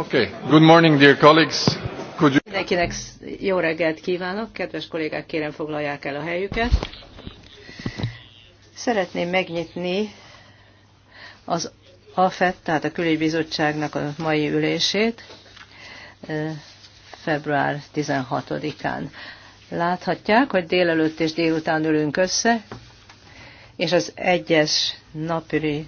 Okay. Good morning, dear colleagues. Could you... Mindenkinek jó reggelt kívánok. Kedves kollégák, kérem foglalják el a helyüket. Szeretném megnyitni az AFET, tehát a Külügybizottságnak a mai ülését február 16-án. Láthatják, hogy délelőtt és délután ülünk össze, és az egyes napüli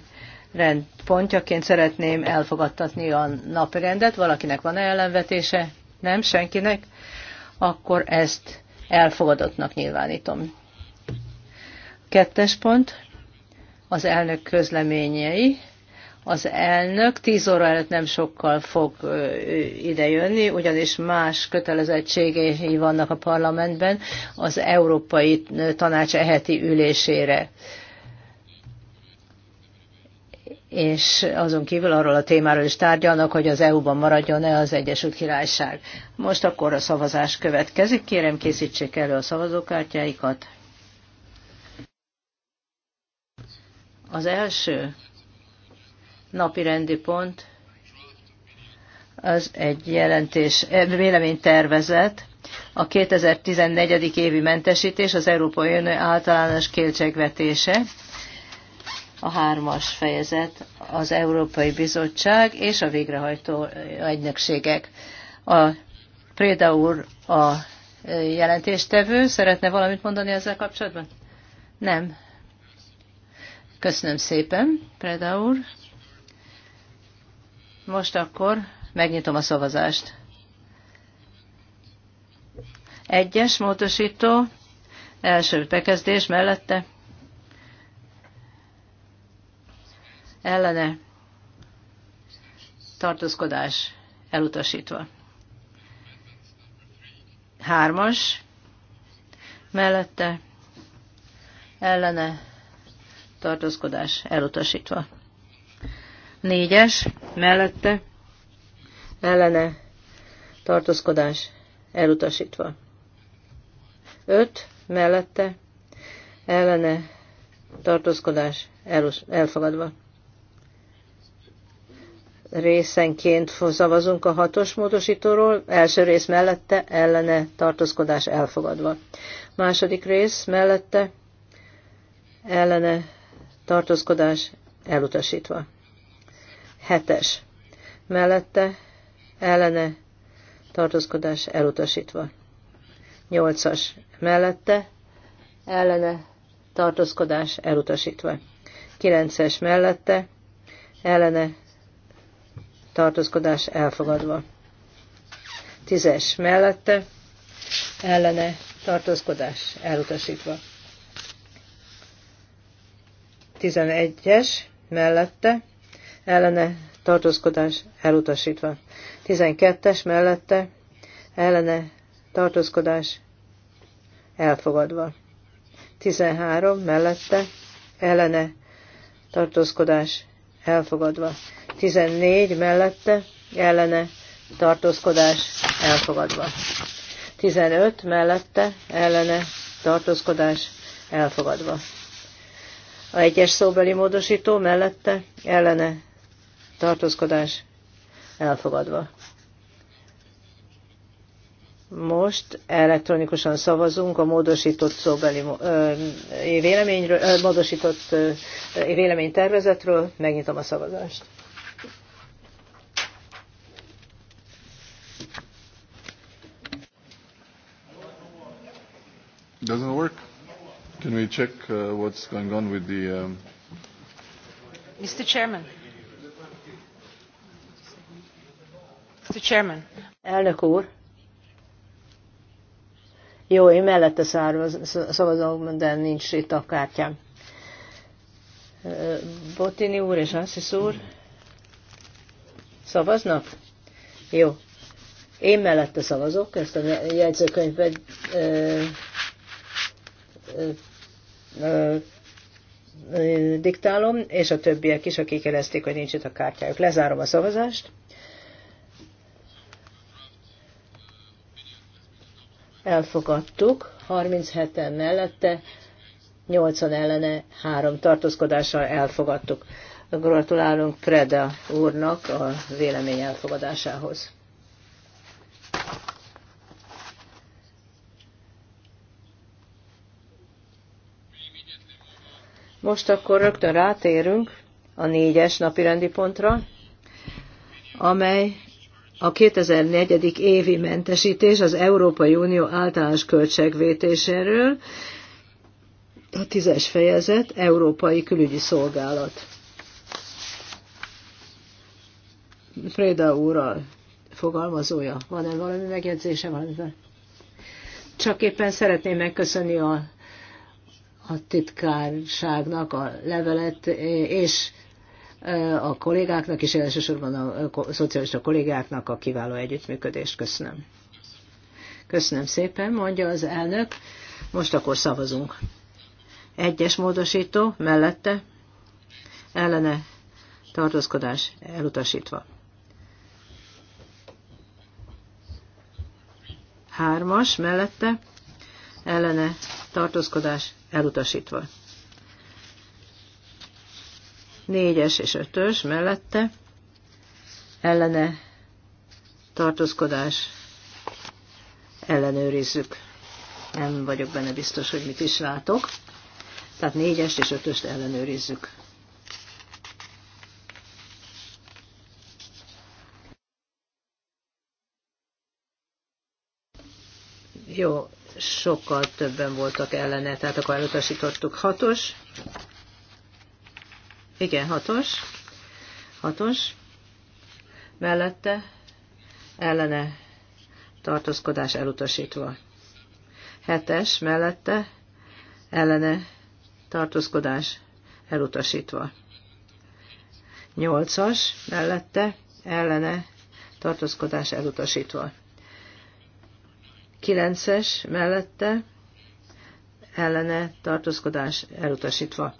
rendpontjaként szeretném elfogadtatni a napirendet. Valakinek van -e ellenvetése? Nem? Senkinek? Akkor ezt elfogadottnak nyilvánítom. Kettes pont, az elnök közleményei. Az elnök 10 óra előtt nem sokkal fog idejönni, ugyanis más kötelezettségei vannak a parlamentben az Európai Tanács eheti ülésére és azon kívül arról a témáról is tárgyalnak, hogy az EU-ban maradjon-e az Egyesült Királyság. Most akkor a szavazás következik. Kérem, készítsék elő a szavazókártyáikat. Az első napi rendi pont az egy jelentés, eh, véleménytervezet, a 2014. évi mentesítés, az Európai Unió általános kétségvetése a hármas fejezet az Európai Bizottság és a végrehajtó egynökségek. A Préda úr a e, jelentéstevő szeretne valamit mondani ezzel kapcsolatban? Nem. Köszönöm szépen, Preda úr. Most akkor megnyitom a szavazást. Egyes módosító, első bekezdés mellette ellene tartózkodás elutasítva. Hármas mellette ellene tartózkodás elutasítva. Négyes mellette ellene tartózkodás elutasítva. Öt mellette ellene tartózkodás elfogadva részenként szavazunk a hatos módosítóról, első rész mellette ellene tartózkodás elfogadva. Második rész mellette ellene tartózkodás elutasítva. Hetes mellette ellene tartózkodás elutasítva. Nyolcas mellette ellene tartózkodás elutasítva. Kilences mellette ellene tartózkodás elfogadva. Tízes mellette ellene tartózkodás elutasítva. Tizenegyes mellette ellene tartózkodás elutasítva. Tizenkettes mellette ellene tartózkodás elfogadva. tizenhárom mellette ellene tartózkodás elfogadva. 14 mellette ellene tartózkodás elfogadva. 15 mellette ellene tartózkodás elfogadva. A egyes szóbeli módosító mellette ellene tartózkodás elfogadva. Most elektronikusan szavazunk a módosított szóbeli véleményről, módosított véleménytervezetről. Megnyitom a szavazást. Doesn't work? Can we check uh, what's going on with the... Um... Mr. Chairman. Mr. Chairman. Elnök úr. Jó, én mellette szavazom, de nincs itt a kártyám. Botini úr és Assis úr szavaznak? Jó. Én mellette szavazok, ezt a jegyzőkönyvet diktálom, és a többiek is, akik jelezték, hogy nincs itt a kártyájuk. Lezárom a szavazást. Elfogadtuk, 37-en mellette, 80 ellene, 3 tartózkodással elfogadtuk. Gratulálunk Preda úrnak a vélemény elfogadásához. Most akkor rögtön rátérünk a négyes rendi pontra, amely a 2004. évi mentesítés az Európai Unió általános költségvétéséről, a tízes fejezet, Európai Külügyi Szolgálat. Préda úrral fogalmazója. Van-e valami megjegyzése? Van -e? Csak éppen szeretném megköszönni a a titkárságnak a levelet, és a kollégáknak, és elsősorban a szocialista kollégáknak a kiváló együttműködést. Köszönöm. Köszönöm szépen, mondja az elnök. Most akkor szavazunk. Egyes módosító, mellette, ellene, tartózkodás elutasítva. Hármas, mellette, ellene, tartózkodás elutasítva. Négyes és ötös mellette ellene tartózkodás ellenőrizzük. Nem vagyok benne biztos, hogy mit is látok. Tehát négyest és ötöst ellenőrizzük. Jó, sokkal többen voltak ellene, tehát akkor elutasítottuk. Hatos. Igen, hatos. Hatos. Mellette ellene tartózkodás elutasítva. Hetes mellette ellene tartózkodás elutasítva. Nyolcas mellette ellene tartózkodás elutasítva. 9-es mellette ellene tartózkodás elutasítva.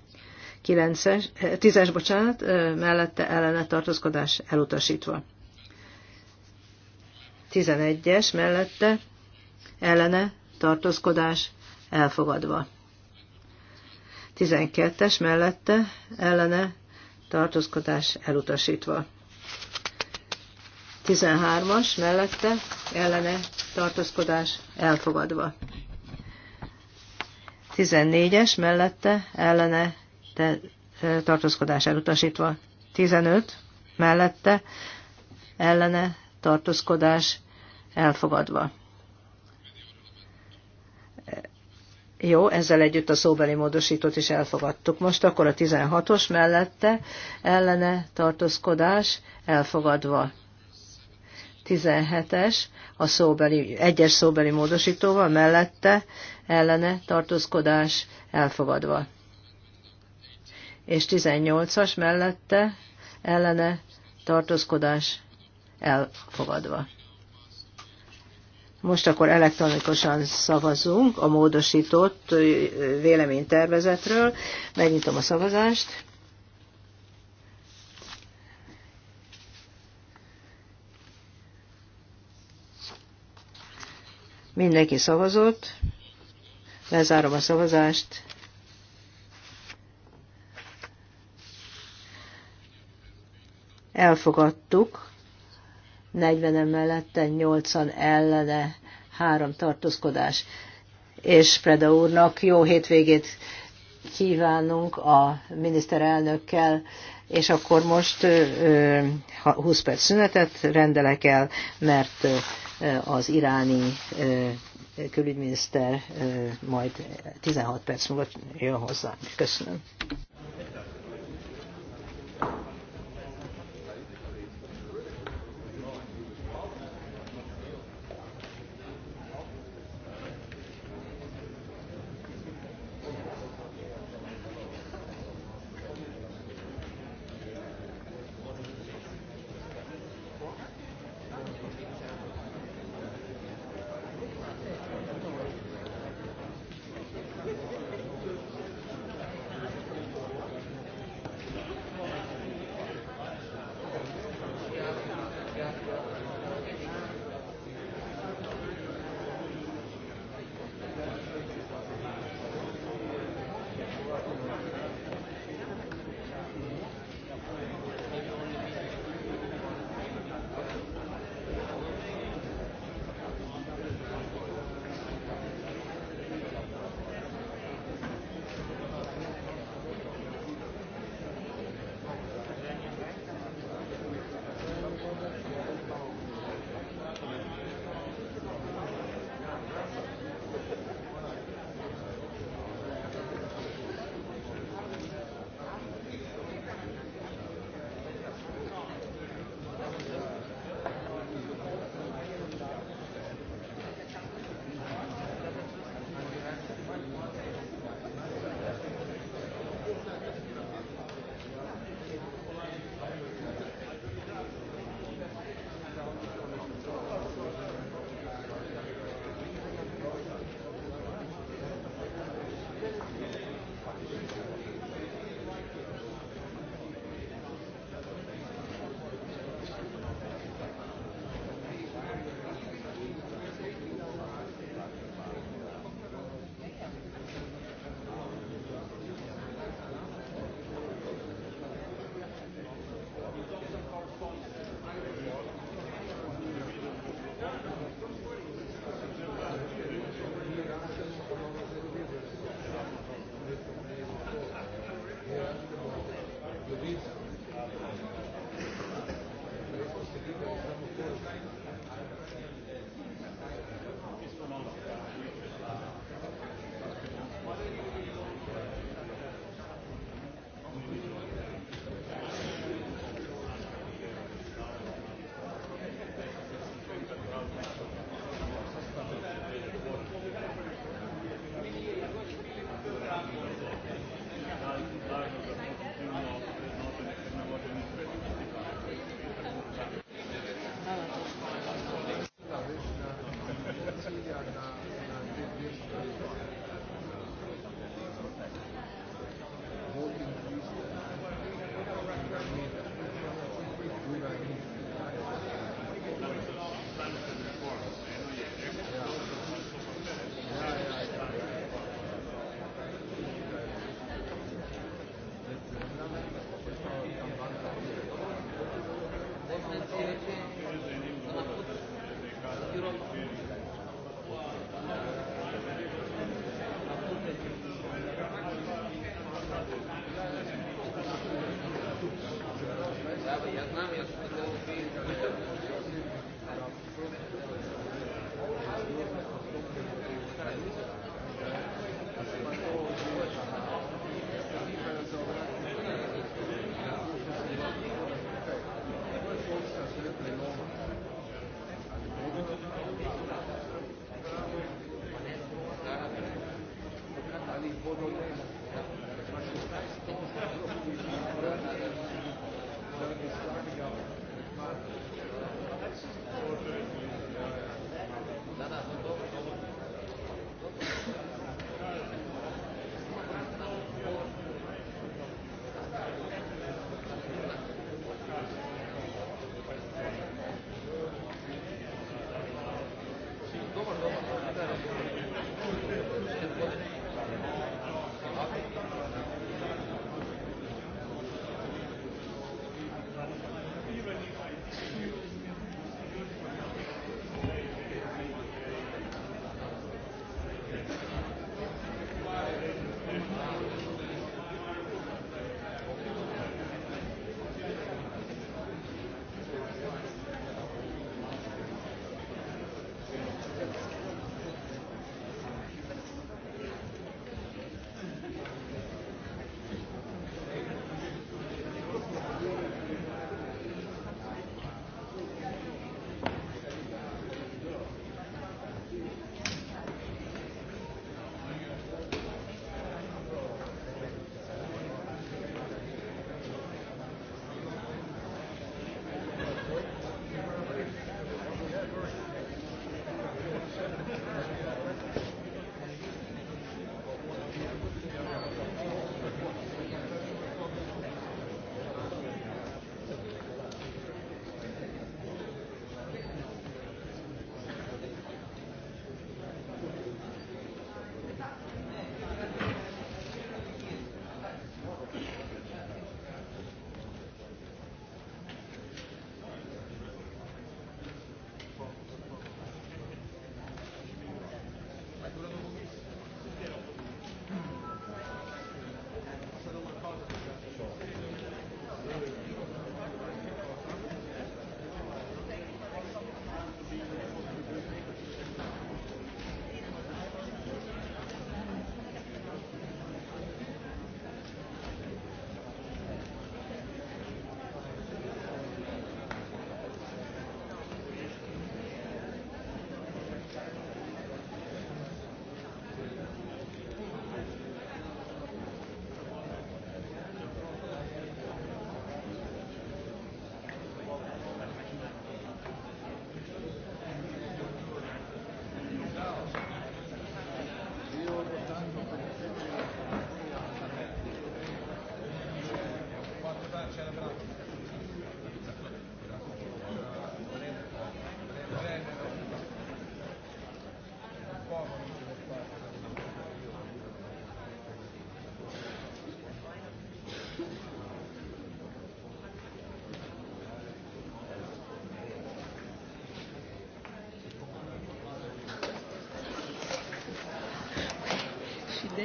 9-es, 10-es, eh, bocsánat, eh, mellette ellene tartózkodás elutasítva. 11-es mellette ellene tartózkodás elfogadva. 12-es mellette ellene tartózkodás elutasítva. 13-as mellette ellene tartózkodás elfogadva. 14-es mellette ellene te, tartózkodás elutasítva. 15 mellette ellene tartózkodás elfogadva. Jó, ezzel együtt a szóbeli módosítót is elfogadtuk. Most akkor a 16-os mellette ellene tartózkodás elfogadva. 17-es a szóbeli, egyes szóbeli módosítóval mellette ellene tartózkodás elfogadva. És 18-as mellette ellene tartózkodás elfogadva. Most akkor elektronikusan szavazunk a módosított véleménytervezetről. Megnyitom a szavazást. Mindenki szavazott. Lezárom a szavazást. Elfogadtuk. 40 mellette, 80 ellene, három tartózkodás. És Preda úrnak jó hétvégét kívánunk a miniszterelnökkel, és akkor most 20 perc szünetet rendelek el, mert az iráni külügyminiszter majd 16 perc múlva jön hozzá. Köszönöm.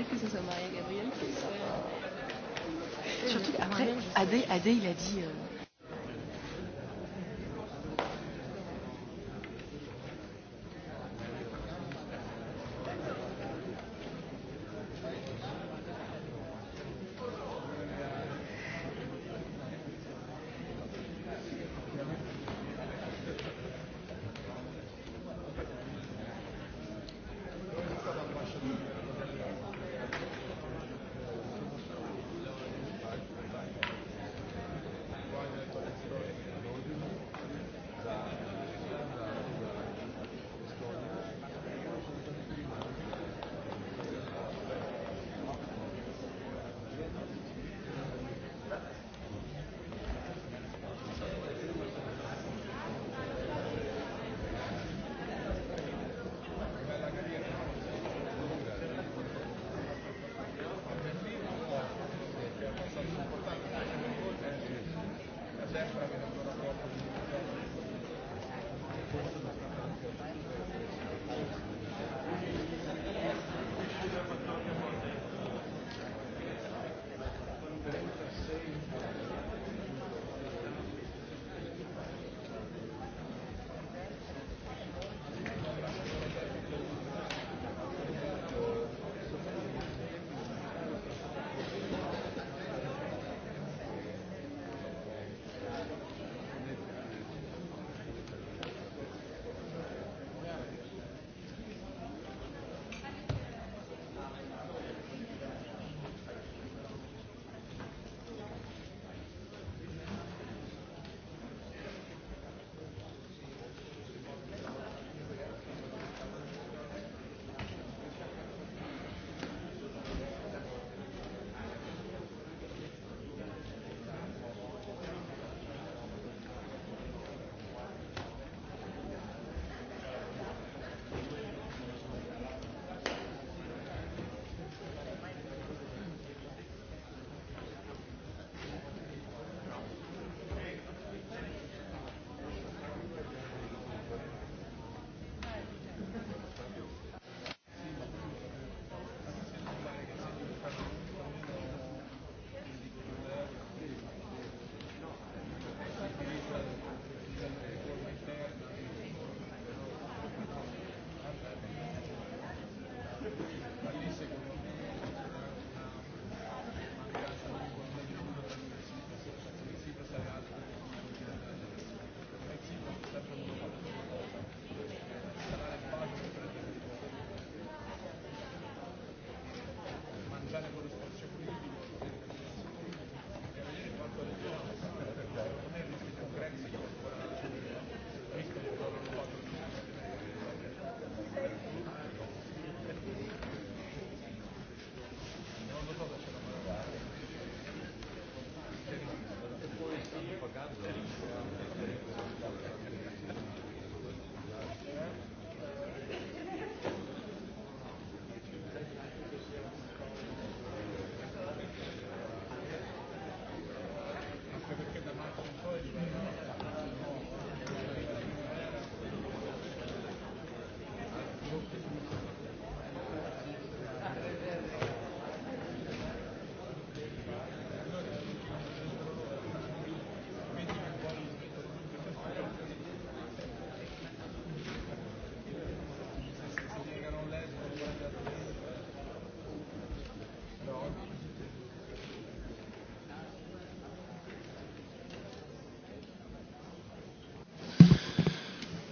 Adé que ce soit Maria Gabriel qui soit. Surtout qu'après, Adé, Adé, il a dit. Euh,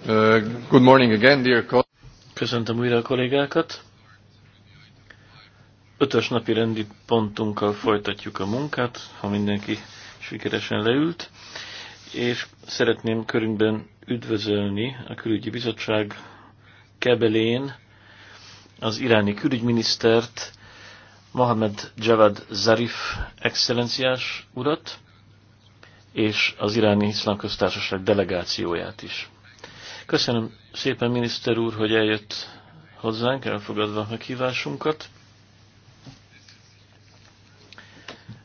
Uh, good morning again, dear Köszöntöm újra a kollégákat. Ötös napi rendi pontunkkal folytatjuk a munkát, ha mindenki sikeresen leült, és szeretném körünkben üdvözölni a külügyi bizottság kebelén az iráni külügyminisztert, Mohamed Javad Zarif excellenciás urat, és az iráni iszlám köztársaság delegációját is. Köszönöm szépen, miniszter úr, hogy eljött hozzánk, elfogadva a kívásunkat.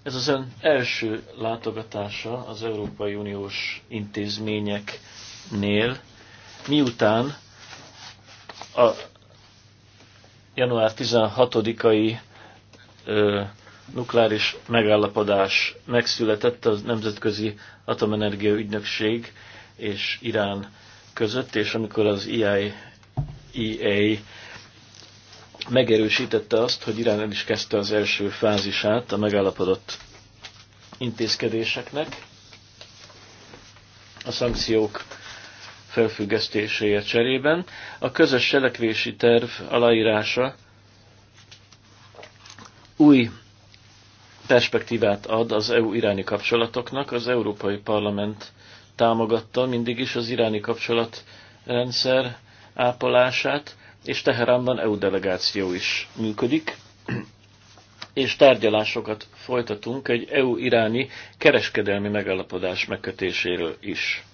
Ez az ön első látogatása az Európai Uniós intézményeknél, miután a január 16-ai nukleáris megállapodás megszületett a Nemzetközi Atomenergia Ügynökség és Irán között, és amikor az EIA e megerősítette azt, hogy Irán el is kezdte az első fázisát a megállapodott intézkedéseknek, a szankciók felfüggesztéséért cserében. A közös selekvési terv aláírása új perspektívát ad az EU iráni kapcsolatoknak. Az Európai Parlament támogatta mindig is az iráni kapcsolatrendszer ápolását, és Teheránban EU delegáció is működik, és tárgyalásokat folytatunk egy EU-iráni kereskedelmi megállapodás megkötéséről is.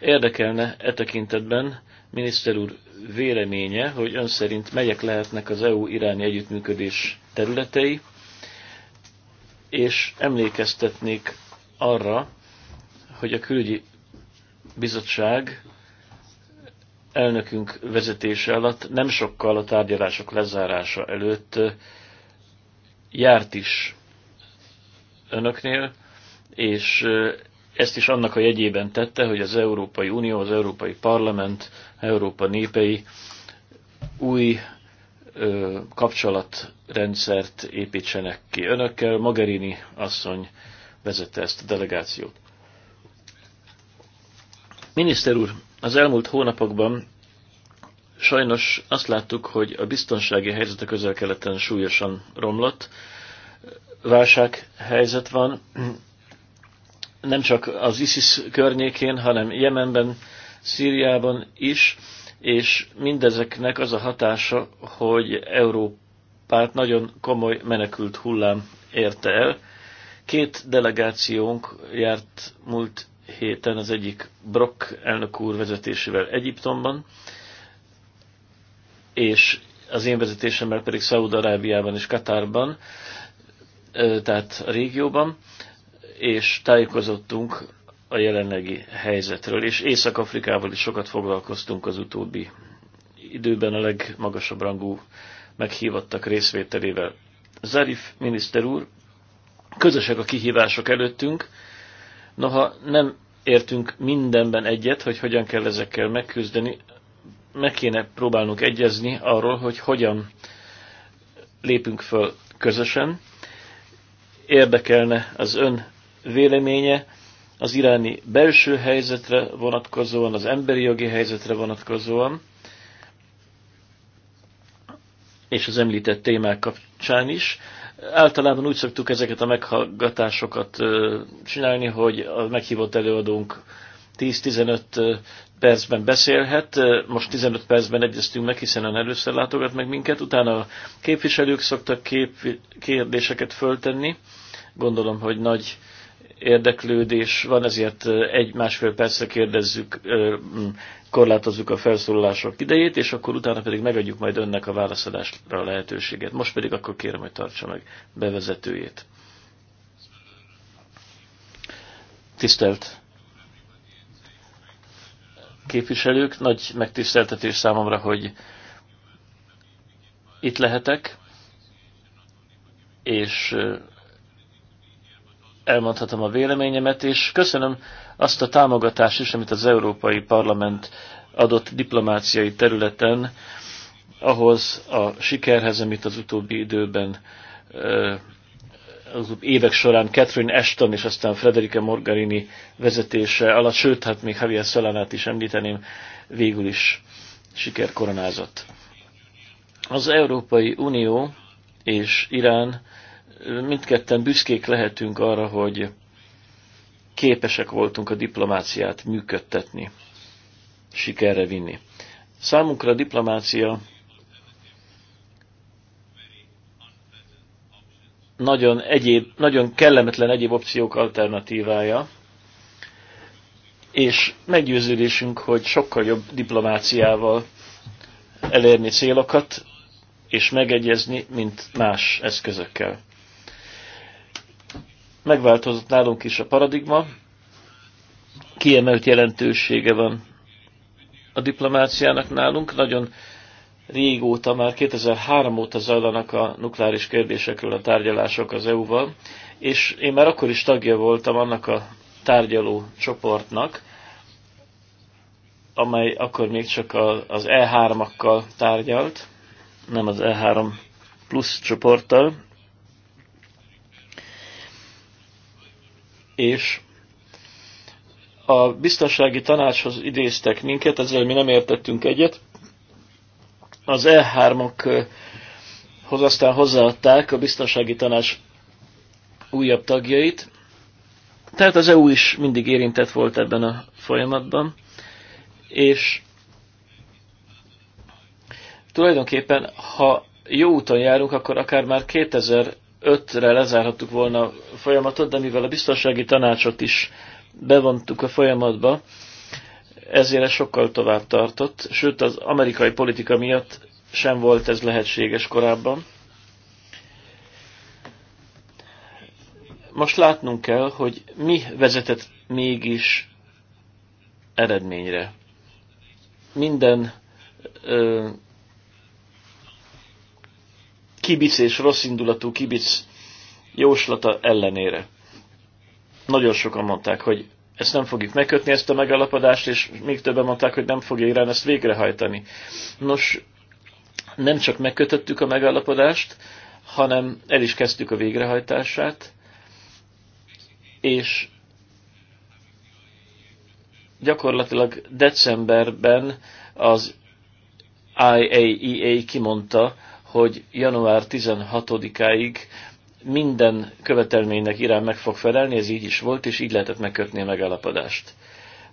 Érdekelne e tekintetben miniszter úr véleménye, hogy ön szerint melyek lehetnek az EU-iráni együttműködés területei, és emlékeztetnék arra, hogy a külügyi bizottság elnökünk vezetése alatt nem sokkal a tárgyalások lezárása előtt járt is önöknél, és ezt is annak a jegyében tette, hogy az Európai Unió, az Európai Parlament, Európa népei új kapcsolatrendszert építsenek ki önökkel. Magerini asszony vezette ezt a delegációt. Miniszter úr, az elmúlt hónapokban sajnos azt láttuk, hogy a biztonsági helyzet a közel-keleten súlyosan romlott, válsághelyzet van, nem csak az ISIS környékén, hanem Jemenben, Szíriában is, és mindezeknek az a hatása, hogy Európát nagyon komoly menekült hullám érte el. Két delegációnk járt múlt héten az egyik Brock elnök úr vezetésével Egyiptomban, és az én vezetésemmel pedig Szaúd-Arábiában és Katárban, tehát a régióban, és tájékozottunk a jelenlegi helyzetről, és Észak-Afrikával is sokat foglalkoztunk az utóbbi időben a legmagasabb rangú meghívottak részvételével. Zarif miniszter úr, közösek a kihívások előttünk, Noha nem értünk mindenben egyet, hogy hogyan kell ezekkel megküzdeni, meg kéne próbálnunk egyezni arról, hogy hogyan lépünk föl közösen. Érdekelne az ön véleménye az iráni belső helyzetre vonatkozóan, az emberi jogi helyzetre vonatkozóan, és az említett témák kapcsán is. Általában úgy szoktuk ezeket a meghallgatásokat csinálni, hogy a meghívott előadónk 10-15 percben beszélhet. Most 15 percben egyeztünk meg, hiszen ön először látogat meg minket. Utána a képviselők szoktak kép kérdéseket föltenni. Gondolom, hogy nagy érdeklődés van, ezért egy-másfél percre kérdezzük, korlátozzuk a felszólalások idejét, és akkor utána pedig megadjuk majd önnek a válaszadásra a lehetőséget. Most pedig akkor kérem, hogy tartsa meg bevezetőjét. Tisztelt képviselők, nagy megtiszteltetés számomra, hogy itt lehetek, és elmondhatom a véleményemet, és köszönöm azt a támogatást is, amit az Európai Parlament adott diplomáciai területen ahhoz a sikerhez, amit az utóbbi időben az évek során Catherine Ashton és aztán Frederike Morgarini vezetése alatt, sőt, hát még Javier Szalánát is említeném, végül is siker koronázott. Az Európai Unió és Irán mindketten büszkék lehetünk arra, hogy képesek voltunk a diplomáciát működtetni, sikerre vinni. Számunkra a diplomácia nagyon, egyéb, nagyon kellemetlen egyéb opciók alternatívája, és meggyőződésünk, hogy sokkal jobb diplomáciával elérni célokat, és megegyezni, mint más eszközökkel. Megváltozott nálunk is a paradigma, kiemelt jelentősége van a diplomáciának nálunk. Nagyon régóta, már 2003 óta zajlanak a nukleáris kérdésekről a tárgyalások az EU-val, és én már akkor is tagja voltam annak a tárgyaló csoportnak, amely akkor még csak az E3-akkal tárgyalt, nem az E3 plusz csoporttal, és a biztonsági tanácshoz idéztek minket, ezzel mi nem értettünk egyet. Az E3-okhoz aztán hozzáadták a biztonsági tanács újabb tagjait. Tehát az EU is mindig érintett volt ebben a folyamatban, és tulajdonképpen, ha jó úton járunk, akkor akár már 2000 ötre lezárhattuk volna a folyamatot, de mivel a biztonsági tanácsot is bevontuk a folyamatba, ezért ez sokkal tovább tartott, sőt az amerikai politika miatt sem volt ez lehetséges korábban. Most látnunk kell, hogy mi vezetett mégis eredményre. Minden ö, kibic és rosszindulatú kibic jóslata ellenére. Nagyon sokan mondták, hogy ezt nem fogjuk megkötni, ezt a megalapodást, és még többen mondták, hogy nem fogja Irán ezt végrehajtani. Nos, nem csak megkötöttük a megállapodást, hanem el is kezdtük a végrehajtását, és gyakorlatilag decemberben az IAEA e kimondta hogy január 16-áig minden követelménynek Irán meg fog felelni, ez így is volt, és így lehetett megkötni a megállapodást.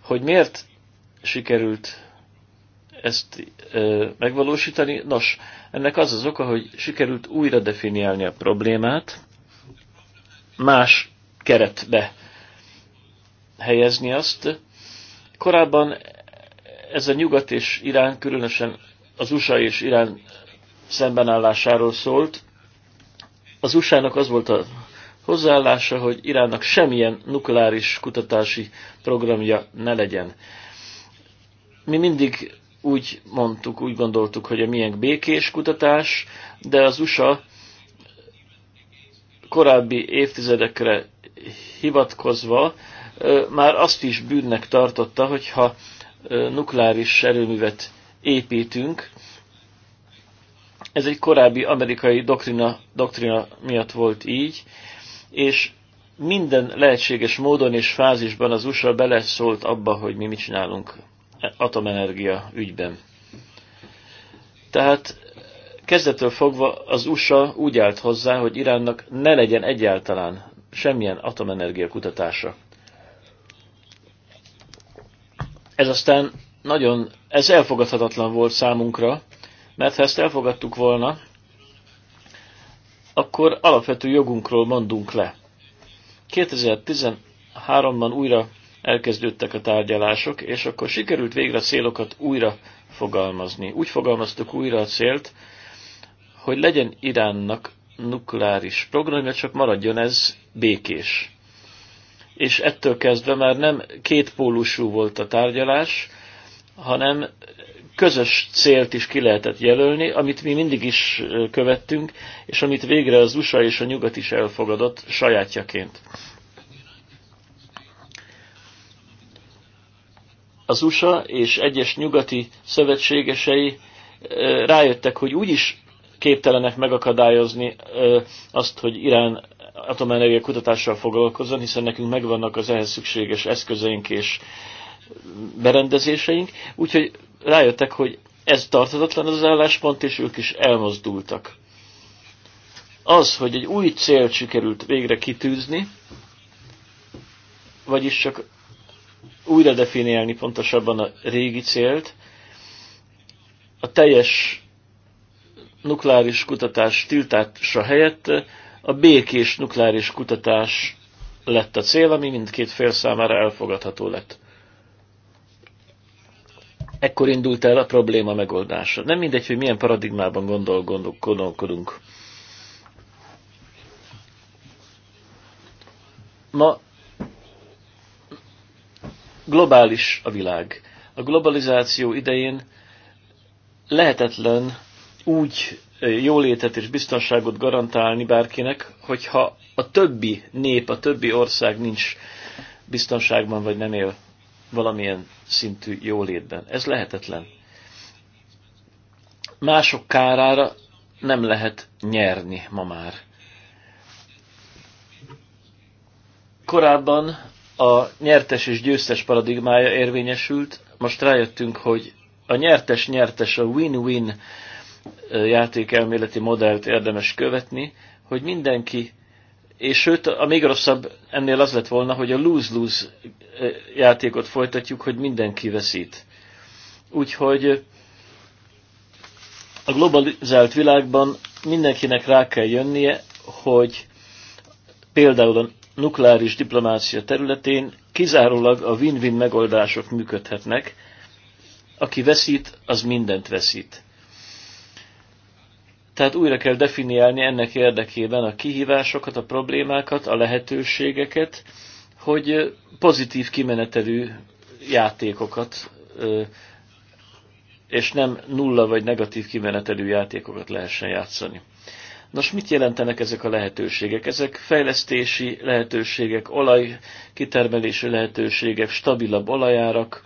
Hogy miért sikerült ezt ö, megvalósítani? Nos, ennek az az oka, hogy sikerült újra definiálni a problémát, más keretbe helyezni azt. Korábban ez a nyugat és Irán, különösen az USA és Irán szembenállásáról szólt. Az USA-nak az volt a hozzáállása, hogy Iránnak semmilyen nukleáris kutatási programja ne legyen. Mi mindig úgy mondtuk, úgy gondoltuk, hogy a milyen békés kutatás, de az USA korábbi évtizedekre hivatkozva már azt is bűnnek tartotta, hogyha nukleáris erőművet építünk, ez egy korábbi amerikai doktrina, doktrina miatt volt így, és minden lehetséges módon és fázisban az USA beleszólt abba, hogy mi mit csinálunk atomenergia ügyben. Tehát kezdetől fogva az USA úgy állt hozzá, hogy Iránnak ne legyen egyáltalán semmilyen atomenergia kutatása. Ez aztán nagyon, ez elfogadhatatlan volt számunkra, mert ha ezt elfogadtuk volna, akkor alapvető jogunkról mondunk le. 2013-ban újra elkezdődtek a tárgyalások, és akkor sikerült végre a célokat újra fogalmazni. Úgy fogalmaztuk újra a célt, hogy legyen Iránnak nukleáris programja, csak maradjon ez békés. És ettől kezdve már nem kétpólusú volt a tárgyalás, hanem közös célt is ki lehetett jelölni, amit mi mindig is követtünk, és amit végre az USA és a nyugat is elfogadott sajátjaként. Az USA és egyes nyugati szövetségesei rájöttek, hogy úgyis képtelenek megakadályozni azt, hogy Irán atomenergia kutatással foglalkozzon, hiszen nekünk megvannak az ehhez szükséges eszközeink és berendezéseink, úgyhogy rájöttek, hogy ez tartatatlan az álláspont, és ők is elmozdultak. Az, hogy egy új célt sikerült végre kitűzni, vagyis csak újra definiálni pontosabban a régi célt, a teljes nukleáris kutatás tiltása helyett a békés nukleáris kutatás lett a cél, ami mindkét fél számára elfogadható lett ekkor indult el a probléma megoldása. Nem mindegy, hogy milyen paradigmában gondol, gondol gondolkodunk. Ma globális a világ. A globalizáció idején lehetetlen úgy jólétet és biztonságot garantálni bárkinek, hogyha a többi nép, a többi ország nincs biztonságban vagy nem él valamilyen szintű jólétben. Ez lehetetlen. Mások kárára nem lehet nyerni ma már. Korábban a nyertes és győztes paradigmája érvényesült, most rájöttünk, hogy a nyertes-nyertes, a win-win játékelméleti modellt érdemes követni, hogy mindenki és sőt, a még rosszabb ennél az lett volna, hogy a lose-lose játékot folytatjuk, hogy mindenki veszít. Úgyhogy a globalizált világban mindenkinek rá kell jönnie, hogy például a nukleáris diplomácia területén kizárólag a win-win megoldások működhetnek. Aki veszít, az mindent veszít. Tehát újra kell definiálni ennek érdekében a kihívásokat, a problémákat, a lehetőségeket, hogy pozitív kimenetelű játékokat és nem nulla vagy negatív kimenetelű játékokat lehessen játszani. Nos, mit jelentenek ezek a lehetőségek? Ezek fejlesztési lehetőségek, olaj lehetőségek, stabilabb olajárak,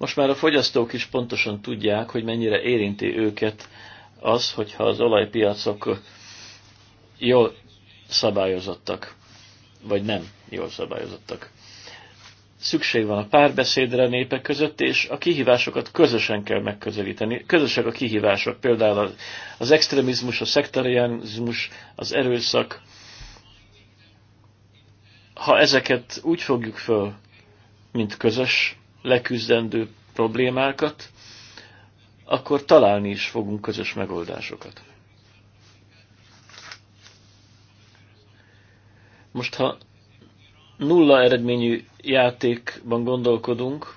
Most már a fogyasztók is pontosan tudják, hogy mennyire érinti őket az, hogyha az olajpiacok jól szabályozottak, vagy nem jól szabályozottak. Szükség van a párbeszédre a népek között, és a kihívásokat közösen kell megközelíteni. Közösek a kihívások, például az extremizmus, a szektarianizmus, az erőszak. Ha ezeket úgy fogjuk föl, mint közös leküzdendő problémákat, akkor találni is fogunk közös megoldásokat. Most, ha nulla eredményű játékban gondolkodunk,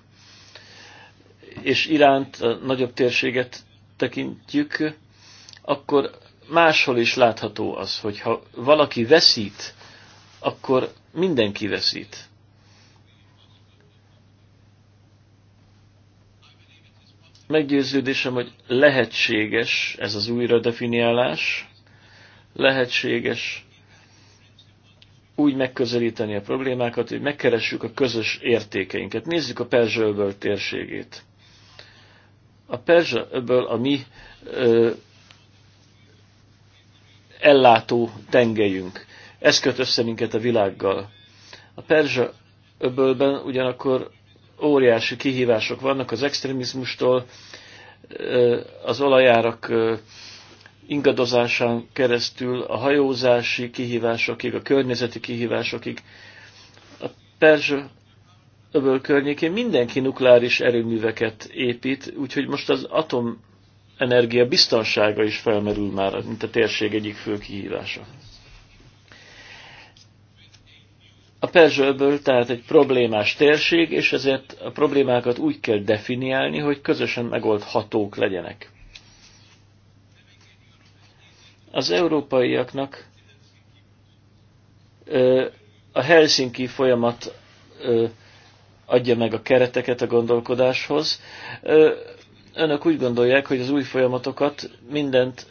és iránt a nagyobb térséget tekintjük, akkor máshol is látható az, hogy ha valaki veszít, akkor mindenki veszít. Meggyőződésem, hogy lehetséges ez az újra definiálás, lehetséges úgy megközelíteni a problémákat, hogy megkeressük a közös értékeinket. Nézzük a perzsa térségét. A perzsa a mi ö, ellátó tengelyünk. Ez köt össze minket a világgal. A Perzsa ugyanakkor óriási kihívások vannak az extrémizmustól, az olajárak ingadozásán keresztül, a hajózási kihívásokig, a környezeti kihívásokig. A Perzs öböl környékén mindenki nukleáris erőműveket épít, úgyhogy most az atomenergia biztonsága is felmerül már, mint a térség egyik fő kihívása. A Perzsőből tehát egy problémás térség, és ezért a problémákat úgy kell definiálni, hogy közösen megoldhatók legyenek. Az európaiaknak a Helsinki folyamat adja meg a kereteket a gondolkodáshoz. Önök úgy gondolják, hogy az új folyamatokat mindent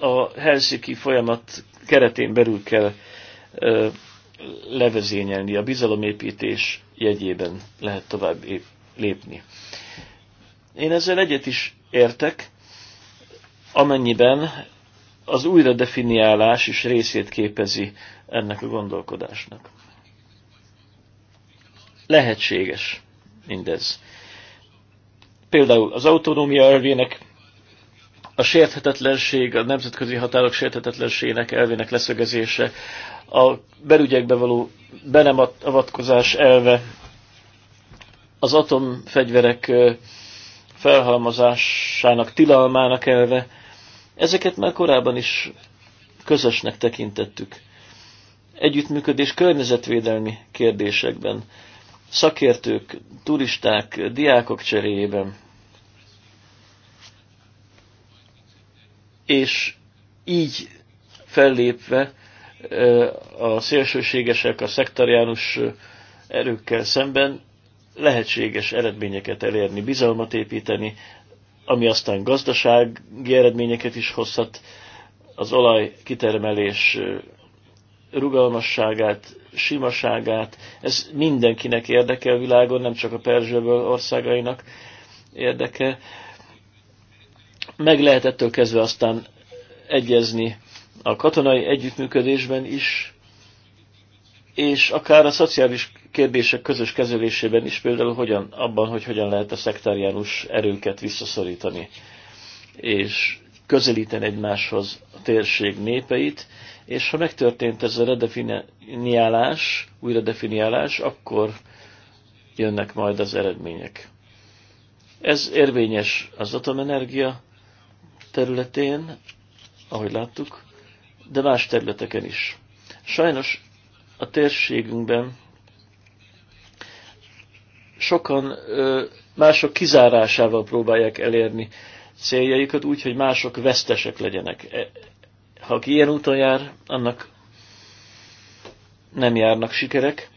a Helsinki folyamat keretén belül kell levezényelni, a bizalomépítés jegyében lehet tovább lépni. Én ezzel egyet is értek, amennyiben az újra definiálás is részét képezi ennek a gondolkodásnak. Lehetséges mindez. Például az autonómia elvének, a sérthetetlenség, a nemzetközi határok sérthetetlenségének elvének leszögezése, a belügyekbe való benemavatkozás elve, az atomfegyverek felhalmazásának, tilalmának elve, ezeket már korábban is közösnek tekintettük. Együttműködés környezetvédelmi kérdésekben, szakértők, turisták, diákok cseréjében. És így fellépve a szélsőségesek, a szektariánus erőkkel szemben lehetséges eredményeket elérni, bizalmat építeni, ami aztán gazdasági eredményeket is hozhat, az olaj kitermelés rugalmasságát, simaságát, ez mindenkinek érdeke a világon, nem csak a Perzsőből országainak érdeke. Meg lehet ettől kezdve aztán egyezni a katonai együttműködésben is, és akár a szociális kérdések közös kezelésében is, például hogyan, abban, hogy hogyan lehet a szektáriánus erőket visszaszorítani, és közelíteni egymáshoz a térség népeit, és ha megtörtént ez a redefiniálás, újra definiálás, akkor jönnek majd az eredmények. Ez érvényes az atomenergia területén, ahogy láttuk, de más területeken is. Sajnos a térségünkben sokan mások kizárásával próbálják elérni céljaikat úgy, hogy mások vesztesek legyenek. E, ha aki ilyen úton jár, annak nem járnak sikerek,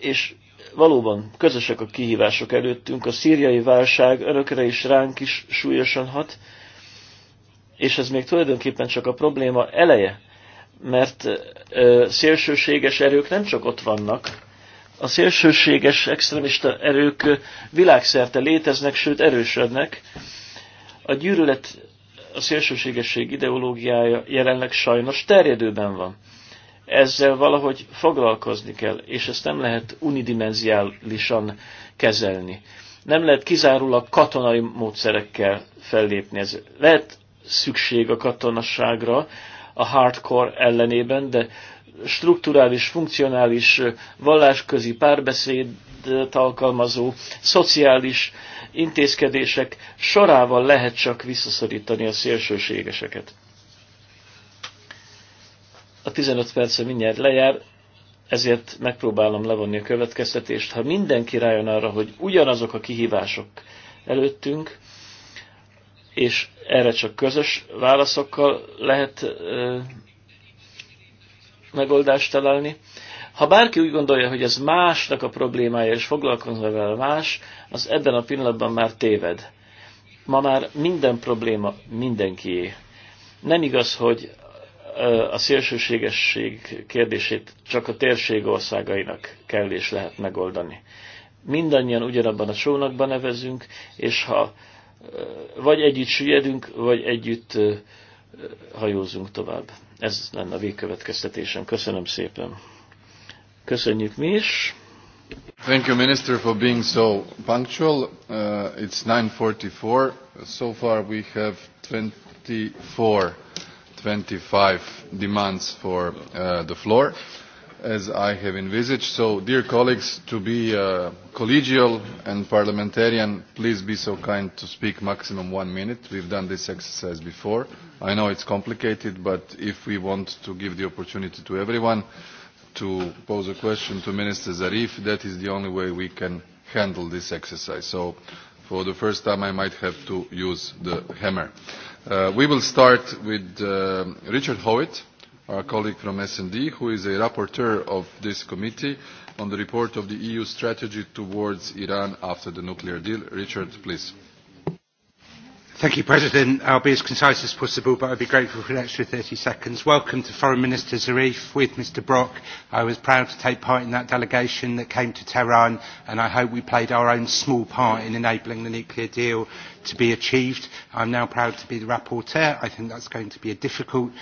és valóban közösek a kihívások előttünk. A szíriai válság örökre is ránk is súlyosan hat, és ez még tulajdonképpen csak a probléma eleje, mert ö, szélsőséges erők nem csak ott vannak, a szélsőséges extremista erők világszerte léteznek, sőt erősödnek. A gyűrület, a szélsőségesség ideológiája jelenleg sajnos terjedőben van. Ezzel valahogy foglalkozni kell, és ezt nem lehet unidimenziálisan kezelni. Nem lehet kizárólag katonai módszerekkel fellépni. Ez lehet szükség a katonasságra a hardcore ellenében, de strukturális, funkcionális, vallásközi párbeszéd alkalmazó, szociális intézkedések sorával lehet csak visszaszorítani a szélsőségeseket. A 15 perce mindjárt lejár, ezért megpróbálom levonni a következtetést. Ha mindenki rájön arra, hogy ugyanazok a kihívások előttünk, és erre csak közös válaszokkal lehet ö, megoldást találni. Ha bárki úgy gondolja, hogy ez másnak a problémája, és foglalkozva vele más, az ebben a pillanatban már téved. Ma már minden probléma mindenkié. Nem igaz, hogy a szélsőségesség kérdését csak a térség országainak kell és lehet megoldani. Mindannyian ugyanabban a csónakban nevezünk, és ha vagy együtt süllyedünk, vagy együtt hajózunk tovább. Ez lenne a végkövetkeztetésem. Köszönöm szépen. Köszönjük mi is. Thank you, Minister, for being so punctual. Uh, it's 9.44. So far we have 24, 25 demands for uh, the floor as I have envisaged. So, dear colleagues, to be uh, collegial and parliamentarian, please be so kind to speak maximum one minute. We've done this exercise before. I know it's complicated, but if we want to give the opportunity to everyone to pose a question to Minister Zarif, that is the only way we can handle this exercise. So, for the first time, I might have to use the hammer. Uh, we will start with uh, Richard Howitt our colleague from S&D, who is a rapporteur of this committee on the report of the EU strategy towards Iran after the nuclear deal. Richard, please. Thank you, President. I'll be as concise as possible, but I'd be grateful for an extra 30 seconds. Welcome to Foreign Minister Zarif with Mr Brock. I was proud to take part in that delegation that came to Tehran, and I hope we played our own small part in enabling the nuclear deal to be achieved. I'm now proud to be the rapporteur. I think that's going to be a difficult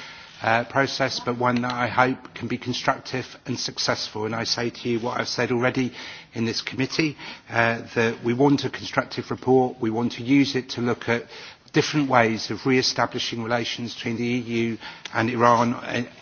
uh, process, but one that I hope can be constructive and successful. And I say to you what I've said already in this committee, uh, that we want a constructive report, we want to use it to look at different ways of re-establishing relations between the EU and Iran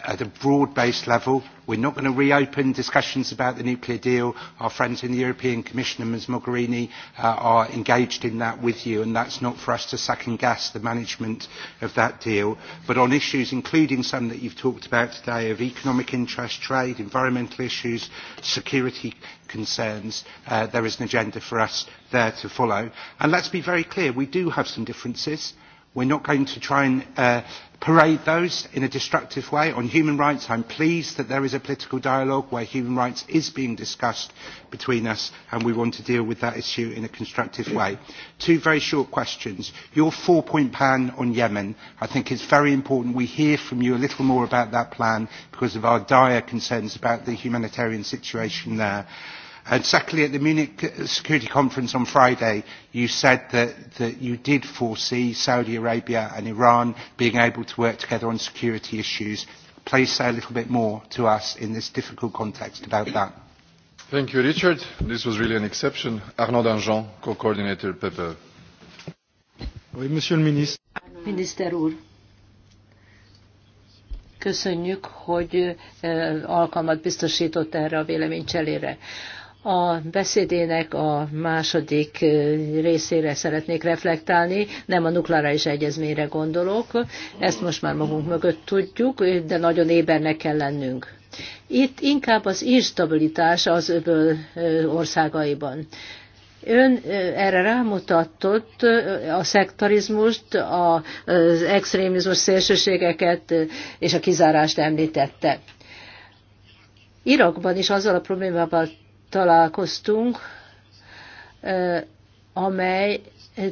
at a broad-based level, We're not going to reopen discussions about the nuclear deal. Our friends in the European Commission and Ms Mogherini uh, are engaged in that with you, and that's not for us to second guess the management of that deal. But on issues, including some that you've talked about today, of economic interest, trade, environmental issues, security concerns, uh, there is an agenda for us there to follow. And let's be very clear, we do have some differences We're not going to try and uh, parade those in a destructive way. On human rights, I'm pleased that there is a political dialogue where human rights is being discussed between us, and we want to deal with that issue in a constructive way. Two very short questions. Your four-point plan on Yemen, I think it's very important we hear from you a little more about that plan because of our dire concerns about the humanitarian situation there. And secondly, at the Munich Security Conference on Friday, you said that, that you did foresee Saudi Arabia and Iran being able to work together on security issues. Please say a little bit more to us in this difficult context about that. Thank you, Richard. This was really an exception. Arnaud Danjean, co-coordinator PEPE. Oui, Monsieur le Ministre. Minister úr, köszönjük, hogy eh, alkalmat biztosított erre a véleménycselére. A beszédének a második részére szeretnék reflektálni, nem a nukleáris egyezményre gondolok, ezt most már magunk mögött tudjuk, de nagyon ébernek kell lennünk. Itt inkább az instabilitás az öböl országaiban. Ön erre rámutatott a szektarizmust, az extrémizmus szélsőségeket és a kizárást említette. Irakban is azzal a problémával találkoztunk, amely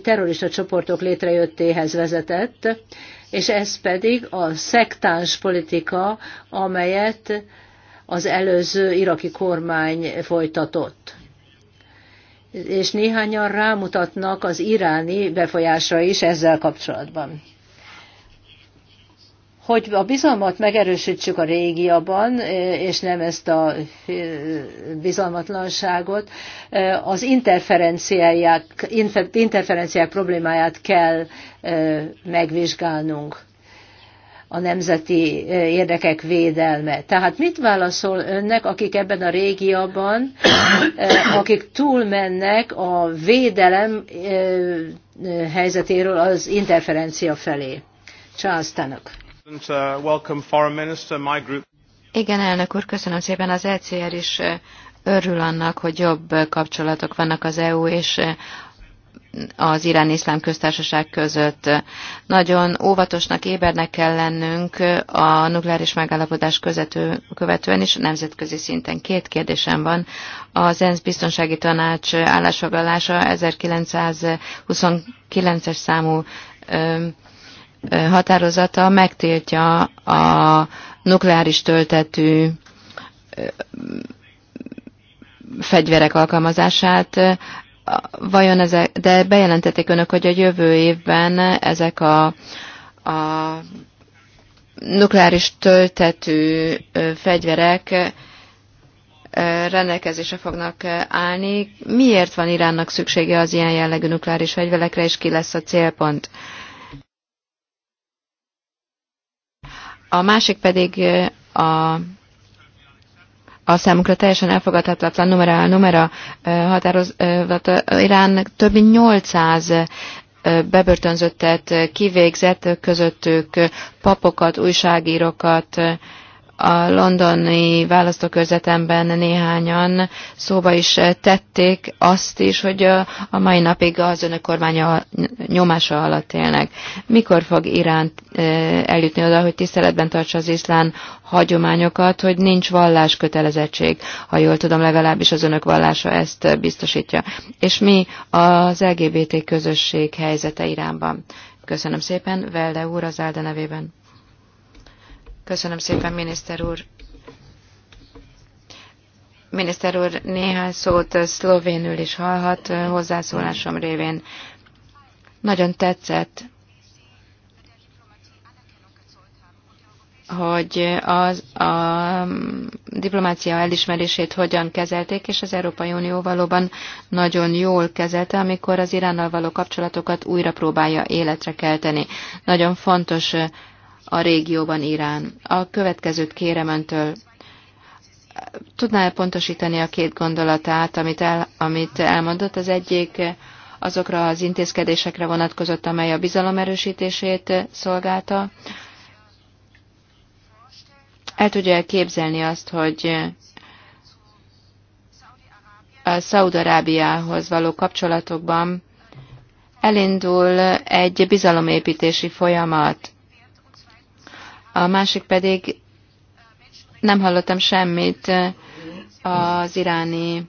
terrorista csoportok létrejöttéhez vezetett, és ez pedig a szektáns politika, amelyet az előző iraki kormány folytatott. És néhányan rámutatnak az iráni befolyásra is ezzel kapcsolatban hogy a bizalmat megerősítsük a régiaban, e, és nem ezt a e, bizalmatlanságot, e, az interferenciák, interferenciák problémáját kell megvizsgálnunk a nemzeti érdekek védelme. Tehát mit válaszol önnek, akik ebben a régiában, akik túlmennek a védelem helyzetéről az interferencia felé? Charles Tannock. Uh, Igen, elnök úr, köszönöm szépen. Az ECR is uh, örül annak, hogy jobb uh, kapcsolatok vannak az EU és az Irán Iszlám Köztársaság között. Nagyon óvatosnak, ébernek kell lennünk a nukleáris megállapodás közető, követően is nemzetközi szinten. Két kérdésem van. Az ENSZ Biztonsági Tanács állásfoglalása 1929-es számú um, határozata megtiltja a nukleáris töltetű fegyverek alkalmazását. Vajon ezek, de bejelentették önök, hogy a jövő évben ezek a, a nukleáris töltetű fegyverek rendelkezésre fognak állni. Miért van Iránnak szüksége az ilyen jellegű nukleáris fegyverekre, és ki lesz a célpont? A másik pedig a, a számunkra teljesen elfogadhatatlan numera, numera határozat. Irán több mint 800 bebörtönzöttet kivégzett, közöttük papokat, újságírókat, a londoni választókörzetemben néhányan szóba is tették azt is, hogy a mai napig az önök kormánya nyomása alatt élnek. Mikor fog Irán eljutni oda, hogy tiszteletben tartsa az iszlám hagyományokat, hogy nincs vallás kötelezettség, ha jól tudom, legalábbis az önök vallása ezt biztosítja. És mi az LGBT közösség helyzete Iránban? Köszönöm szépen, Velde úr az Álda nevében. Köszönöm szépen, miniszter úr. Miniszter úr, néhány szót szlovénül is hallhat hozzászólásom révén. Nagyon tetszett, hogy az, a mm, diplomácia elismerését hogyan kezelték, és az Európai Unió valóban nagyon jól kezelte, amikor az Iránnal való kapcsolatokat újra próbálja életre kelteni. Nagyon fontos a régióban Irán. A következőt kérem öntől. Tudná-e pontosítani a két gondolatát, amit, el, amit elmondott? Az egyik azokra az intézkedésekre vonatkozott, amely a bizalom erősítését szolgálta. El tudja -e képzelni azt, hogy a Szaudarábiához való kapcsolatokban elindul egy bizalomépítési folyamat, a másik pedig nem hallottam semmit az iráni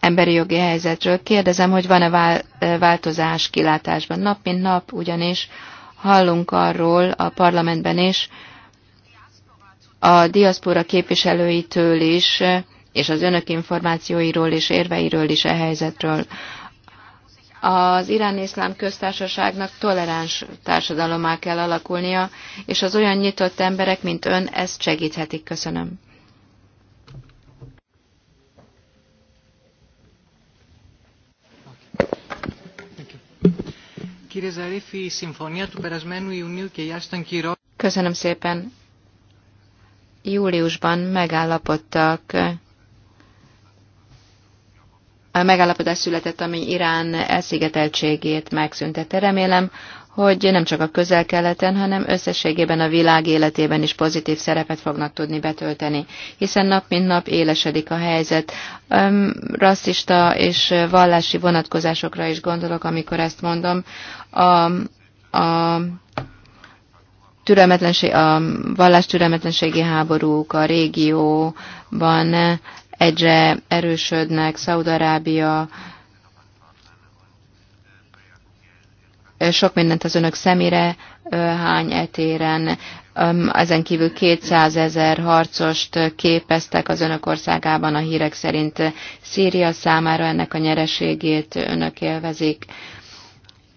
emberi jogi helyzetről. Kérdezem, hogy van-e változás kilátásban. Nap mint nap ugyanis hallunk arról a parlamentben is, a diaszpora képviselőitől is, és az önök információiról és érveiről is e helyzetről az irán iszlám köztársaságnak toleráns társadalomá kell alakulnia, és az olyan nyitott emberek, mint ön, ezt segíthetik. Köszönöm. Köszönöm szépen. Júliusban megállapodtak megállapodás született, ami Irán elszigeteltségét megszüntette. Remélem, hogy nem csak a közel-keleten, hanem összességében a világ életében is pozitív szerepet fognak tudni betölteni, hiszen nap mint nap élesedik a helyzet. Rasszista és vallási vonatkozásokra is gondolok, amikor ezt mondom. A, a türelmetlenség, a vallás türelmetlenségi háborúk a régióban egyre erősödnek, Szaudarábia, sok mindent az önök szemére hány etéren. Ezen kívül 200 ezer harcost képeztek az önök országában a hírek szerint Szíria számára ennek a nyereségét önök élvezik.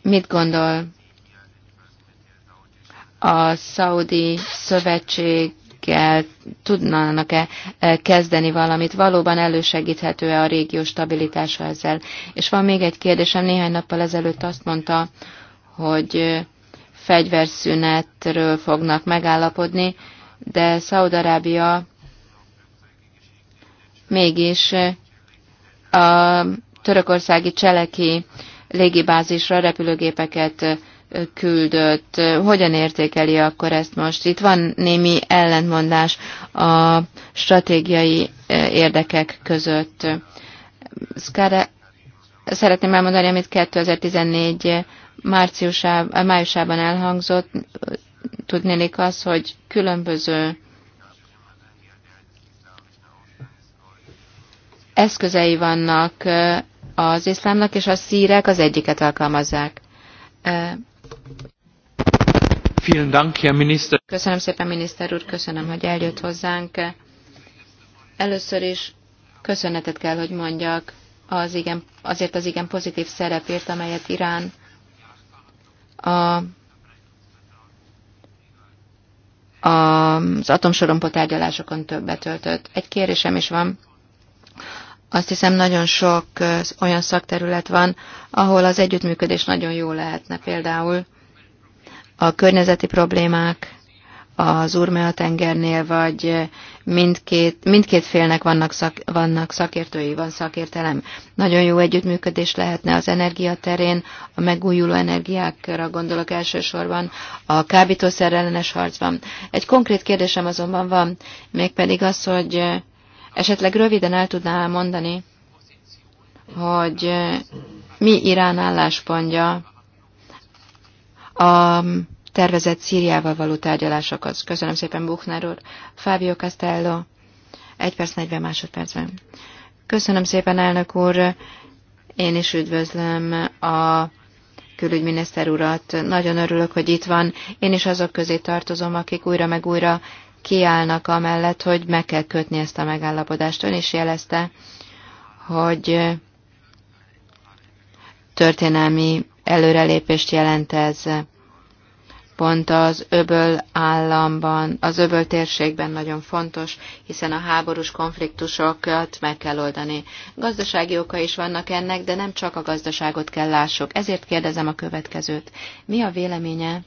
Mit gondol a Szaudi Szövetség kell, tudnának-e e, kezdeni valamit, valóban elősegíthető-e a régió stabilitása ezzel. És van még egy kérdésem, néhány nappal ezelőtt azt mondta, hogy e, fegyverszünetről fognak megállapodni, de Szaudarábia mégis e, a törökországi cseleki légibázisra repülőgépeket küldött. Hogyan értékeli akkor ezt most? Itt van némi ellentmondás a stratégiai e, érdekek között. Szkára, szeretném elmondani, amit 2014 márciusában, májusában elhangzott, tudnélik az, hogy különböző eszközei vannak e, az iszlámnak, és a szírek az egyiket alkalmazzák. E, Köszönöm szépen, miniszter úr, köszönöm, hogy eljött hozzánk. Először is köszönetet kell, hogy mondjak az igen, azért az igen pozitív szerepért, amelyet Irán a, a, az atomsorompó tárgyalásokon többet töltött. Egy kérésem is van. Azt hiszem, nagyon sok olyan szakterület van, ahol az együttműködés nagyon jó lehetne. Például a környezeti problémák az Urmea tengernél, vagy mindkét, mindkét félnek vannak, szak, vannak szakértői, van szakértelem. Nagyon jó együttműködés lehetne az energiaterén, a megújuló energiákra gondolok elsősorban, a kábítószer ellenes harcban. Egy konkrét kérdésem azonban van, mégpedig az, hogy esetleg röviden el tudná mondani, hogy mi Irán álláspontja a tervezett Szíriával való tárgyalásokhoz. Köszönöm szépen Buchner úr. Fábio Castello, 1 perc 40 másodpercben. Köszönöm szépen, elnök úr. Én is üdvözlöm a külügyminiszter urat. Nagyon örülök, hogy itt van. Én is azok közé tartozom, akik újra meg újra kiállnak amellett, hogy meg kell kötni ezt a megállapodást. Ön is jelezte, hogy történelmi előrelépést jelent ez pont az öböl államban, az öböl térségben nagyon fontos, hiszen a háborús konfliktusokat meg kell oldani. Gazdasági oka is vannak ennek, de nem csak a gazdaságot kell lássuk. Ezért kérdezem a következőt. Mi a véleménye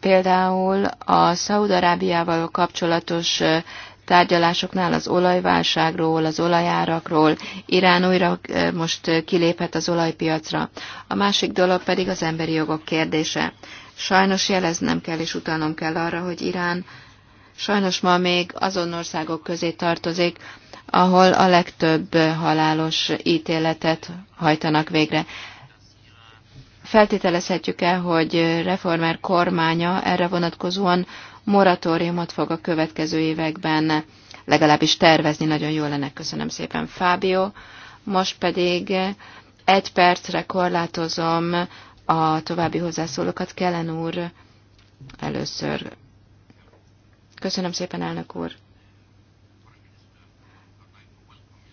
például a Szaúd-Arábiával kapcsolatos tárgyalásoknál az olajválságról, az olajárakról. Irán újra most kiléphet az olajpiacra. A másik dolog pedig az emberi jogok kérdése. Sajnos jeleznem kell és utalnom kell arra, hogy Irán sajnos ma még azon országok közé tartozik, ahol a legtöbb halálos ítéletet hajtanak végre. Feltételezhetjük el, hogy reformer kormánya erre vonatkozóan moratóriumot fog a következő években legalábbis tervezni. Nagyon jól lenne, köszönöm szépen, Fábio. Most pedig egy percre korlátozom a további hozzászólókat. Kellen úr először. Köszönöm szépen, elnök úr.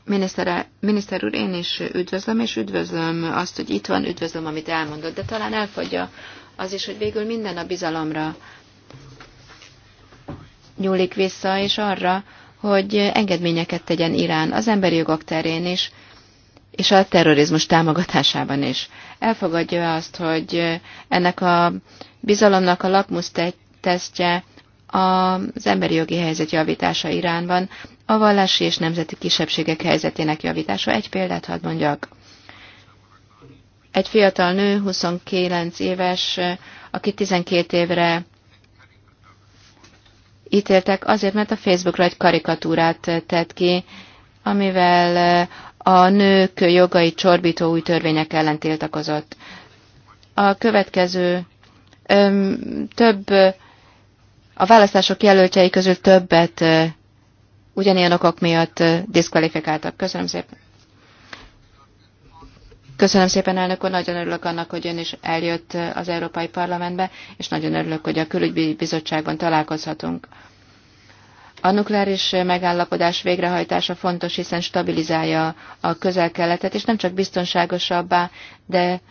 Miniszter, miniszter úr, én is üdvözlöm, és üdvözlöm azt, hogy itt van, üdvözlöm, amit elmondott, de talán elfogja az is, hogy végül minden a bizalomra nyúlik vissza, és arra, hogy engedményeket tegyen Irán az emberi jogok terén is, és a terrorizmus támogatásában is. Elfogadja azt, hogy ennek a bizalomnak a lakmusz tesztje az emberi jogi helyzet javítása Iránban, a vallási és nemzeti kisebbségek helyzetének javítása. Egy példát hadd mondjak. Egy fiatal nő, 29 éves, aki 12 évre ítéltek azért, mert a Facebookra egy karikatúrát tett ki, amivel eh, a nők jogai csorbító új törvények ellen tiltakozott. A következő öm, több a választások jelöltjei közül többet eh, ugyanilyen okok miatt eh, diszkvalifikáltak. Köszönöm szépen. Köszönöm szépen, elnök úr, nagyon örülök annak, hogy ön is eljött az Európai Parlamentbe, és nagyon örülök, hogy a Külügyi Bizottságban találkozhatunk. A nukleáris megállapodás végrehajtása fontos, hiszen stabilizálja a közel-keletet, és nem csak biztonságosabbá, de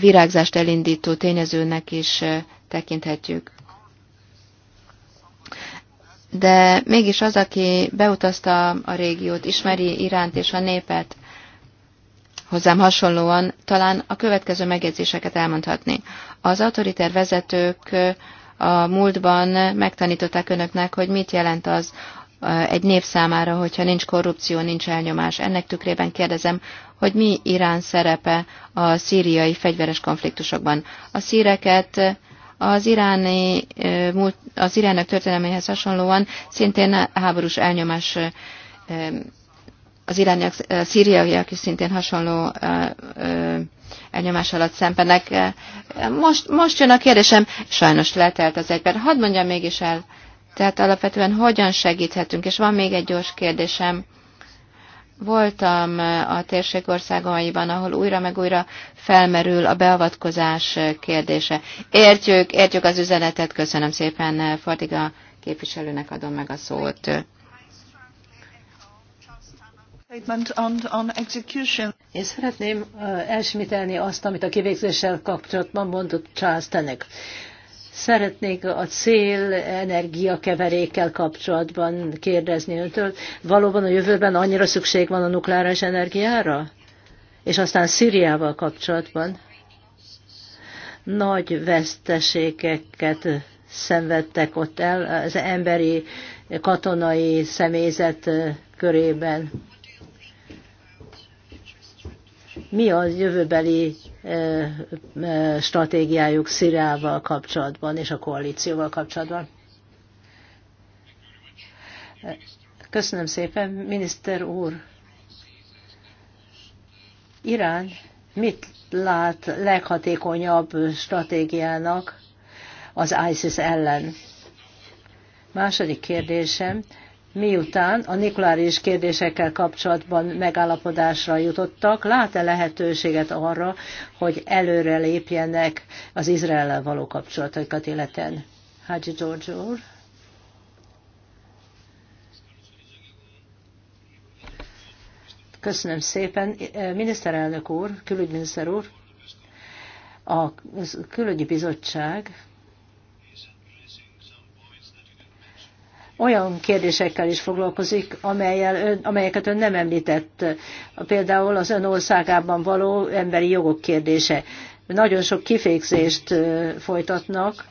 virágzást elindító tényezőnek is tekinthetjük. De mégis az, aki beutazta a régiót, ismeri Iránt és a népet, hozzám hasonlóan talán a következő megjegyzéseket elmondhatni. Az autoriter vezetők a múltban megtanították önöknek, hogy mit jelent az egy nép számára, hogyha nincs korrupció, nincs elnyomás. Ennek tükrében kérdezem, hogy mi Irán szerepe a szíriai fegyveres konfliktusokban. A szíreket az iráni, az iránok történelméhez hasonlóan szintén háborús elnyomás az irániak, eh, szíriaiak is szintén hasonló eh, eh, elnyomás alatt szenvednek. Most, most jön a kérdésem, sajnos letelt az egyben. Hadd mondjam mégis el, tehát alapvetően hogyan segíthetünk, és van még egy gyors kérdésem. Voltam a térség országaiban, ahol újra meg újra felmerül a beavatkozás kérdése. Értjük, értjük az üzenetet, köszönöm szépen, Fordiga képviselőnek adom meg a szót. Én szeretném elsmitelni azt, amit a kivégzéssel kapcsolatban mondott Charles Tenek. Szeretnék a cél energia keverékkel kapcsolatban kérdezni öntől. Valóban a jövőben annyira szükség van a nukleáris energiára? És aztán Szíriával kapcsolatban nagy veszteségeket szenvedtek ott el az emberi katonai személyzet körében mi a jövőbeli stratégiájuk Szíriával kapcsolatban és a koalícióval kapcsolatban? Köszönöm szépen, miniszter úr. Irán mit lát leghatékonyabb stratégiának az ISIS ellen? Második kérdésem, miután a nukleáris kérdésekkel kapcsolatban megállapodásra jutottak, lát-e lehetőséget arra, hogy előre lépjenek az izrael való kapcsolataikat életen? Hágyi George úr. Köszönöm szépen. Miniszterelnök úr, külügyminiszter úr, a külügyi bizottság olyan kérdésekkel is foglalkozik, ön, amelyeket ön nem említett, például az ön országában való emberi jogok kérdése. Nagyon sok kifégzést folytatnak,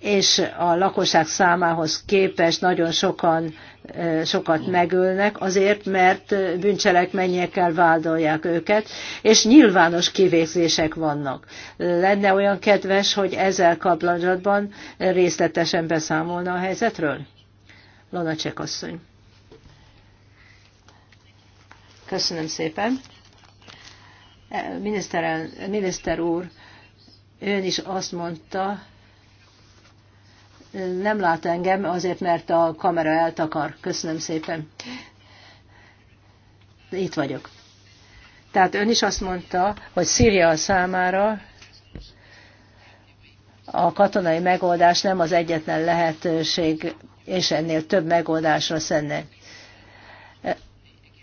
és a lakosság számához képest nagyon sokan sokat megölnek, azért, mert bűncselekményekkel vádolják őket, és nyilvános kivégzések vannak. Lenne olyan kedves, hogy ezzel kapcsolatban részletesen beszámolna a helyzetről? Lona asszony. Köszönöm szépen. Miniszter, miniszter úr, ön is azt mondta, nem lát engem, azért mert a kamera eltakar. Köszönöm szépen. Itt vagyok. Tehát ön is azt mondta, hogy Szíria számára a katonai megoldás nem az egyetlen lehetőség, és ennél több megoldásra szenne.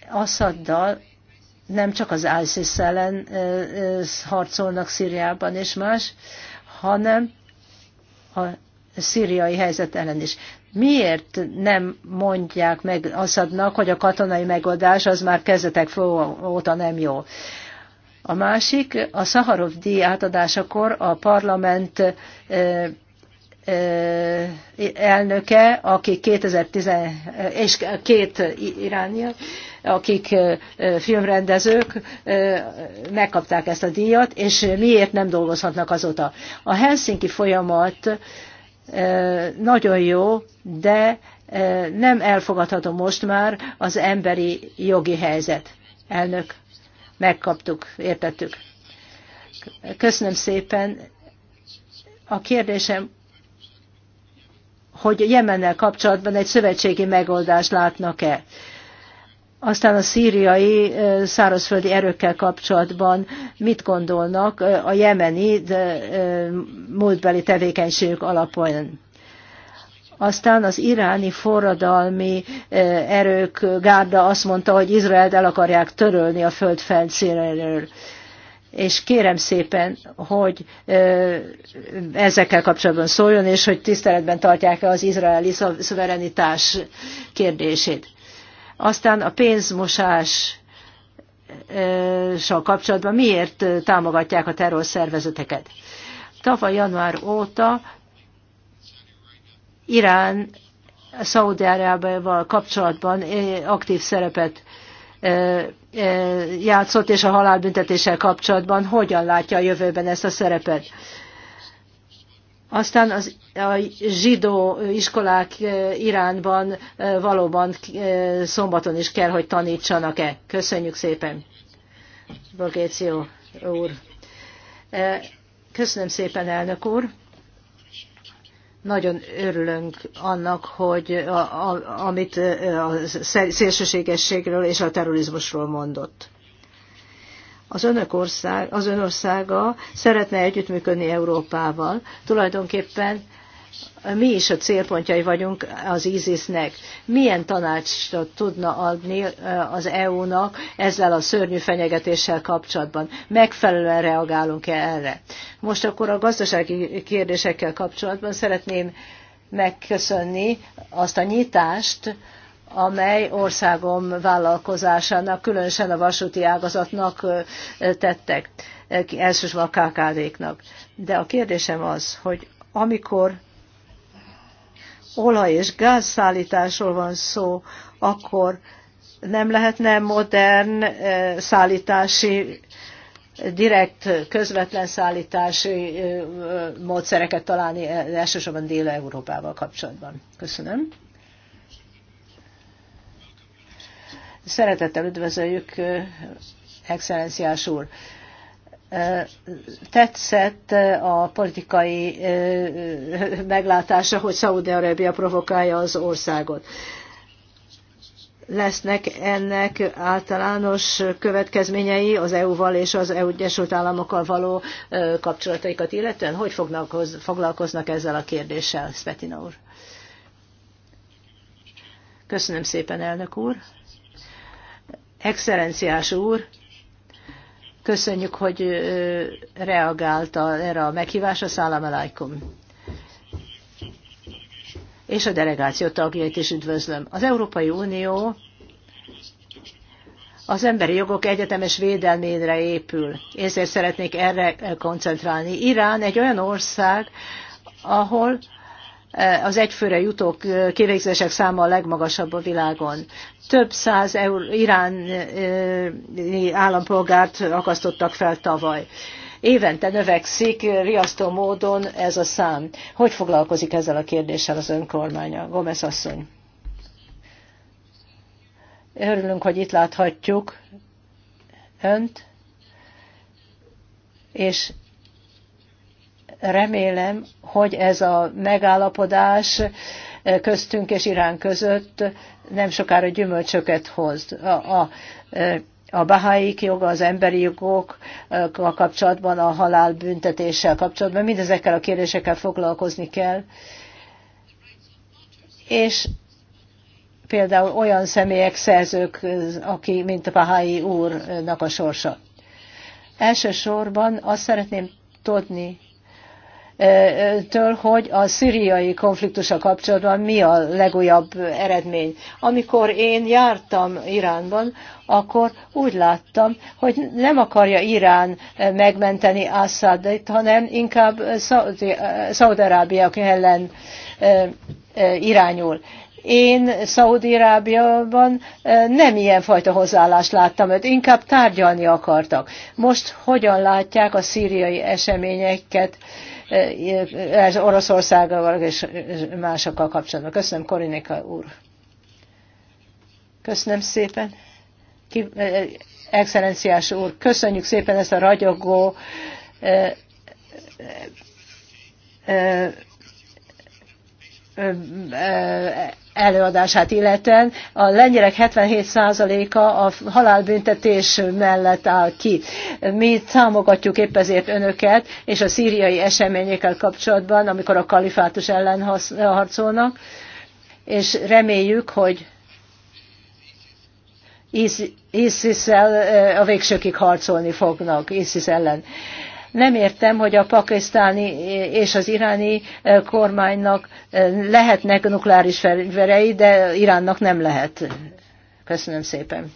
Assaddal nem csak az ISIS ellen harcolnak Szíriában és más, hanem a szíriai helyzet ellen is. Miért nem mondják meg Assadnak, hogy a katonai megoldás az már kezdetek óta nem jó? A másik, a Szaharov díj átadásakor a parlament elnöke, aki 2010, és két irániak, akik filmrendezők megkapták ezt a díjat, és miért nem dolgozhatnak azóta. A Helsinki folyamat nagyon jó, de nem elfogadható most már az emberi jogi helyzet. Elnök, megkaptuk, értettük. Köszönöm szépen. A kérdésem, hogy Jemennel kapcsolatban egy szövetségi megoldást látnak-e? Aztán a szíriai szárazföldi erőkkel kapcsolatban mit gondolnak a jemeni múltbeli tevékenységük alapján? Aztán az iráni forradalmi erők gárda azt mondta, hogy Izraelt el akarják törölni a föld felszínéről. És kérem szépen, hogy ezekkel kapcsolatban szóljon, és hogy tiszteletben tartják-e az izraeli szuverenitás kérdését. Aztán a pénzmosással kapcsolatban miért támogatják a terrorszervezeteket. Tavaly január óta Irán Szaudi-Arábiával kapcsolatban aktív szerepet játszott, és a halálbüntetéssel kapcsolatban hogyan látja a jövőben ezt a szerepet. Aztán az a zsidó iskolák eh, Iránban eh, valóban eh, szombaton is kell, hogy tanítsanak-e. Köszönjük szépen, Borgéció úr. Köszönöm szépen, elnök úr. Nagyon örülünk annak, hogy a, a, amit a szélsőségességről és a terrorizmusról mondott az önök ország, az ön országa szeretne együttműködni Európával. Tulajdonképpen mi is a célpontjai vagyunk az ISIS-nek. Milyen tanácsot tudna adni eh, az EU-nak ezzel a szörnyű fenyegetéssel kapcsolatban? Megfelelően reagálunk-e erre? Most akkor a gazdasági kérdésekkel kapcsolatban szeretném megköszönni azt a nyitást, amely országom vállalkozásának, különösen a vasúti ágazatnak eh, tettek, eh, elsősorban a KKD-knak. De a kérdésem az, hogy amikor olaj- és gázszállításról van szó, akkor nem lehetne modern eh, szállítási, direkt közvetlen szállítási eh, módszereket találni eh, elsősorban Dél-Európával kapcsolatban. Köszönöm. Szeretettel üdvözöljük, Excellenciás úr tetszett a politikai meglátása, hogy Szaudi-Arabia provokálja az országot. Lesznek ennek általános következményei az EU-val és az EU Egyesült Államokkal való kapcsolataikat illetően? Hogy fognak, foglalkoznak ezzel a kérdéssel, Svetina úr? Köszönöm szépen, elnök úr. Excellenciás úr, Köszönjük, hogy reagált erre a meghívásra. Szállam alaikum. És a delegáció tagjait is üdvözlöm. Az Európai Unió az emberi jogok egyetemes védelmére épül. Ezért szeretnék erre koncentrálni. Irán egy olyan ország, ahol az egyfőre jutók kivégzések száma a legmagasabb a világon. Több száz eur, iráni állampolgárt akasztottak fel tavaly. Évente növekszik riasztó módon ez a szám. Hogy foglalkozik ezzel a kérdéssel az önkormánya? Gomez asszony. Örülünk, hogy itt láthatjuk önt, és Remélem, hogy ez a megállapodás eh, köztünk és Irán között nem sokára gyümölcsöket hoz. A, a, eh, a baháik joga, az emberi a kapcsolatban, a halál büntetéssel kapcsolatban, mindezekkel a kérdésekkel foglalkozni kell. És például olyan személyek, szerzők, aki, mint a Pahái úrnak a sorsa. Elsősorban azt szeretném tudni, től, hogy a szíriai konfliktusa kapcsolatban mi a legújabb eredmény. Amikor én jártam Iránban, akkor úgy láttam, hogy nem akarja Irán megmenteni Assadot, hanem inkább Szaudarábia ellen irányul. Én Szaudi-Arábiában nem ilyen fajta hozzáállást láttam, őt inkább tárgyalni akartak. Most hogyan látják a szíriai eseményeket? ez Oroszországgal és másokkal kapcsolatban. Köszönöm, Korinika úr. Köszönöm szépen. Ki, excellenciás úr, köszönjük szépen ezt a ragyogó eh, eh, előadását illetően a lengyelek 77%-a a halálbüntetés mellett áll ki. Mi támogatjuk épp ezért önöket és a szíriai eseményekkel kapcsolatban, amikor a kalifátus ellen harcolnak, és reméljük, hogy ISIS-szel a végsőkig harcolni fognak, ISIS ellen. Nem értem, hogy a pakisztáni és az iráni eh, kormánynak eh, lehetnek nukleáris fegyverei, de Iránnak nem lehet. Köszönöm szépen.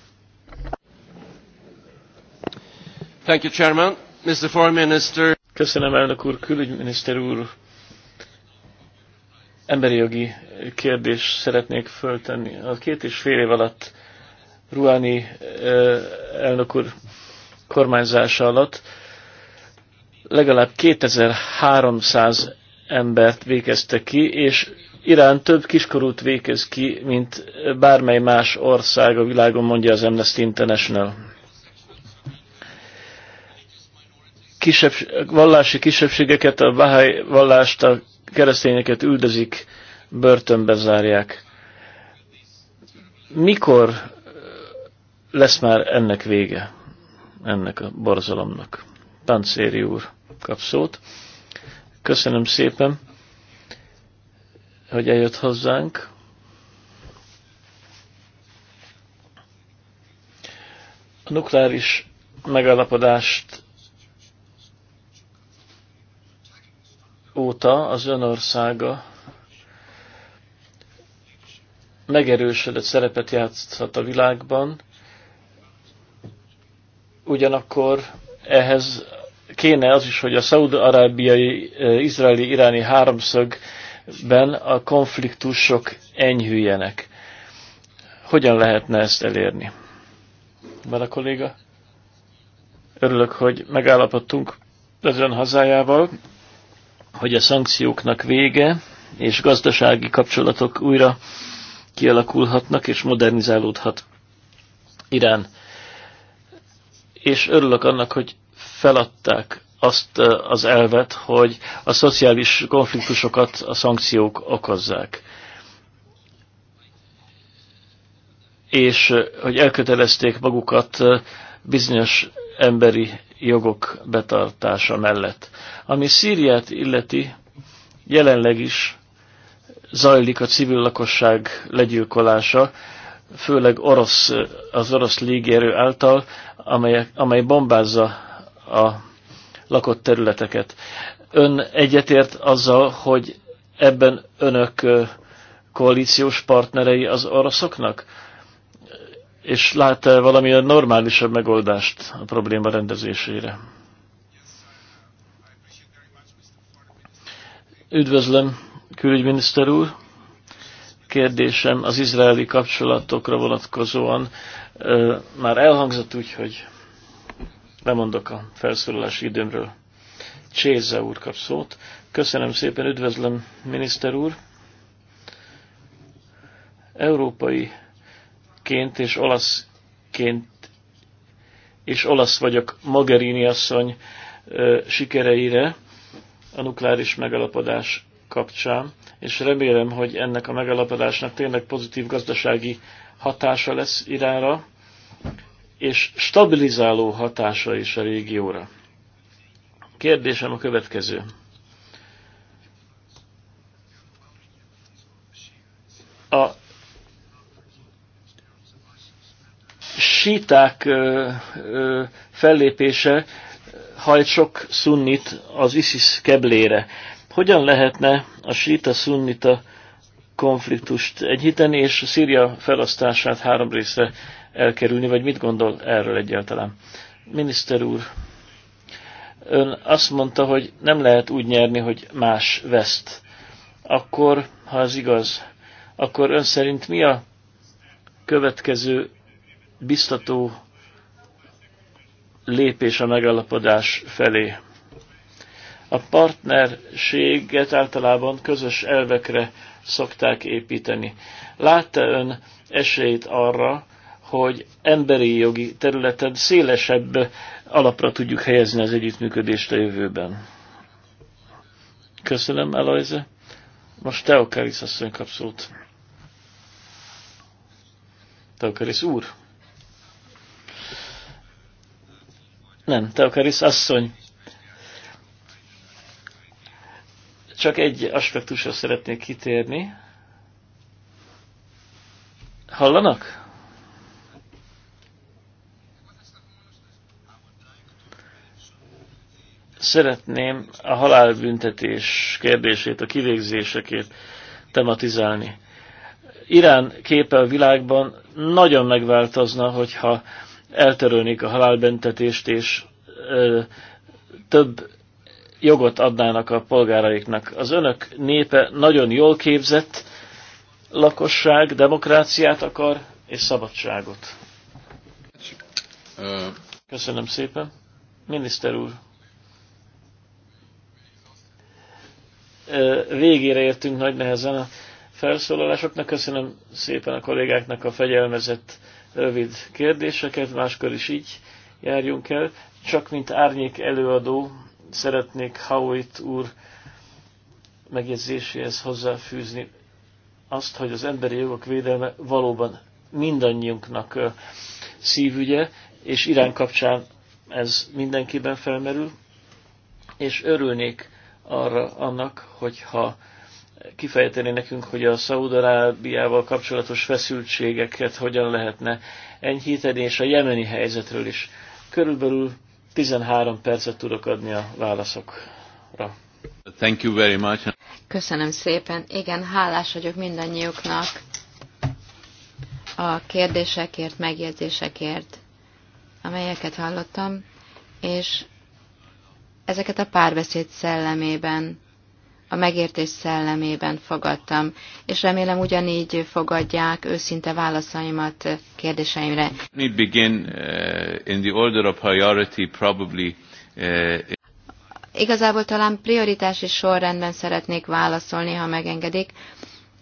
Thank you, Chairman. Mr. Foreign Minister. Köszönöm, elnök úr, külügyminiszter úr. Emberi jogi kérdést szeretnék föltenni. A két és fél év alatt Ruáni eh, elnök úr kormányzása alatt legalább 2300 embert végezte ki, és Irán több kiskorút végez ki, mint bármely más ország a világon, mondja az Amnesty International. Kisebb, vallási kisebbségeket, a Bahá'í vallást, a keresztényeket üldözik, börtönbe zárják. Mikor lesz már ennek vége, ennek a borzalomnak? Pancéri úr kap szót. Köszönöm szépen, hogy eljött hozzánk. A nukleáris megállapodást óta az önországa megerősödött szerepet játszhat a világban, ugyanakkor ehhez kéne az is, hogy a szaud-arábiai, e, izraeli, iráni háromszögben a konfliktusok enyhüljenek. Hogyan lehetne ezt elérni? Van a kolléga, örülök, hogy megállapodtunk az ön hazájával, hogy a szankcióknak vége, és gazdasági kapcsolatok újra kialakulhatnak és modernizálódhat Irán. És örülök annak, hogy feladták azt az elvet, hogy a szociális konfliktusokat a szankciók okozzák. És hogy elkötelezték magukat bizonyos emberi jogok betartása mellett. Ami Szíriát illeti, jelenleg is zajlik a civil lakosság legyilkolása, főleg orosz, az orosz légierő által, amely, amely bombázza a lakott területeket. Ön egyetért azzal, hogy ebben önök koalíciós partnerei az oroszoknak? És lát -e a normálisabb megoldást a probléma rendezésére? Üdvözlöm, külügyminiszter úr! Kérdésem az izraeli kapcsolatokra vonatkozóan már elhangzott úgy, hogy lemondok a felszólalási időmről. Cséze úr kap szót. Köszönöm szépen, üdvözlöm, miniszter úr. Európai ként és olaszként és olasz vagyok Magerini asszony sikereire a nukleáris megalapodás kapcsán, és remélem, hogy ennek a megalapodásnak tényleg pozitív gazdasági hatása lesz irára és stabilizáló hatása is a régióra. Kérdésem a következő. A síták fellépése hajt sok szunnit az ISIS keblére. Hogyan lehetne a síta-szunnita konfliktust egyhíteni, és Szíria felosztását három részre elkerülni, vagy mit gondol erről egyáltalán? Miniszter úr, ön azt mondta, hogy nem lehet úgy nyerni, hogy más veszt. Akkor, ha ez igaz, akkor ön szerint mi a következő biztató lépés a megállapodás felé? A partnerséget általában közös elvekre szokták építeni. Látta ön esélyt arra, hogy emberi jogi területen szélesebb alapra tudjuk helyezni az együttműködést a jövőben. Köszönöm, Eloise. Most Teokaris asszony kap szót. Teokaris úr. Nem, Teokaris asszony. Csak egy aspektusra szeretnék kitérni. Hallanak? szeretném a halálbüntetés kérdését, a kivégzésekért tematizálni. Irán képe a világban nagyon megváltozna, hogyha eltörölnék a halálbüntetést, és ö, több jogot adnának a polgáraiknak. Az önök népe nagyon jól képzett lakosság, demokráciát akar, és szabadságot. Köszönöm szépen. Miniszter úr. végére értünk nagy nehezen a felszólalásoknak. Köszönöm szépen a kollégáknak a fegyelmezett rövid kérdéseket, máskor is így járjunk el. Csak mint árnyék előadó szeretnék Howitt úr megjegyzéséhez hozzáfűzni azt, hogy az emberi jogok védelme valóban mindannyiunknak szívügye, és Irán kapcsán ez mindenkiben felmerül, és örülnék, arra annak, hogyha kifejteni nekünk, hogy a Szaudarábiával kapcsolatos feszültségeket hogyan lehetne enyhíteni, és a jemeni helyzetről is. Körülbelül 13 percet tudok adni a válaszokra. Thank you very much. Köszönöm szépen. Igen, hálás vagyok mindannyiuknak a kérdésekért, megjegyzésekért, amelyeket hallottam, és ezeket a párbeszéd szellemében, a megértés szellemében fogadtam, és remélem ugyanígy fogadják őszinte válaszaimat kérdéseimre. Me begin uh, in the order of priority probably uh, Igazából talán prioritási sorrendben szeretnék válaszolni, ha megengedik,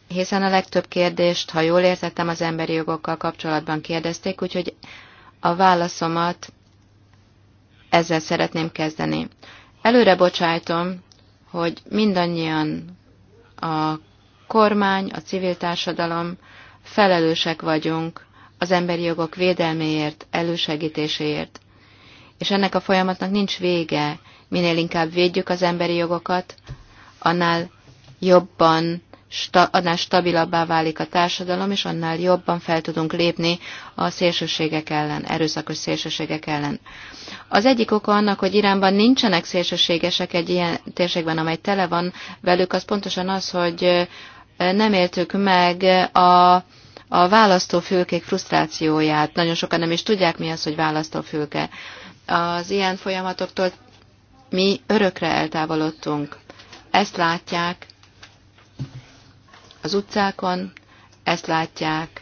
hiszen a legtöbb kérdést, ha jól értettem, az emberi jogokkal kapcsolatban kérdezték, úgyhogy a válaszomat ezzel szeretném kezdeni. Előre bocsájtom, hogy mindannyian a kormány, a civil társadalom felelősek vagyunk az emberi jogok védelméért, elősegítéséért. És ennek a folyamatnak nincs vége. Minél inkább védjük az emberi jogokat, annál jobban sta, annál stabilabbá válik a társadalom, és annál jobban fel tudunk lépni a szélsőségek ellen, erőszakos szélsőségek ellen. Az egyik oka annak, hogy Iránban nincsenek szélsőségesek egy ilyen térségben, amely tele van velük, az pontosan az, hogy nem éltük meg a a választófülkék frusztrációját. Nagyon sokan nem is tudják, mi az, hogy választófülke. Az ilyen folyamatoktól mi örökre eltávolodtunk. Ezt látják az utcákon, ezt látják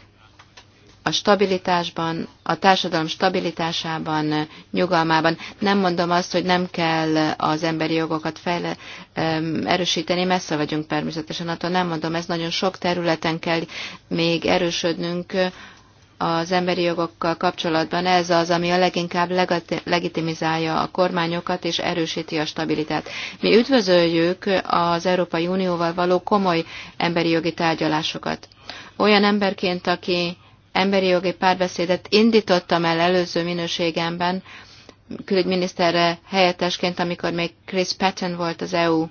a stabilitásban, a társadalom stabilitásában, nyugalmában. Nem mondom azt, hogy nem kell az emberi jogokat fejle, erősíteni, messze vagyunk természetesen attól, nem mondom, ez nagyon sok területen kell még erősödnünk, az emberi jogokkal kapcsolatban ez az, ami a leginkább legitimizálja a kormányokat és erősíti a stabilitát. Mi üdvözöljük az Európai Unióval való komoly emberi jogi tárgyalásokat. Olyan emberként, aki emberi jogi párbeszédet indítottam el előző minőségemben, külügyminiszterre helyettesként, amikor még Chris Patton volt az EU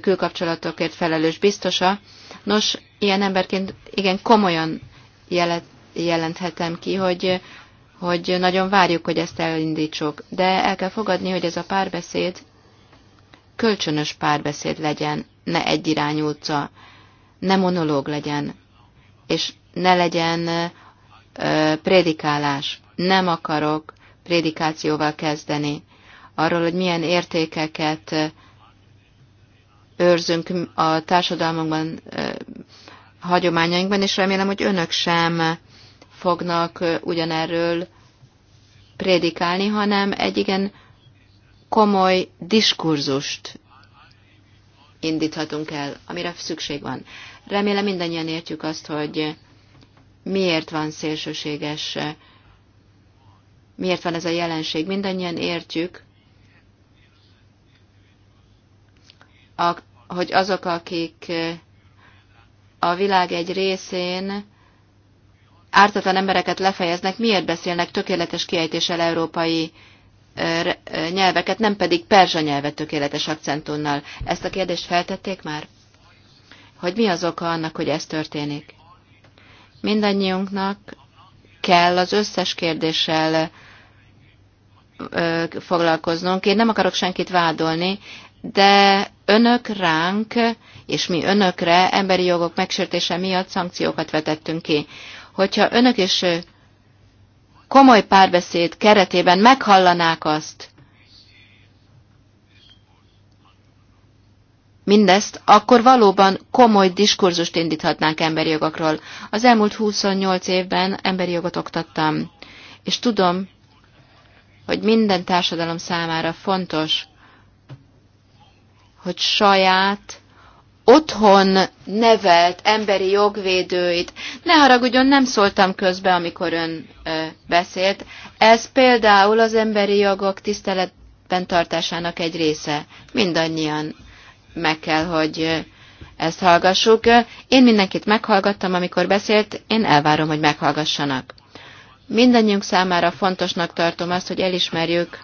külkapcsolatokért felelős biztosa. Nos, ilyen emberként igen komolyan jelet, jelenthetem ki, hogy, hogy nagyon várjuk, hogy ezt elindítsuk. De el kell fogadni, hogy ez a párbeszéd kölcsönös párbeszéd legyen, ne irányú utca, ne monológ legyen, és ne legyen ö, prédikálás. Nem akarok prédikációval kezdeni arról, hogy milyen értékeket őrzünk a társadalmunkban, hagyományainkban, és remélem, hogy önök sem fognak ugyanerről prédikálni, hanem egy igen komoly diskurzust indíthatunk el, amire szükség van. Remélem mindannyian értjük azt, hogy miért van szélsőséges, miért van ez a jelenség. Mindannyian értjük, hogy azok, akik a világ egy részén ártatlan embereket lefejeznek, miért beszélnek tökéletes kiejtéssel európai nyelveket, nem pedig perzsa nyelvet tökéletes akcentonnal. Ezt a kérdést feltették már? Hogy mi az oka annak, hogy ez történik? Mindannyiunknak kell az összes kérdéssel foglalkoznunk. Én nem akarok senkit vádolni, de önök ránk, és mi önökre emberi jogok megsértése miatt szankciókat vetettünk ki hogyha önök is komoly párbeszéd keretében meghallanák azt, mindezt, akkor valóban komoly diskurzust indíthatnánk emberi jogokról. Az elmúlt 28 évben emberi jogot oktattam, és tudom, hogy minden társadalom számára fontos, hogy saját otthon nevelt emberi jogvédőit. Ne haragudjon, nem szóltam közbe, amikor ön ö, beszélt. Ez például az emberi jogok tiszteletben tartásának egy része. Mindannyian meg kell, hogy ezt hallgassuk. Én mindenkit meghallgattam, amikor beszélt, én elvárom, hogy meghallgassanak. Mindannyiunk számára fontosnak tartom azt, hogy elismerjük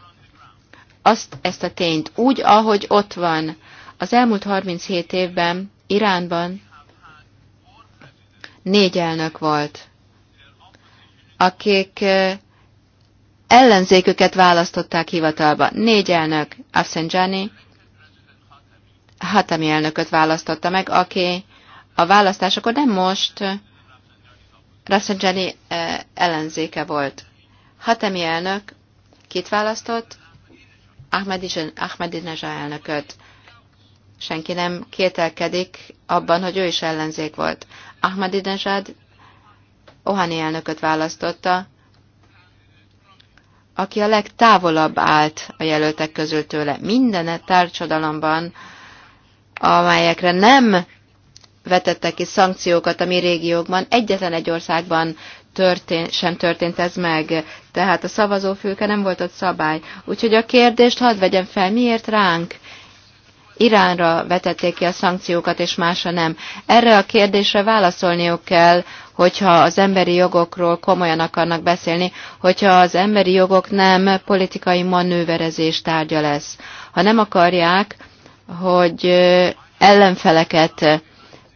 azt, ezt a tényt úgy, ahogy ott van az elmúlt 37 évben Iránban négy elnök volt, akik ellenzéküket választották hivatalba. Négy elnök, Afsenjani, Hatami elnököt választotta meg, aki a választásokon, nem most Rafsanjani ellenzéke volt. Hatemi elnök kit választott? Ahmadinezsa elnököt senki nem kételkedik abban, hogy ő is ellenzék volt. Ahmadinejad Ohani elnököt választotta, aki a legtávolabb állt a jelöltek közül tőle. Minden társadalomban, amelyekre nem vetettek ki szankciókat a mi régiókban, egyetlen egy országban történt, sem történt ez meg. Tehát a szavazófülke nem volt ott szabály. Úgyhogy a kérdést hadd vegyem fel, miért ránk Iránra vetették ki a szankciókat, és másra nem. Erre a kérdésre válaszolniuk kell, hogyha az emberi jogokról komolyan akarnak beszélni, hogyha az emberi jogok nem politikai manőverezés tárgya lesz. Ha nem akarják, hogy ellenfeleket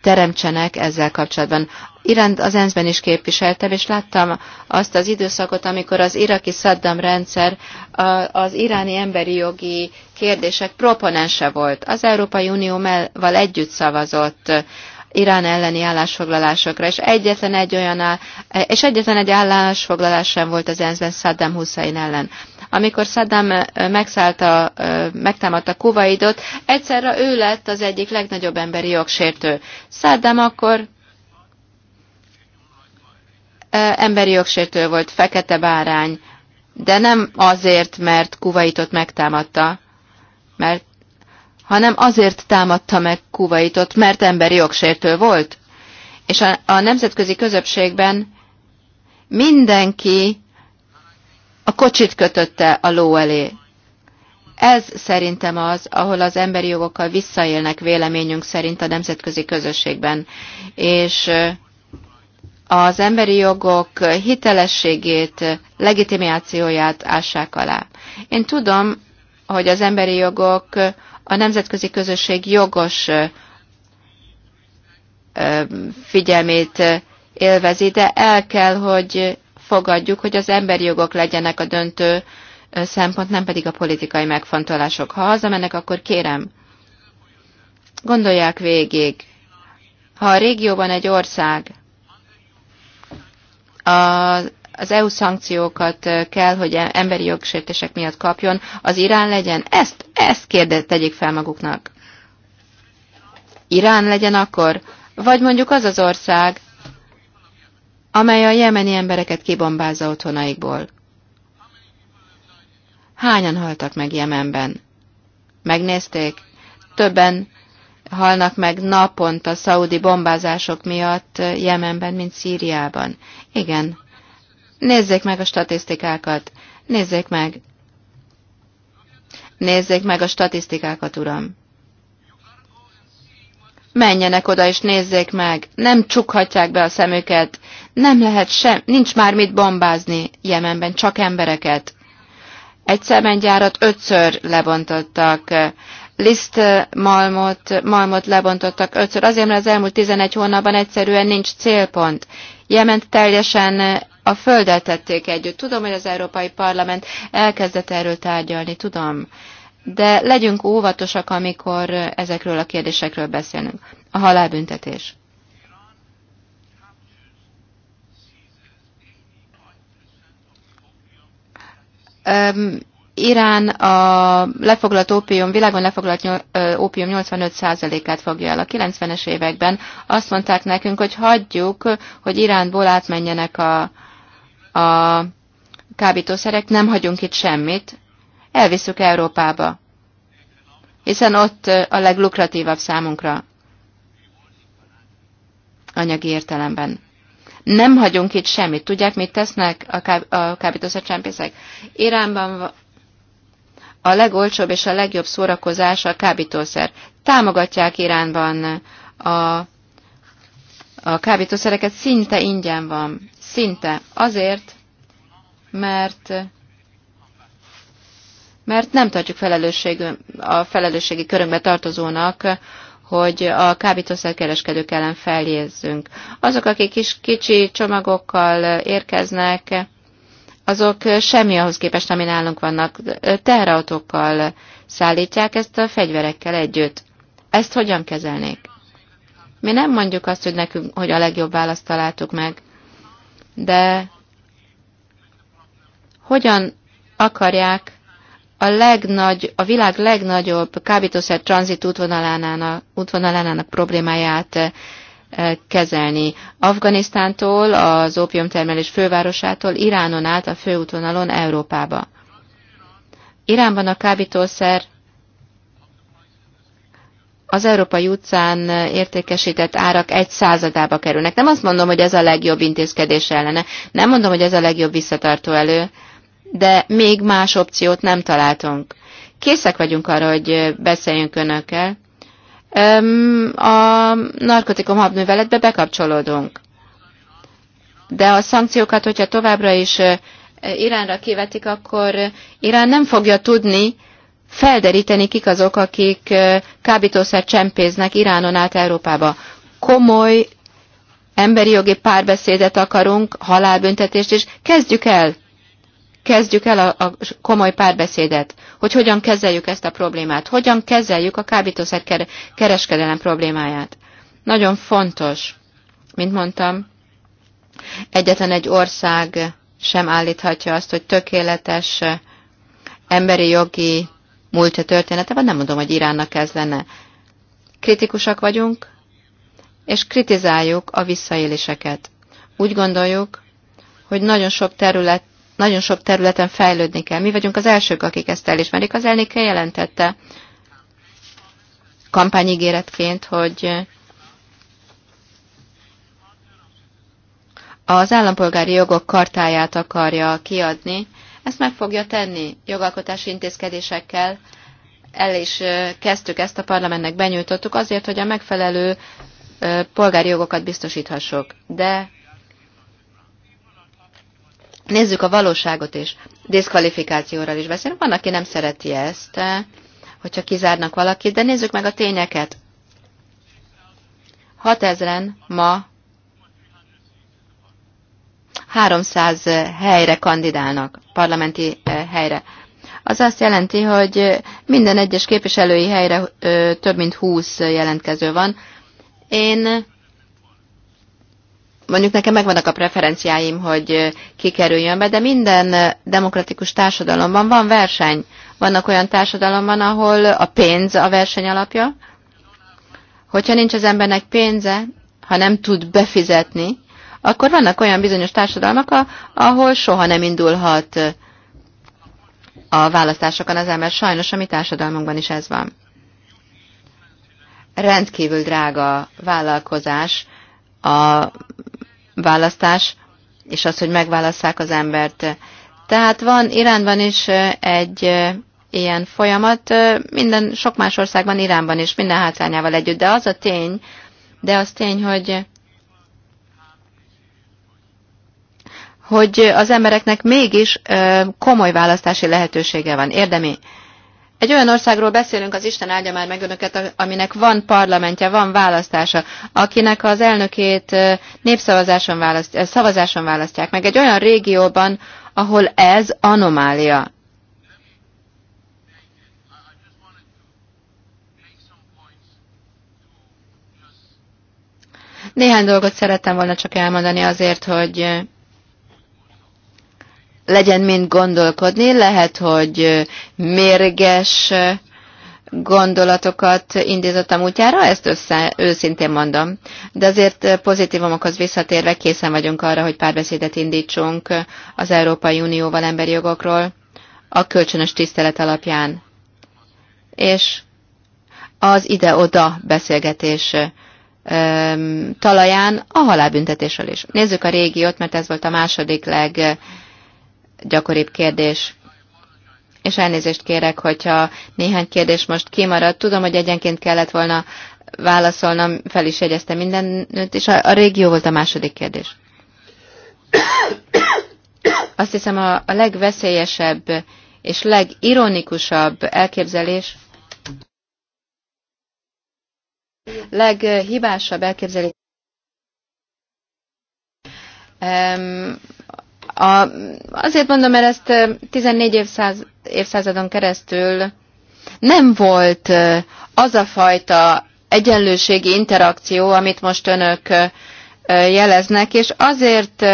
teremtsenek ezzel kapcsolatban. Iránt az ENSZ-ben is képviseltem, és láttam azt az időszakot, amikor az iraki Saddam rendszer az iráni emberi jogi kérdések proponense volt. Az Európai Unióval együtt szavazott Irán elleni állásfoglalásokra, és egyetlen egy olyan áll, és egyetlen egy állásfoglalás sem volt az ENSZ-ben Saddam Hussein ellen. Amikor Saddam megszállta, megtámadta Kuwaitot, egyszerre ő lett az egyik legnagyobb emberi jogsértő. Saddam akkor emberi jogsértő volt, fekete bárány, de nem azért, mert Kuwaitot megtámadta, mert, hanem azért támadta meg Kuwaitot, mert emberi jogsértő volt. És a, a nemzetközi közösségben mindenki a kocsit kötötte a ló elé. Ez szerintem az, ahol az emberi jogokkal visszaélnek véleményünk szerint a nemzetközi közösségben. És az emberi jogok hitelességét, legitimációját ássák alá. Én tudom, hogy az emberi jogok a nemzetközi közösség jogos figyelmét élvezi, de el kell, hogy fogadjuk, hogy az emberi jogok legyenek a döntő szempont, nem pedig a politikai megfontolások. Ha hazamennek, akkor kérem, gondolják végig, ha a régióban egy ország a, az EU szankciókat kell, hogy e- emberi jogsértések miatt kapjon, az Irán legyen? Ezt, ezt kérde, tegyék fel maguknak. Irán legyen akkor? Vagy mondjuk az az ország, amely a jemeni embereket kibombázza otthonaikból. Hányan haltak meg Jemenben? Megnézték? Többen halnak meg naponta a szaudi bombázások miatt Jemenben, mint Szíriában. Igen. Nézzék meg a statisztikákat. Nézzék meg. Nézzék meg a statisztikákat, uram menjenek oda és nézzék meg. Nem csukhatják be a szemüket. Nem lehet sem, nincs már mit bombázni Jemenben, csak embereket. Egy szemengyárat ötször lebontottak. Liszt eh, malmot, malmot lebontottak ötször, azért, mert az elmúlt 11 hónapban egyszerűen nincs célpont. Jement teljesen eh, a földet tették együtt. Tudom, hogy az Európai Parlament elkezdett erről tárgyalni, tudom de legyünk óvatosak, amikor ezekről a kérdésekről beszélünk. A halálbüntetés. Um, Irán a lefoglalt ópium, világon lefoglalt ópium 85%-át fogja el. A 90-es években azt mondták nekünk, hogy hagyjuk, hogy Iránból átmenjenek a, a kábítószerek, nem hagyunk itt semmit, elviszük Európába, hiszen ott a leglukratívabb számunkra anyagi értelemben. Nem hagyunk itt semmit. Tudják, mit tesznek a, káb- a kábítószercsempészek? Iránban a legolcsóbb és a legjobb szórakozás a kábítószer. Támogatják Iránban a, a kábítószereket, szinte ingyen van. Szinte. Azért, mert mert nem tartjuk felelősség, a felelősségi körünkbe tartozónak, hogy a kábítószerkereskedők ellen feljézzünk. Azok, akik kis, kicsi csomagokkal érkeznek, azok semmi ahhoz képest, ami nálunk vannak. Teherautókkal szállítják ezt a fegyverekkel együtt. Ezt hogyan kezelnék? Mi nem mondjuk azt, hogy nekünk, hogy a legjobb választ találtuk meg, de hogyan akarják a, legnagy, a világ legnagyobb kábítószer tranzit útvonalának, útvonalának problémáját eh, kezelni. Afganisztántól, az ópiumtermelés fővárosától, Iránon át a főútvonalon Európába. Iránban a kábítószer az Európai utcán eh, értékesített árak egy századába kerülnek. Nem azt mondom, hogy ez a legjobb intézkedés ellene. Nem mondom, hogy ez a legjobb visszatartó elő de még más opciót nem találtunk. Készek vagyunk arra, hogy beszéljünk önökkel. A narkotikum habműveletbe bekapcsolódunk. De a szankciókat, hogyha továbbra is Iránra kivetik, akkor Irán nem fogja tudni felderíteni, kik azok, akik kábítószer csempéznek Iránon át Európába. Komoly emberi jogi párbeszédet akarunk, halálbüntetést is. Kezdjük el! kezdjük el a, a komoly párbeszédet, hogy hogyan kezeljük ezt a problémát, hogyan kezeljük a kábítószer kereskedelem problémáját. Nagyon fontos, mint mondtam, egyetlen egy ország sem állíthatja azt, hogy tökéletes emberi jogi múltja története, vagy nem mondom, hogy Iránnak ez lenne. Kritikusak vagyunk, és kritizáljuk a visszaéléseket. Úgy gondoljuk, hogy nagyon sok terület nagyon sok területen fejlődni kell. Mi vagyunk az elsők, akik ezt elismerik. Az elnéke jelentette kampányigéretként, hogy az állampolgári jogok kartáját akarja kiadni. Ezt meg fogja tenni jogalkotási intézkedésekkel. El is kezdtük ezt a parlamentnek, benyújtottuk azért, hogy a megfelelő polgári jogokat biztosíthassuk. De Nézzük a valóságot is. Diszkvalifikációról is beszélünk. Van, aki nem szereti ezt, eh, hogyha kizárnak valakit, de nézzük meg a tényeket. 6000-en ma 300 eh, helyre kandidálnak, parlamenti eh, helyre. Az azt jelenti, hogy minden egyes képviselői helyre több mint 20 jelentkező van. Én mondjuk nekem megvannak a preferenciáim, hogy kikerüljön be, de minden demokratikus társadalomban van verseny. Vannak olyan társadalomban, ahol a pénz a verseny alapja. Hogyha nincs az embernek pénze, ha nem tud befizetni, akkor vannak olyan bizonyos társadalmak, ahol soha nem indulhat a választásokon az ember. Sajnos a mi társadalmunkban is ez van. Rendkívül drága vállalkozás a választás, és az, hogy megválasszák az embert. Tehát van Iránban is egy ilyen folyamat, minden, sok más országban, Iránban is, minden hátrányával együtt, de az a tény, de az tény, hogy hogy az embereknek mégis komoly választási lehetősége van, érdemi egy olyan országról beszélünk, az Isten áldja már meg önöket, aminek van parlamentje, van választása, akinek az elnökét népszavazáson választ, szavazáson választják meg. Egy olyan régióban, ahol ez anomália. Néhány dolgot szerettem volna csak elmondani azért, hogy legyen mind gondolkodni, lehet, hogy mérges gondolatokat indítottam útjára, ezt össze, őszintén mondom. De azért pozitívumokhoz visszatérve készen vagyunk arra, hogy párbeszédet indítsunk az Európai Unióval emberi jogokról a kölcsönös tisztelet alapján. És az ide-oda beszélgetés talaján a halálbüntetésről is. Nézzük a régiót, mert ez volt a második leg gyakoribb kérdés. És elnézést kérek, hogyha néhány kérdés most kimaradt. Tudom, hogy egyenként kellett volna válaszolnom, fel is jegyeztem mindenütt, és a, a régió volt a második kérdés. Azt hiszem a, a legveszélyesebb és legironikusabb elképzelés, leghibásabb elképzelés, a, azért mondom, mert ezt 14 évszáz, évszázadon keresztül nem volt az a fajta egyenlőségi interakció, amit most önök jeleznek, és azért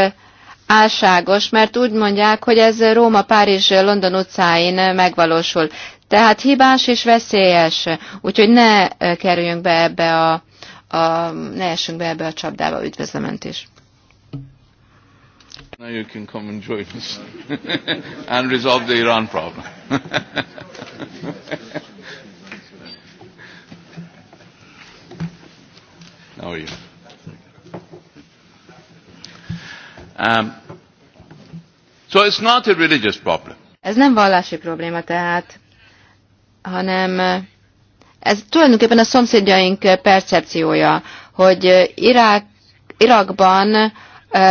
álságos, mert úgy mondják, hogy ez Róma, Párizs, London utcáin megvalósul. Tehát hibás és veszélyes, úgyhogy ne kerüljünk be ebbe a, a ne essünk be ebbe a csapdába, üdvözlöm önt is. Now you can come and join us and resolve the Iran problem. How are you? Um, so it's not a religious problem. Ez nem vallási probléma tehát, hanem eh, ez tulajdonképpen a szomszédjaink percepciója, hogy eh, Irák, Irakban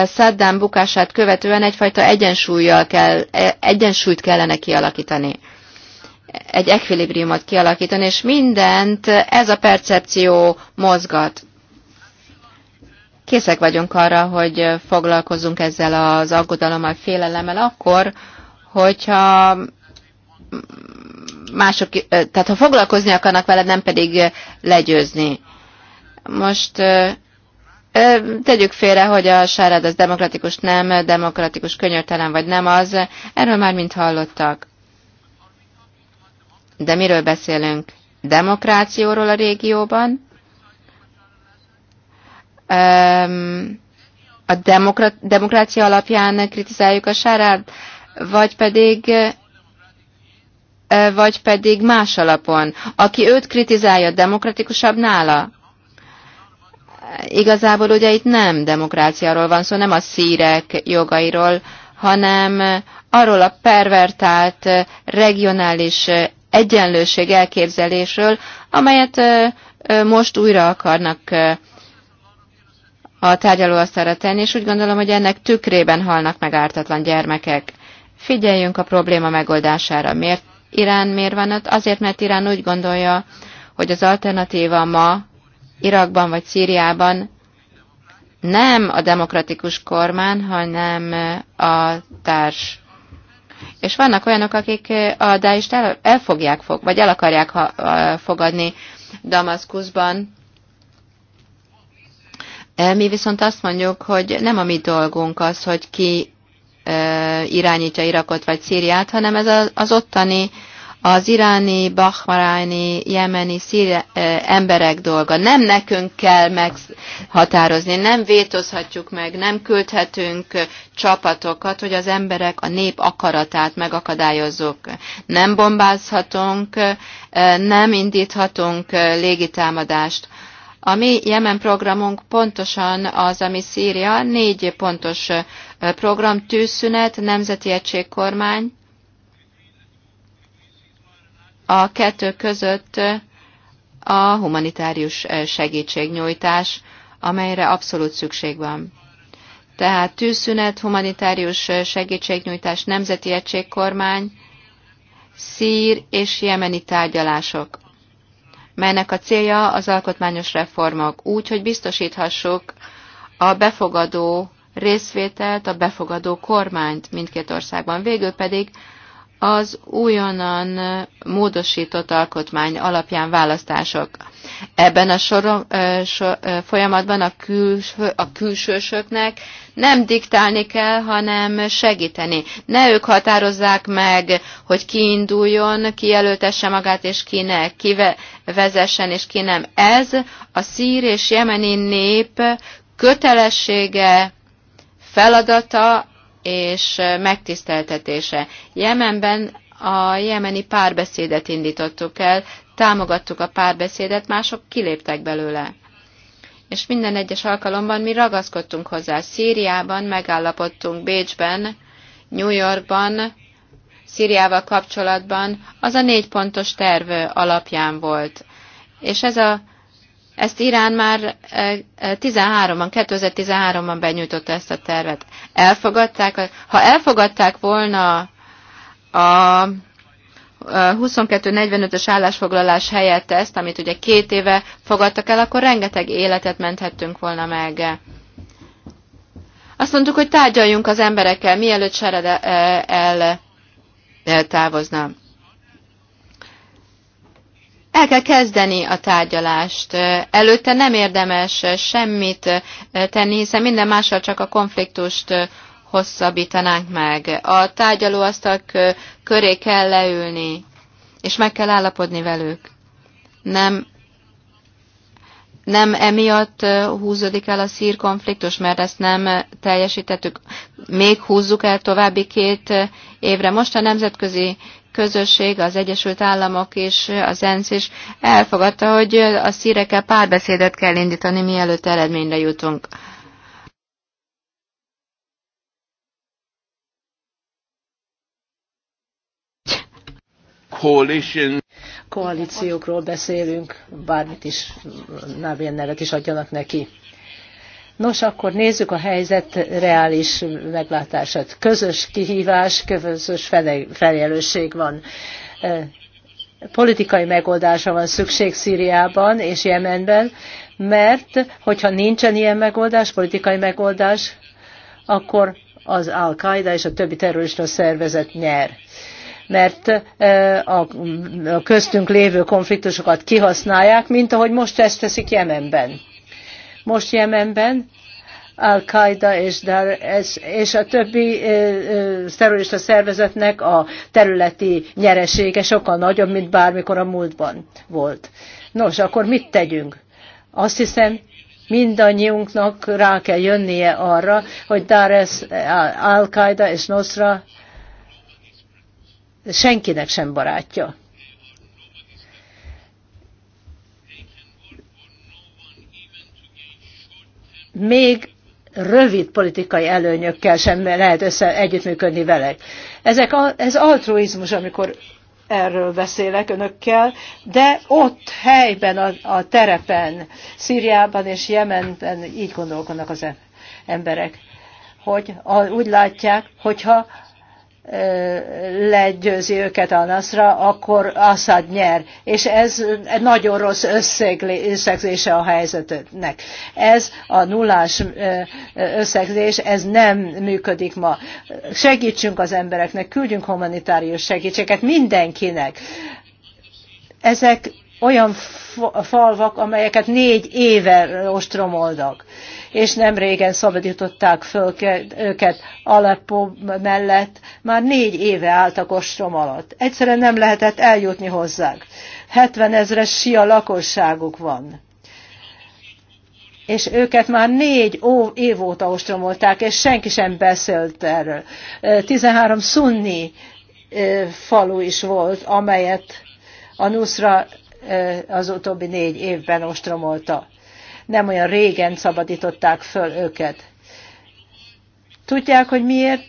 Saddam bukását követően egyfajta egyensúlyjal kell, e, egyensúlyt kellene kialakítani egy ekvilibriumot kialakítani, és mindent ez a percepció mozgat. Készek vagyunk arra, hogy foglalkozunk ezzel az aggodalommal, félelemmel akkor, hogyha mások, tehát ha foglalkozni akarnak veled, nem pedig legyőzni. Most Tegyük félre, hogy a sárad az demokratikus, nem demokratikus, könyörtelen vagy nem az. Erről már mind hallottak. De miről beszélünk? Demokrációról a régióban? A demokra- demokrácia alapján kritizáljuk a sárát, vagy pedig vagy pedig más alapon. Aki őt kritizálja, demokratikusabb nála? igazából ugye itt nem demokráciáról van szó, nem a szírek jogairól, hanem arról a pervertált regionális egyenlőség elképzelésről, amelyet most újra akarnak a tárgyalóasztalra tenni, és úgy gondolom, hogy ennek tükrében halnak meg ártatlan gyermekek. Figyeljünk a probléma megoldására. Miért Irán miért van ott? Azért, mert Irán úgy gondolja, hogy az alternatíva ma Irakban vagy Szíriában nem a demokratikus kormány, hanem a társ. És vannak olyanok, akik a Daist el, elfogják, fog, vagy el akarják ha, fogadni Damaszkuszban. E, mi viszont azt mondjuk, hogy nem a mi dolgunk az, hogy ki e, irányítja Irakot vagy Szíriát, hanem ez az ottani az iráni, bahmaráni, jemeni eh, emberek dolga. Nem nekünk kell meghatározni, nem vétozhatjuk meg, nem küldhetünk csapatokat, hogy az emberek a nép akaratát megakadályozzuk. Nem bombázhatunk, nem indíthatunk légitámadást. A mi Jemen programunk pontosan az, ami Szíria, négy pontos program, tűzszünet, nemzeti egységkormány, a kettő között a humanitárius segítségnyújtás, amelyre abszolút szükség van. Tehát tűzszünet, humanitárius segítségnyújtás, nemzeti egységkormány, szír és jemeni tárgyalások, melynek a célja az alkotmányos reformok, úgy, hogy biztosíthassuk a befogadó részvételt, a befogadó kormányt mindkét országban. Végül pedig az újonnan módosított alkotmány alapján választások. Ebben a sorom, so, folyamatban a, küls, a külsősöknek nem diktálni kell, hanem segíteni. Ne ők határozzák meg, hogy ki induljon, ki jelöltesse magát, és ki ne, ki vezessen, és ki nem. Ez a szír és jemeni nép kötelessége, feladata, és megtiszteltetése. Jemenben a jemeni párbeszédet indítottuk el, támogattuk a párbeszédet, mások kiléptek belőle. És minden egyes alkalomban mi ragaszkodtunk hozzá. Szíriában megállapodtunk Bécsben, New Yorkban, Szíriával kapcsolatban, az a négy pontos terv alapján volt. És ez a ezt Irán már 13-ban, eh, eh, 2013-ban benyújtotta ezt a tervet. Elfogadták, ha elfogadták volna a 22.45-ös állásfoglalás helyett ezt, amit ugye két éve fogadtak el, akkor rengeteg életet menthettünk volna meg. Azt mondtuk, hogy tárgyaljunk az emberekkel, mielőtt Sered eh, el, távozna el kell kezdeni a tárgyalást. Előtte nem érdemes semmit tenni, hiszen minden mással csak a konfliktust hosszabbítanánk meg. A tárgyalóasztal köré kell leülni, és meg kell állapodni velük. Nem, nem emiatt húzódik el a szír konfliktus, mert ezt nem teljesítettük. Még húzzuk el további két évre. Most a nemzetközi közösség, az Egyesült Államok és az ENSZ is elfogadta, hogy a szírekkel párbeszédet kell indítani, mielőtt eredményre jutunk. Coalition. Koalíciókról beszélünk, bármit is, nevén nevet is adjanak neki Nos, akkor nézzük a helyzet reális meglátását. Közös kihívás, közös felelősség van. Politikai megoldásra van szükség Szíriában és Jemenben, mert hogyha nincsen ilyen megoldás, politikai megoldás, akkor az Al-Qaeda és a többi terrorista szervezet nyer mert a köztünk lévő konfliktusokat kihasználják, mint ahogy most ezt teszik Jemenben. Most Jemenben Al-Qaida és, és a többi terrorista szervezetnek a területi nyeresége sokkal nagyobb, mint bármikor a múltban volt. Nos, akkor mit tegyünk? Azt hiszem, mindannyiunknak rá kell jönnie arra, hogy Dares, Al-Qaida és Nosra senkinek sem barátja. még rövid politikai előnyökkel sem lehet össze együttműködni velek. Ezek a, ez altruizmus, amikor erről beszélek önökkel, de ott helyben, a, a terepen, Szíriában és Jemenben így gondolkodnak az emberek, hogy a, úgy látják, hogyha legyőzi őket a Nasra, akkor Assad nyer. És ez egy nagyon rossz összegzése a helyzetnek. Ez a nullás összegzés, ez nem működik ma. Segítsünk az embereknek, küldjünk humanitárius segítséget mindenkinek. Ezek olyan falvak, amelyeket négy éve ostromoltak, és nem régen szabadították föl őket Aleppo mellett, már négy éve álltak ostrom alatt. Egyszerűen nem lehetett eljutni hozzák. 70 ezres sia lakosságuk van. És őket már négy év óta ostromolták, és senki sem beszélt erről. 13 szunni falu is volt, amelyet a Nusra Eh, az utóbbi négy évben ostromolta. Nem olyan régen szabadították föl őket. Tudják, hogy miért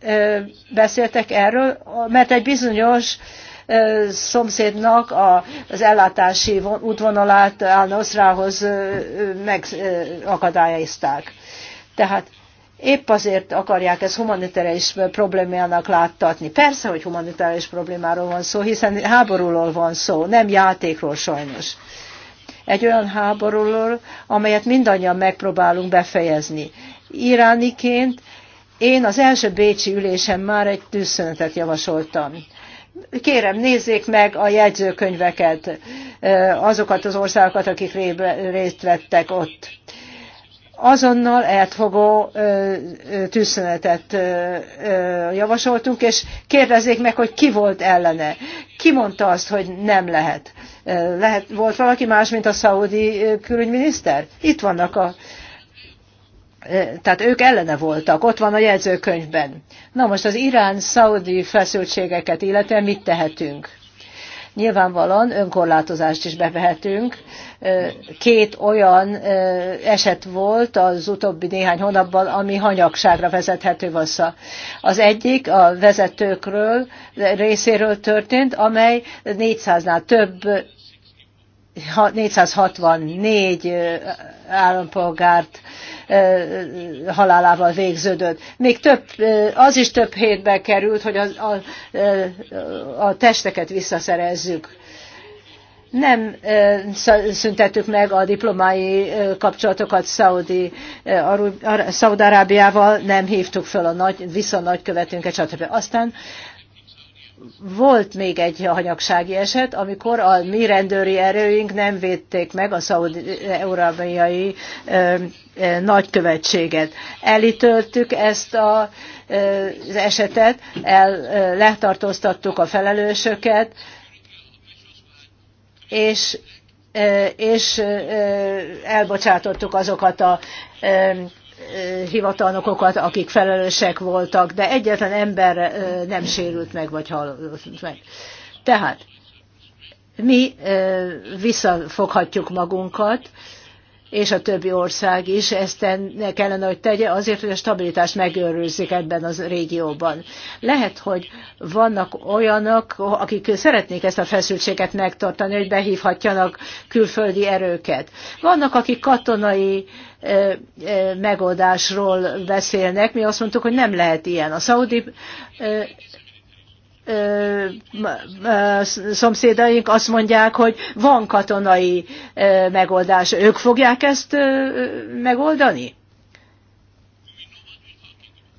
eh, beszéltek erről? Mert egy bizonyos eh, szomszédnak az ellátási útvonalát Al-Nosrahoz megakadályozták. Tehát épp azért akarják ezt humanitárius problémának láttatni. Persze, hogy humanitárius problémáról van szó, hiszen háborúról van szó, nem játékról sajnos. Egy olyan háborúról, amelyet mindannyian megpróbálunk befejezni. Irániként én az első Bécsi ülésen már egy tűzszünetet javasoltam. Kérem, nézzék meg a jegyzőkönyveket, azokat az országokat, akik részt vettek ott azonnal eltfogó tűzszünetet javasoltunk, és kérdezzék meg, hogy ki volt ellene. Ki mondta azt, hogy nem lehet? lehet volt valaki más, mint a szaudi külügyminiszter? Itt vannak a... Tehát ők ellene voltak, ott van a jegyzőkönyvben. Na most az Irán-Szaudi feszültségeket illetve mit tehetünk? Nyilvánvalóan önkorlátozást is bevehetünk. Két olyan eset volt az utóbbi néhány hónapban, ami hanyagságra vezethető vassza. Az egyik a vezetőkről részéről történt, amely 400-nál több 464 állampolgárt halálával végződött. Még több, az is több hétbe került, hogy a, a, a testeket visszaszerezzük. Nem szüntettük meg a diplomái kapcsolatokat Szaudi, arábiával nem hívtuk föl a nagy, vissza a nagykövetünket, stb. Aztán volt még egy hanyagsági eset, amikor a mi rendőri erőink nem védték meg a szaudi-európaiai nagykövetséget. Elítöltük ezt a, ö, az esetet, el, ö, letartóztattuk a felelősöket, és, ö, és ö, elbocsátottuk azokat a ö, hivatalnokokat, akik felelősek voltak, de egyetlen ember nem sérült meg, vagy halott meg. Tehát mi visszafoghatjuk magunkat, és a többi ország is ezt kellene, hogy tegye azért, hogy a stabilitást megőrőzzék ebben az régióban. Lehet, hogy vannak olyanok, akik szeretnék ezt a feszültséget megtartani, hogy behívhatjanak külföldi erőket. Vannak, akik katonai megoldásról beszélnek, mi azt mondtuk, hogy nem lehet ilyen. A szaudi szomszédaink azt mondják, hogy van katonai megoldás. Ők fogják ezt megoldani?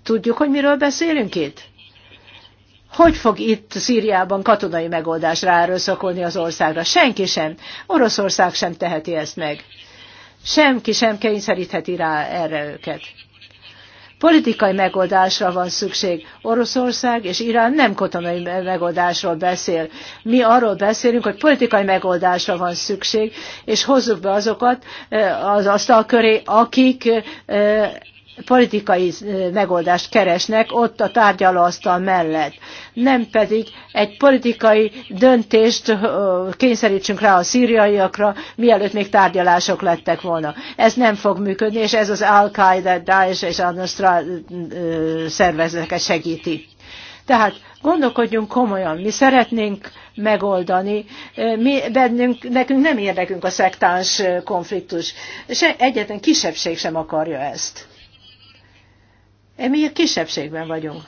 Tudjuk, hogy miről beszélünk itt? Hogy fog itt Szíriában katonai megoldás ráerőszakolni az országra? Senki sem. Oroszország sem teheti ezt meg. Senki sem kényszerítheti rá erre őket. Politikai megoldásra van szükség. Oroszország és Irán nem katonai megoldásról beszél. Mi arról beszélünk, hogy politikai megoldásra van szükség, és hozzuk be azokat eh, az asztal köré, akik eh, politikai megoldást keresnek ott a tárgyalóasztal mellett, nem pedig egy politikai döntést kényszerítsünk rá a szíriaiakra, mielőtt még tárgyalások lettek volna. Ez nem fog működni, és ez az Al-Qaeda, Daesh és Anastra szervezeteket segíti. Tehát gondolkodjunk komolyan, mi szeretnénk megoldani, mi, bennünk, nekünk nem érdekünk a szektáns konfliktus, és egyetlen kisebbség sem akarja ezt. Mi a kisebbségben vagyunk.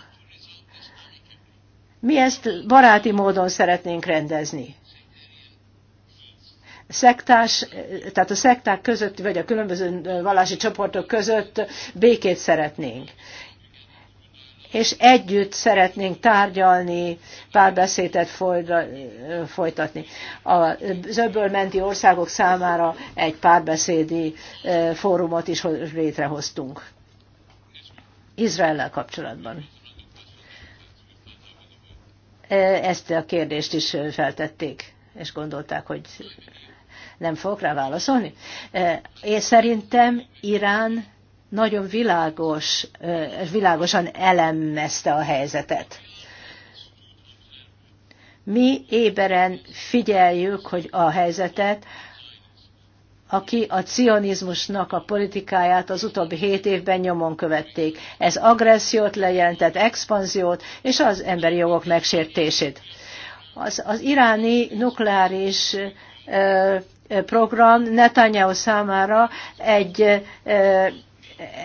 Mi ezt baráti módon szeretnénk rendezni. Szektás, tehát a szekták között, vagy a különböző vallási csoportok között békét szeretnénk és együtt szeretnénk tárgyalni, párbeszédet folytatni. Az menti országok számára egy párbeszédi eh, fórumot is létrehoztunk. Izraellel kapcsolatban. E, ezt a kérdést is feltették, és gondolták, hogy nem fogok rá válaszolni. E, én szerintem Irán nagyon világos, e, világosan elemezte a helyzetet. Mi éberen figyeljük hogy a helyzetet, aki a cionizmusnak a politikáját az utóbbi hét évben nyomon követték. Ez agressziót lejelentett, expanziót és az emberi jogok megsértését. Az, az iráni nukleáris ö, program Netanyahu számára egy, ö,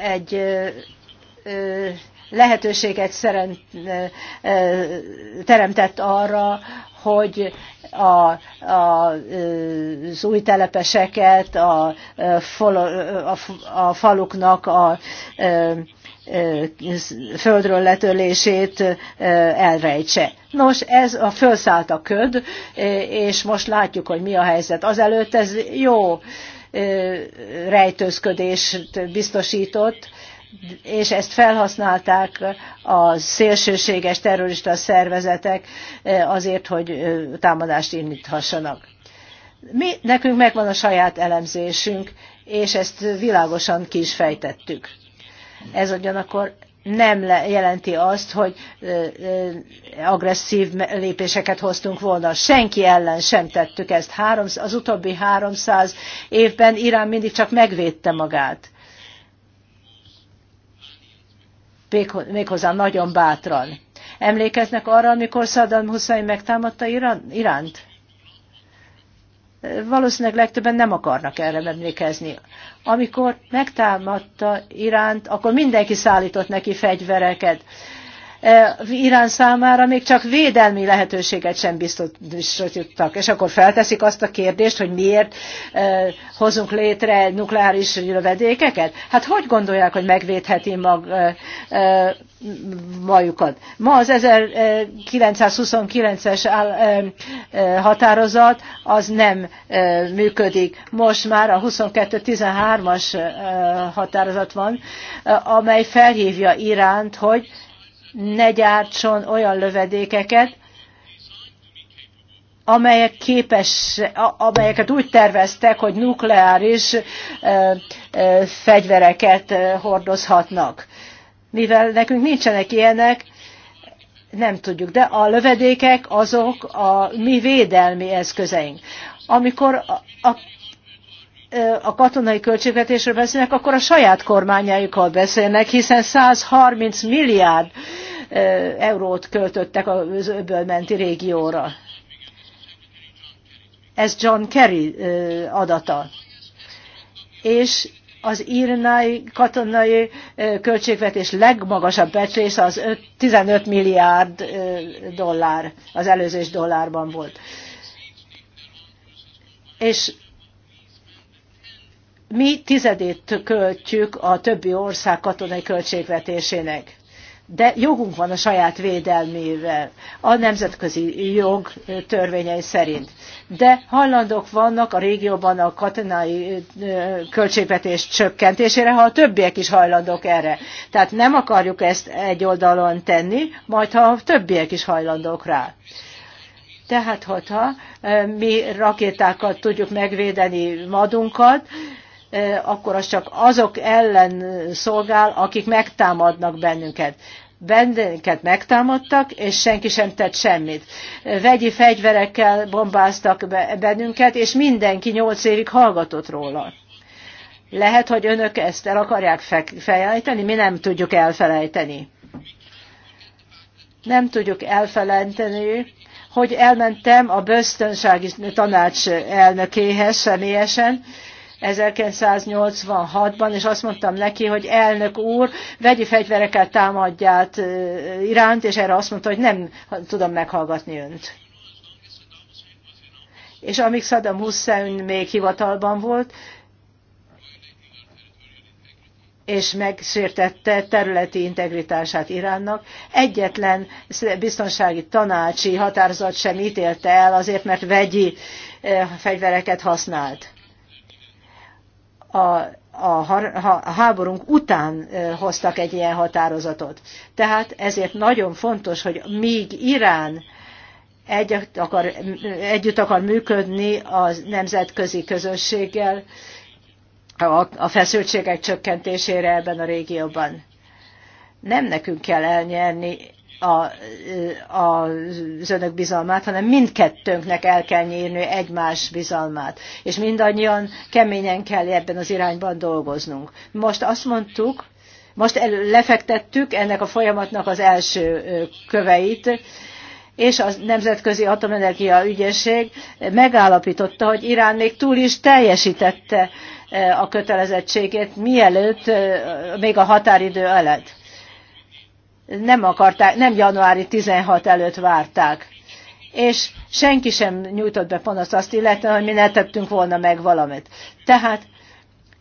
egy ö, lehetőséget szeren, teremtett arra, hogy a, a, az új telepeseket, a, a, a faluknak a, a földről letörlését elrejtse. Nos, ez a fölszállt a köd, és most látjuk, hogy mi a helyzet. Azelőtt ez jó rejtőzködést biztosított, és ezt felhasználták a szélsőséges terrorista szervezetek azért, hogy támadást indíthassanak. Mi, nekünk megvan a saját elemzésünk, és ezt világosan ki is fejtettük. Ez ugyanakkor nem jelenti azt, hogy agresszív lépéseket hoztunk volna. Senki ellen sem tettük ezt. Három, az utóbbi 300 évben Irán mindig csak megvédte magát. méghozzá nagyon bátran. Emlékeznek arra, amikor Saddam Hussein megtámadta Iránt? Valószínűleg legtöbben nem akarnak erre emlékezni. Amikor megtámadta Iránt, akkor mindenki szállított neki fegyvereket Irán számára még csak védelmi lehetőséget sem biztosítottak. És akkor felteszik azt a kérdést, hogy miért hozunk létre nukleáris lövedékeket? Hát hogy gondolják, hogy megvédheti mag, majukat? Ma az 1929-es határozat az nem működik. Most már a 22-13-as határozat van, amely felhívja Iránt, hogy ne gyártson olyan lövedékeket, amelyek képes, amelyeket úgy terveztek, hogy nukleáris fegyvereket hordozhatnak. Mivel nekünk nincsenek ilyenek, nem tudjuk, de a lövedékek azok a mi védelmi eszközeink. Amikor a a katonai költségvetésről beszélnek, akkor a saját kormányaikkal beszélnek, hiszen 130 milliárd eurót költöttek az öbölmenti régióra. Ez John Kerry adata. És az írnai katonai költségvetés legmagasabb becslése az 5, 15 milliárd dollár, az előző dollárban volt. És mi tizedét költjük a többi ország katonai költségvetésének. De jogunk van a saját védelmével, a nemzetközi jog törvényei szerint. De hajlandók vannak a régióban a katonai költségvetés csökkentésére, ha a többiek is hajlandók erre. Tehát nem akarjuk ezt egy oldalon tenni, majd ha a többiek is hajlandók rá. Tehát, hogyha mi rakétákat tudjuk megvédeni madunkat, Eh, akkor az csak azok ellen szolgál, akik megtámadnak bennünket. Bennünket megtámadtak, és senki sem tett semmit. Vegyi fegyverekkel bombáztak bennünket, és mindenki nyolc évig hallgatott róla. Lehet, hogy önök ezt el akarják felejteni, mi nem tudjuk elfelejteni. Nem tudjuk elfelejteni, hogy elmentem a böztönsági tanács elnökéhez személyesen, 1986-ban, és azt mondtam neki, hogy elnök úr, vegyi fegyvereket támadját iránt, és erre azt mondta, hogy nem tudom meghallgatni önt. És amíg Saddam Hussein még hivatalban volt, és megsértette területi integritását Iránnak. Egyetlen biztonsági tanácsi határozat sem ítélte el azért, mert vegyi fegyvereket használt a, a, a háborunk után hoztak egy ilyen határozatot. Tehát ezért nagyon fontos, hogy míg Irán egy, akar, együtt akar működni a nemzetközi közösséggel, a, a feszültségek csökkentésére ebben a régióban. Nem nekünk kell elnyerni a, az önök bizalmát, hanem mindkettőnknek el kell nyírni egymás bizalmát. És mindannyian keményen kell ebben az irányban dolgoznunk. Most azt mondtuk, most el, lefektettük ennek a folyamatnak az első köveit, és a Nemzetközi Atomenergia Ügyesség megállapította, hogy Irán még túl is teljesítette a kötelezettségét, mielőtt még a határidő előtt nem akarták, nem januári 16 előtt várták. És senki sem nyújtott be panaszt azt illetve, hogy mi ne tettünk volna meg valamit. Tehát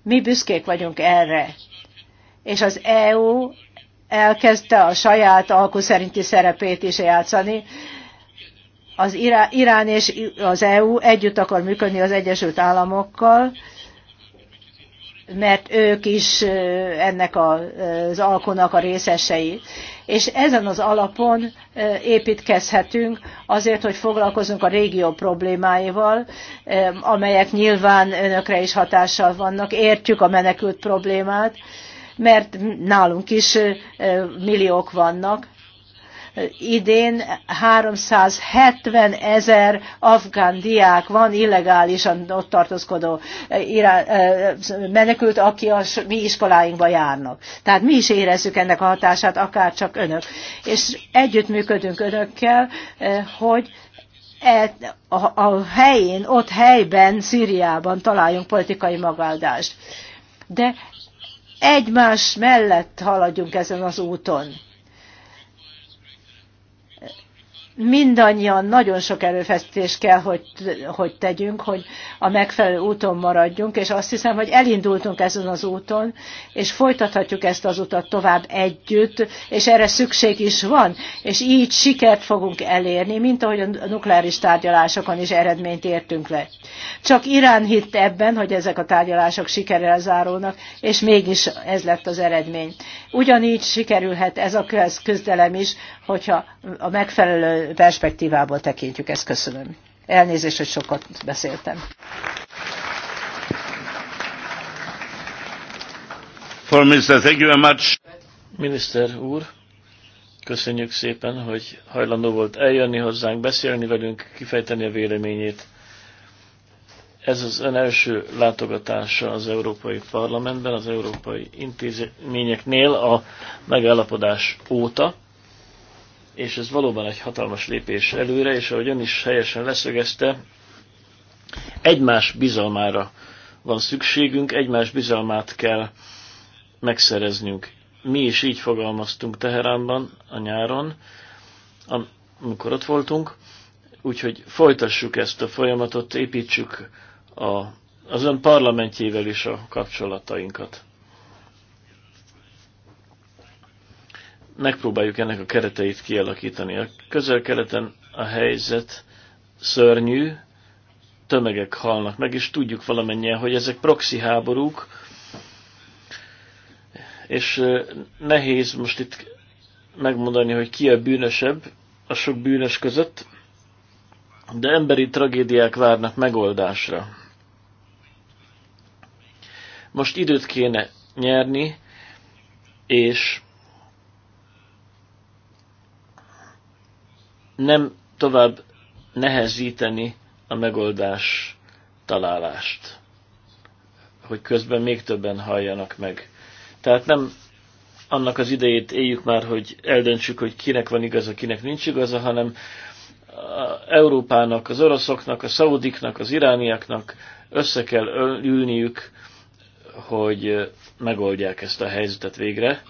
mi büszkék vagyunk erre. És az EU elkezdte a saját alkú szerinti szerepét is játszani. Az Irán és az EU együtt akar működni az Egyesült Államokkal, mert ők is ennek az alkonak a részesei. És ezen az alapon építkezhetünk azért, hogy foglalkozunk a régió problémáival, amelyek nyilván önökre is hatással vannak. Értjük a menekült problémát, mert nálunk is milliók vannak, idén 370 ezer afgán diák van illegálisan ott tartózkodó eh, eh, menekült, aki a mi iskoláinkba járnak. Tehát mi is érezzük ennek a hatását, akár csak önök. És együttműködünk önökkel, eh, hogy e, a helyén, ott helyben, Szíriában találjunk politikai magáldást. De egymás mellett haladjunk ezen az úton. mindannyian nagyon sok erőfeszítést kell, hogy, hogy tegyünk, hogy a megfelelő úton maradjunk, és azt hiszem, hogy elindultunk ezen az úton, és folytathatjuk ezt az utat tovább együtt, és erre szükség is van, és így sikert fogunk elérni, mint ahogy a nukleáris tárgyalásokon is eredményt értünk le. Csak Irán hitt ebben, hogy ezek a tárgyalások sikerrel zárulnak, és mégis ez lett az eredmény. Ugyanígy sikerülhet ez a közdelem is, hogyha a megfelelő perspektívából tekintjük ezt. Köszönöm. Elnézést, hogy sokat beszéltem. For Mr. Thank you very much. Miniszter úr, köszönjük szépen, hogy hajlandó volt eljönni hozzánk, beszélni velünk, kifejteni a véleményét. Ez az ön első látogatása az Európai Parlamentben, az Európai Intézményeknél a megállapodás óta és ez valóban egy hatalmas lépés előre, és ahogy ön is helyesen leszögezte, egymás bizalmára van szükségünk, egymás bizalmát kell megszereznünk. Mi is így fogalmaztunk Teheránban a nyáron, amikor ott voltunk, úgyhogy folytassuk ezt a folyamatot, építsük a, az ön parlamentjével is a kapcsolatainkat. megpróbáljuk ennek a kereteit kialakítani. A közel-keleten a helyzet szörnyű, tömegek halnak meg, és tudjuk valamennyien, hogy ezek proxy háborúk, és nehéz most itt megmondani, hogy ki a bűnösebb a sok bűnös között, de emberi tragédiák várnak megoldásra. Most időt kéne nyerni, és nem tovább nehezíteni a megoldás találást, hogy közben még többen halljanak meg. Tehát nem annak az idejét éljük már, hogy eldöntsük, hogy kinek van igaza, kinek nincs igaza, hanem a Európának, az oroszoknak, a szaudiknak, az irániaknak össze kell ülniük, hogy megoldják ezt a helyzetet végre,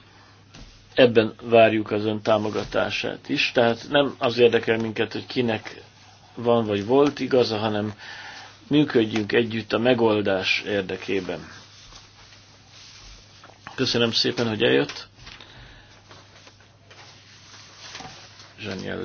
ebben várjuk az ön támogatását is. Tehát nem az érdekel minket, hogy kinek van vagy volt igaza, hanem működjünk együtt a megoldás érdekében. Köszönöm szépen, hogy eljött. Zseniel.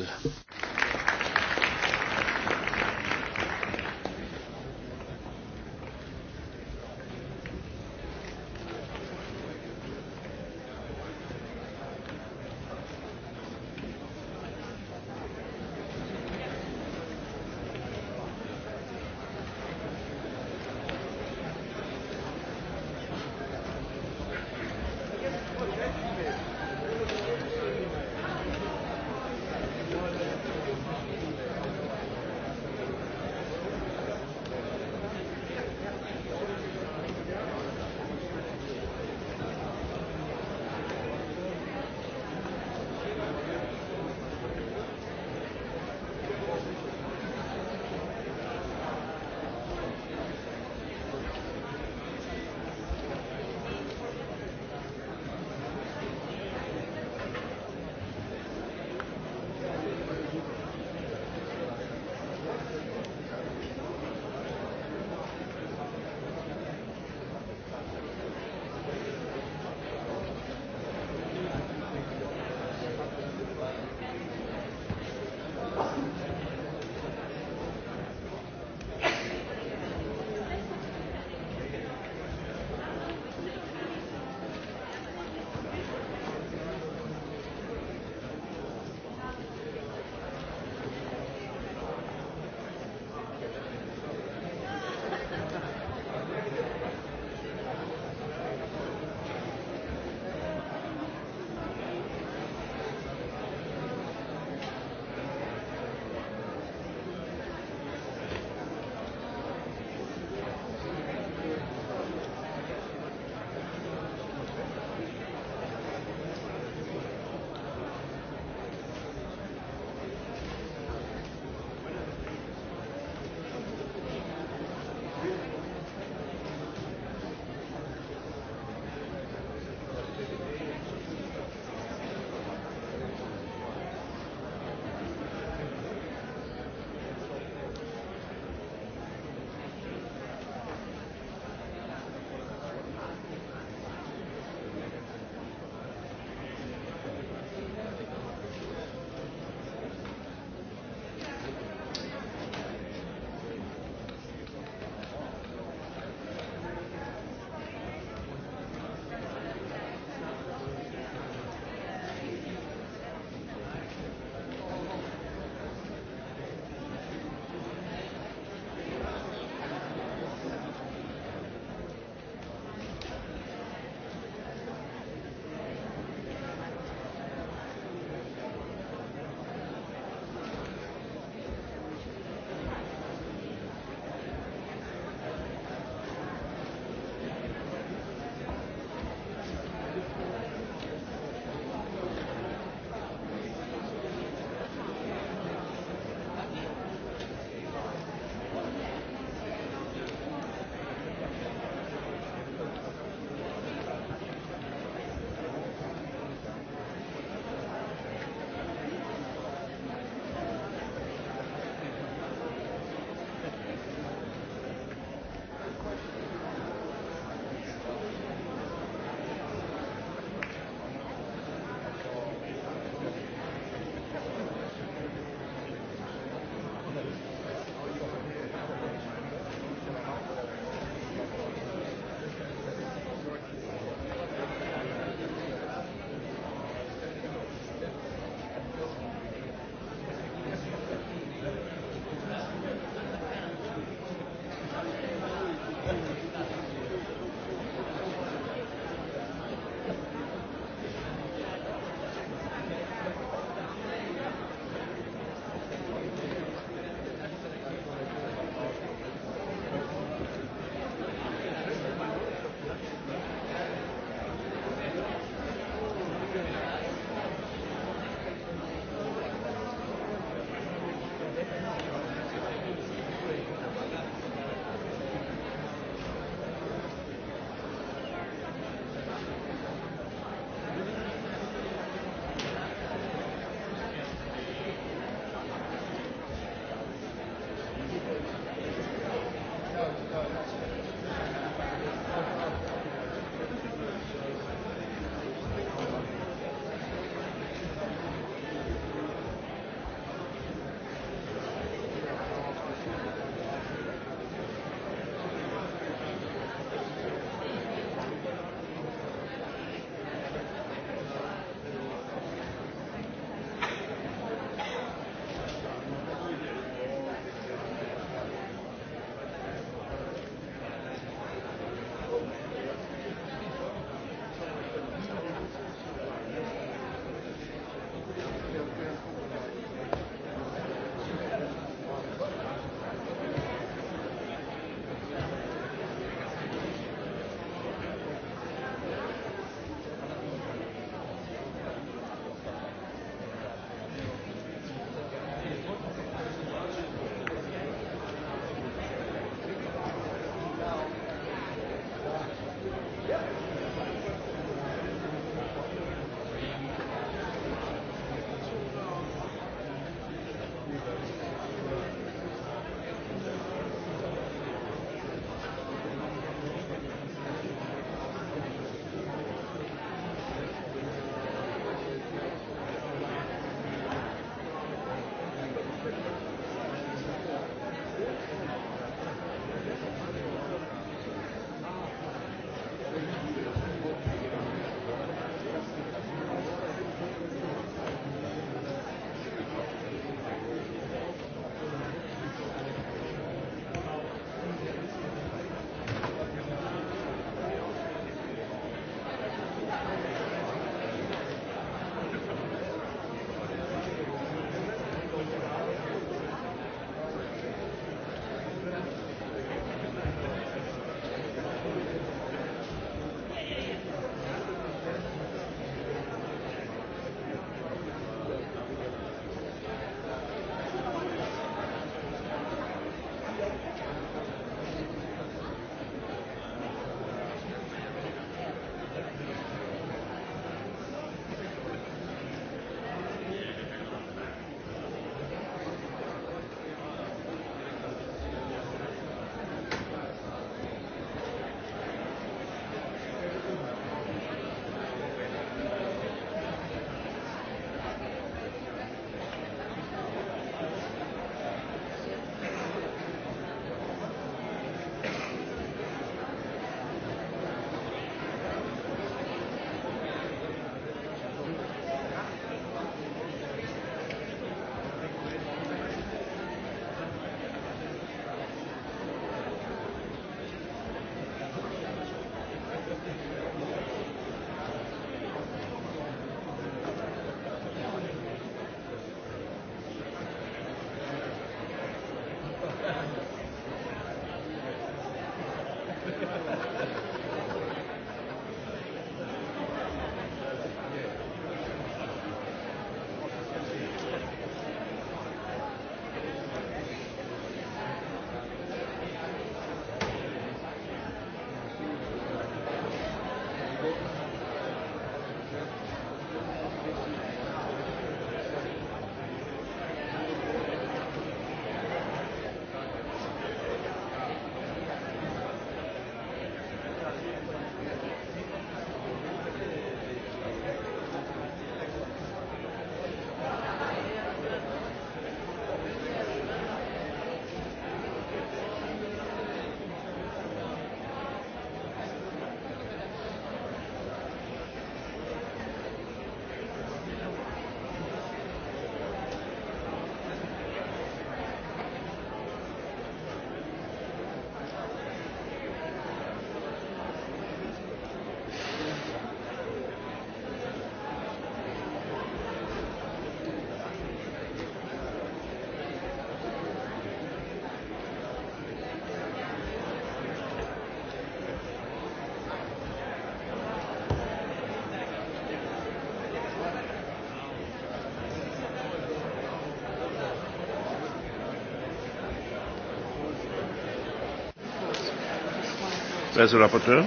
Where's a rapporteur?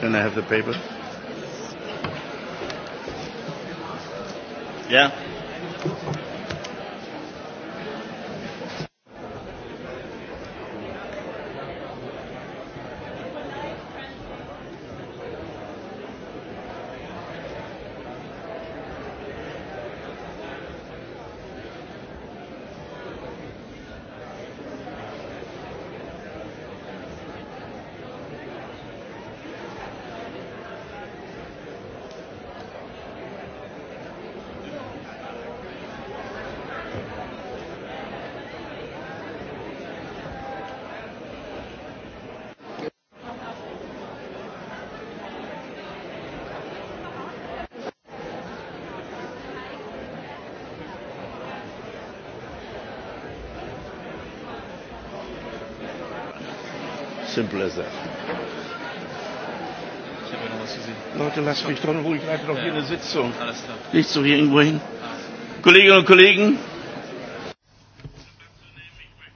Can I have the paper? Yeah. Simple as that. Leute, lasst mich doch in Ruhe, ich leite doch hier eine Sitzung. Alles klar. Nicht so hier irgendwo hin. Kolleginnen und Kollegen.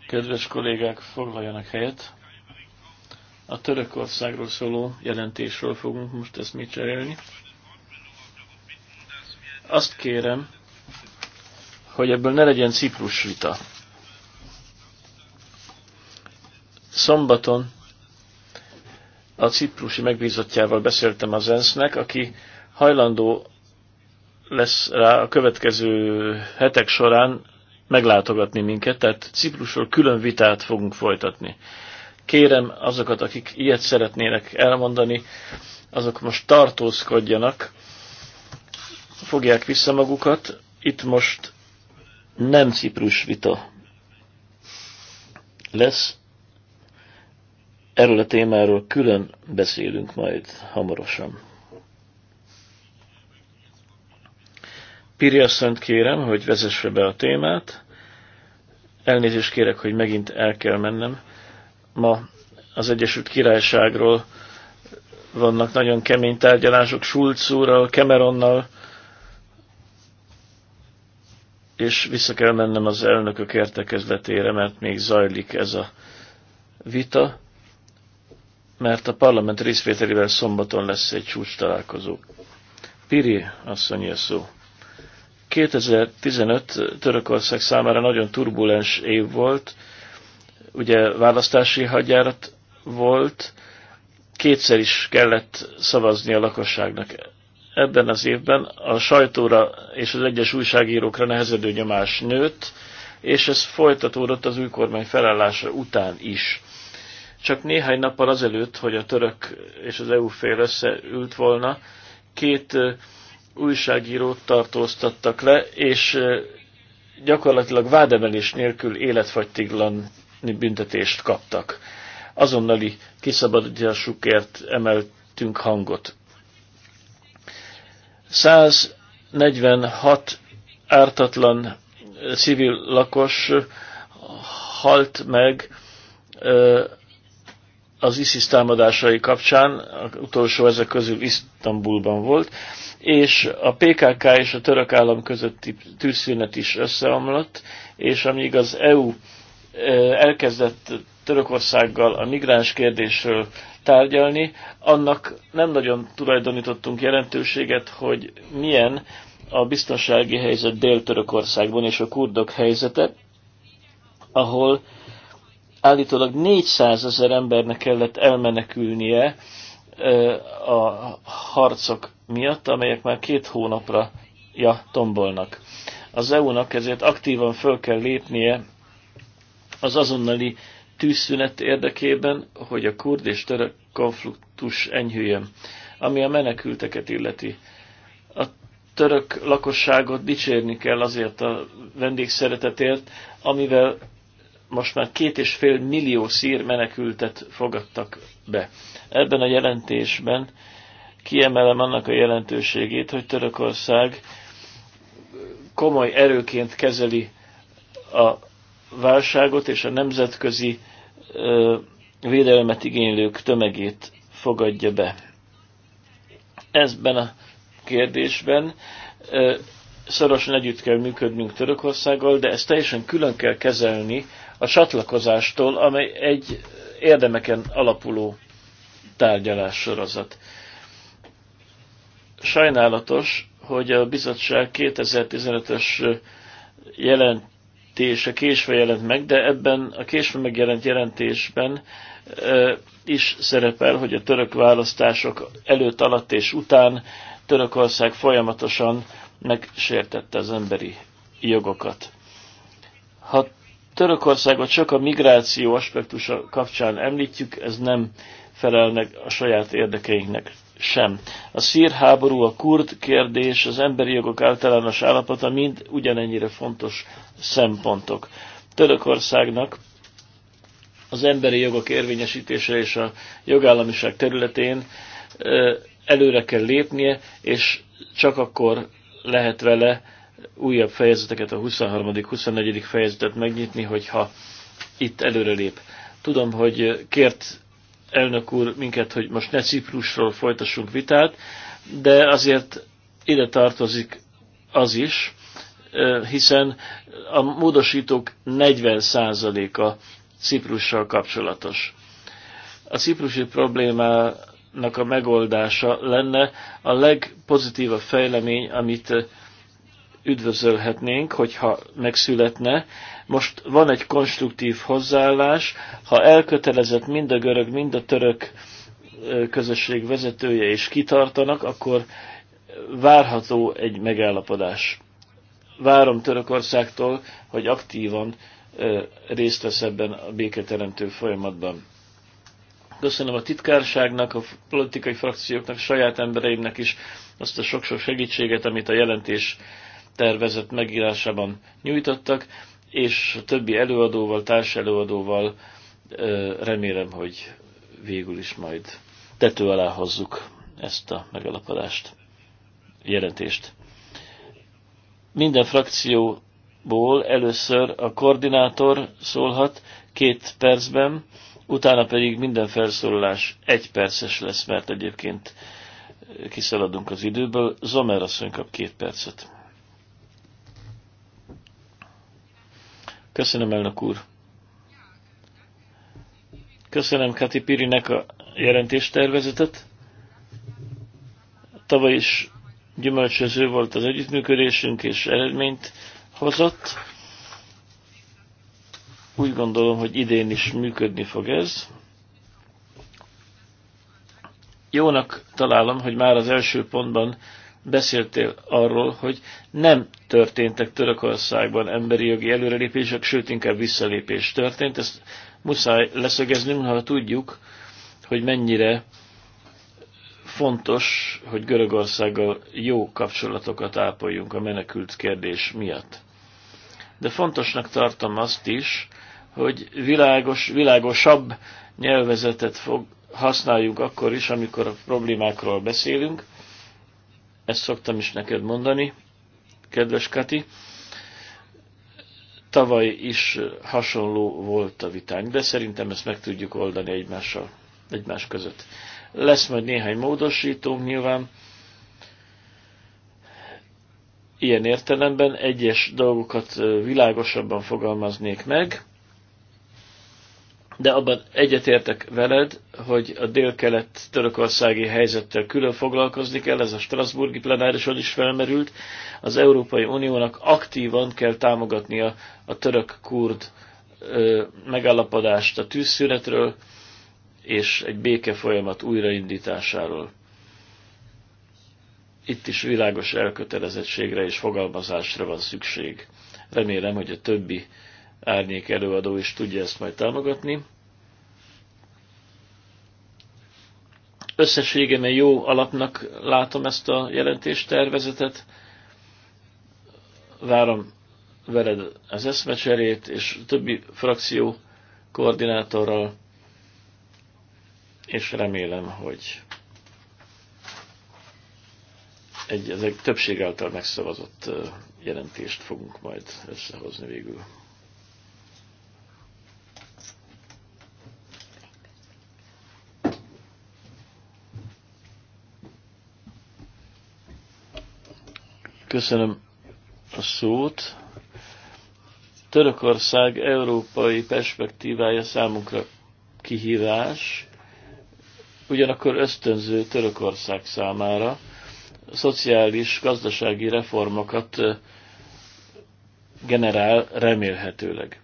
Kedves kollégák, foglaljanak helyet. A Törökországról szóló jelentésről fogunk most ezt mit cserélni. Azt kérem, hogy ebből ne legyen Ciprus vita. Szombaton a ciprusi megbízottjával beszéltem az ENSZ-nek, aki hajlandó lesz rá a következő hetek során meglátogatni minket, tehát Ciprusról külön vitát fogunk folytatni. Kérem azokat, akik ilyet szeretnének elmondani, azok most tartózkodjanak, fogják vissza magukat. Itt most nem Ciprus vita lesz, Erről a témáról külön beszélünk majd hamarosan. Piri kérem, hogy vezesse be a témát. Elnézést kérek, hogy megint el kell mennem. Ma az Egyesült Királyságról vannak nagyon kemény tárgyalások Schulz úrral, Cameronnal, és vissza kell mennem az elnökök értekezletére, mert még zajlik ez a vita mert a parlament részvételével szombaton lesz egy csúcs találkozó. Piri asszony a szó. 2015 Törökország számára nagyon turbulens év volt, ugye választási hagyárat volt, kétszer is kellett szavazni a lakosságnak. Ebben az évben a sajtóra és az egyes újságírókra nehezedő nyomás nőtt, és ez folytatódott az új kormány felállása után is. Csak néhány nappal azelőtt, hogy a török és az EU fél összeült volna, két újságírót tartóztattak le, és gyakorlatilag vádemelés nélkül életfagytiglan büntetést kaptak. Azonnali kiszabadításukért emeltünk hangot. 146 ártatlan civil lakos halt meg az ISIS támadásai kapcsán, az utolsó ezek közül Isztambulban volt, és a PKK és a török állam közötti tűzszünet is összeomlott, és amíg az EU elkezdett Törökországgal a migráns kérdésről tárgyalni, annak nem nagyon tulajdonítottunk jelentőséget, hogy milyen a biztonsági helyzet Dél-Törökországban és a kurdok helyzete, ahol állítólag 400 ezer embernek kellett elmenekülnie a harcok miatt, amelyek már két hónapra ja, tombolnak. Az EU-nak ezért aktívan föl kell lépnie az azonnali tűzszünet érdekében, hogy a kurd és török konfliktus enyhüljön, ami a menekülteket illeti. A török lakosságot dicsérni kell azért a vendégszeretetért, amivel most már két és fél millió szír menekültet fogadtak be. Ebben a jelentésben kiemelem annak a jelentőségét, hogy Törökország komoly erőként kezeli a válságot és a nemzetközi védelmet igénylők tömegét fogadja be. Ezben a kérdésben szorosan együtt kell működnünk Törökországgal, de ezt teljesen külön kell kezelni a csatlakozástól, amely egy érdemeken alapuló tárgyalássorozat. Sajnálatos, hogy a bizottság 2015-ös jelentése késve jelent meg, de ebben a késve megjelent jelentésben is szerepel, hogy a török választások előtt, alatt és után Törökország folyamatosan megsértette az emberi jogokat. Ha Törökországot csak a migráció aspektusa kapcsán említjük, ez nem felel meg a saját érdekeinknek sem. A szír háború, a kurd kérdés, az emberi jogok általános állapota mind ugyanennyire fontos szempontok. Törökországnak az emberi jogok érvényesítése és a jogállamiság területén előre kell lépnie, és csak akkor lehet vele újabb fejezeteket, a 23.-24. fejezetet megnyitni, hogyha itt előrelép. Tudom, hogy kért elnök úr minket, hogy most ne Ciprusról folytassunk vitát, de azért ide tartozik az is, hiszen a módosítók 40%-a Ciprussal kapcsolatos. A ciprusi problémának a megoldása lenne a legpozitívabb fejlemény, amit üdvözölhetnénk, hogyha megszületne. Most van egy konstruktív hozzáállás, ha elkötelezett mind a görög, mind a török közösség vezetője és kitartanak, akkor várható egy megállapodás. Várom Törökországtól, hogy aktívan részt vesz ebben a béketeremtő folyamatban. Köszönöm a titkárságnak, a politikai frakcióknak, a saját embereimnek is azt a sok-sok segítséget, amit a jelentés tervezett megírásában nyújtottak, és a többi előadóval, társ előadóval remélem, hogy végül is majd tető alá hozzuk ezt a megalapodást, jelentést. Minden frakcióból először a koordinátor szólhat két percben, utána pedig minden felszólalás egy perces lesz, mert egyébként kiszaladunk az időből. Zomer asszony kap két percet. Köszönöm, elnök úr. Köszönöm Kati Pirinek a jelentéstervezetet. Tavaly is gyümölcsöző volt az együttműködésünk, és eredményt hozott. Úgy gondolom, hogy idén is működni fog ez. Jónak találom, hogy már az első pontban beszéltél arról, hogy nem történtek Törökországban emberi jogi előrelépések, sőt inkább visszalépés történt. Ezt muszáj leszögeznünk, ha tudjuk, hogy mennyire fontos, hogy Görögországgal jó kapcsolatokat ápoljunk a menekült kérdés miatt. De fontosnak tartom azt is, hogy világos, világosabb nyelvezetet fog, használjunk akkor is, amikor a problémákról beszélünk, ezt szoktam is neked mondani, kedves Kati. Tavaly is hasonló volt a vitánk, de szerintem ezt meg tudjuk oldani egymással, egymás között. Lesz majd néhány módosítónk nyilván. Ilyen értelemben egyes dolgokat világosabban fogalmaznék meg, de abban egyetértek veled, hogy a délkelet törökországi helyzettel külön foglalkozni kell, ez a Strasburgi plenárison is felmerült. Az Európai Uniónak aktívan kell támogatnia a török-kurd megállapodást a tűzszünetről és egy béke folyamat újraindításáról. Itt is világos elkötelezettségre és fogalmazásra van szükség. Remélem, hogy a többi árnyék előadó is tudja ezt majd támogatni. Összességében jó alapnak látom ezt a jelentéstervezetet. Várom veled az eszmecserét, és többi frakció koordinátorral, és remélem, hogy egy, egy többség által megszavazott jelentést fogunk majd összehozni végül. Köszönöm a szót. Törökország európai perspektívája számunkra kihívás, ugyanakkor ösztönző Törökország számára. A szociális, gazdasági reformokat generál remélhetőleg.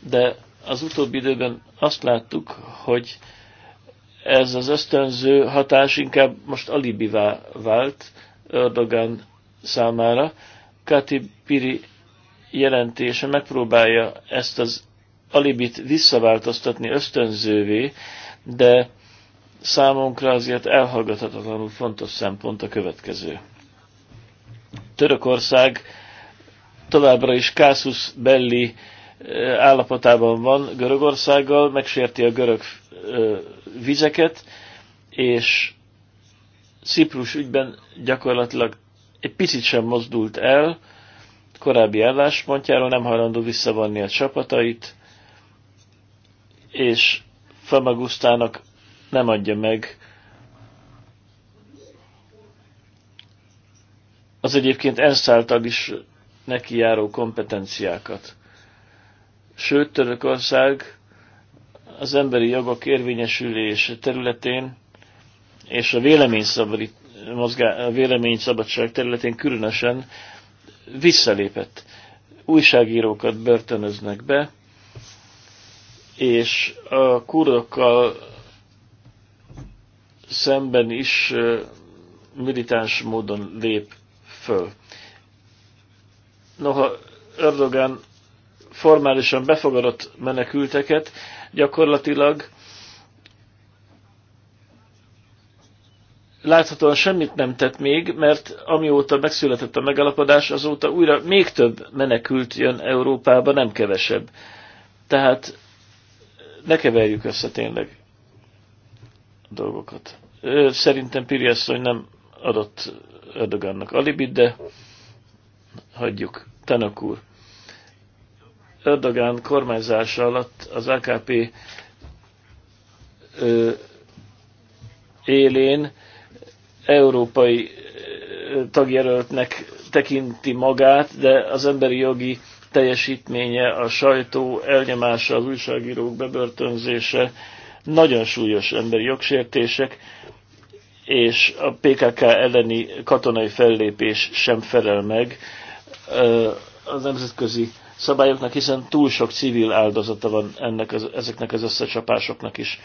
De az utóbbi időben azt láttuk, hogy ez az ösztönző hatás inkább most alibivá vált, Erdogan számára. Kati Piri jelentése megpróbálja ezt az alibit visszaváltoztatni ösztönzővé, de számunkra azért elhallgathatatlanul fontos szempont a következő. Törökország továbbra is Kászus belli eh, állapotában van Görögországgal, megsérti a görög eh, vizeket, és Ciprus ügyben gyakorlatilag egy picit sem mozdult el korábbi álláspontjáról, nem hajlandó visszavonni a csapatait, és Famagusztának nem adja meg az egyébként enszáltal is neki járó kompetenciákat. Sőt, Törökország az emberi jogok érvényesülése területén és a véleményszabadít, mozgá, szabadság területén különösen visszalépett. Újságírókat börtönöznek be, és a kurdokkal szemben is militáns módon lép föl. Noha Erdogan formálisan befogadott menekülteket, gyakorlatilag láthatóan semmit nem tett még, mert amióta megszületett a megalapodás, azóta újra még több menekült jön Európába, nem kevesebb. Tehát eh, ne keverjük össze tényleg a dolgokat. Szerintem asszony nem adott Erdogannak alibit, de hagyjuk. Tanak úr. Erdogan kormányzása alatt az AKP ö, élén európai tagjelöltnek tekinti magát, de az emberi jogi teljesítménye, a sajtó elnyomása, az újságírók bebörtönzése nagyon súlyos emberi jogsértések, és a PKK elleni katonai fellépés sem felel meg a nemzetközi szabályoknak, hiszen túl sok civil áldozata van ennek az, ezeknek az összecsapásoknak is.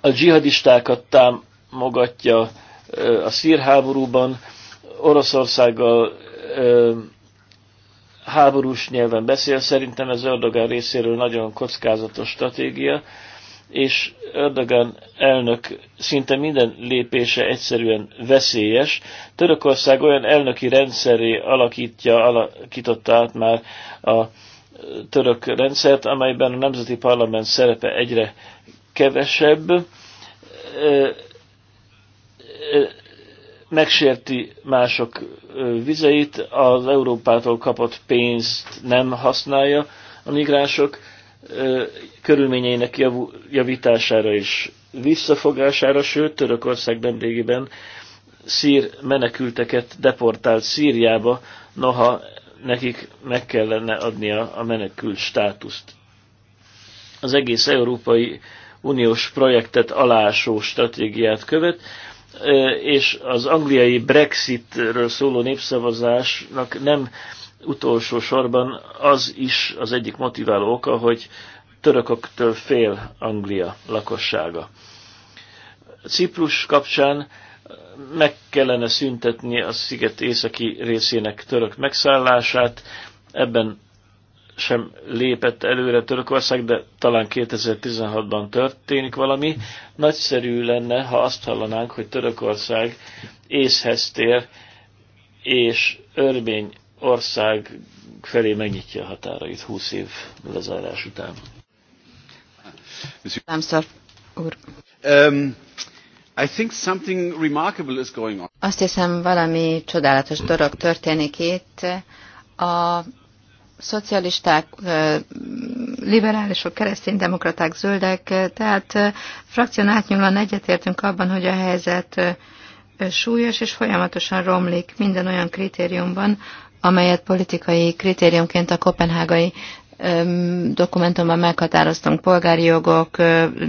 A dzsihadistákat tám, támogatja a szírháborúban, Oroszországgal háborús nyelven beszél, szerintem ez Erdogan részéről nagyon kockázatos stratégia, és Erdogan elnök szinte minden lépése egyszerűen veszélyes. Törökország olyan elnöki rendszeré alakítja, alakította át már a török rendszert, amelyben a nemzeti parlament szerepe egyre kevesebb megsérti mások vizeit, az Európától kapott pénzt nem használja a migránsok körülményeinek javítására és visszafogására, sőt Törökország nemrégiben szír menekülteket deportált Szíriába, noha nekik meg kellene adnia a menekült státuszt. Az egész Európai Uniós projektet alásó stratégiát követ, és az angliai Brexitről szóló népszavazásnak nem utolsó sorban az is az egyik motiváló oka, hogy törököktől fél Anglia lakossága. Ciprus kapcsán meg kellene szüntetni a sziget északi részének török megszállását, ebben sem lépett előre Törökország, de talán 2016-ban történik valami. Nagyszerű lenne, ha azt hallanánk, hogy Törökország észhez tér, és örmény ország felé megnyitja a határait 20 év lezárás után. Lámszor úr. Um, I think something remarkable is going on. Azt hiszem, valami csodálatos dolog történik itt. A szocialisták, liberálisok, kereszténydemokraták, zöldek, tehát frakción átnyúlóan egyetértünk abban, hogy a helyzet súlyos és folyamatosan romlik minden olyan kritériumban, amelyet politikai kritériumként a kopenhágai dokumentumban meghatároztunk polgári jogok,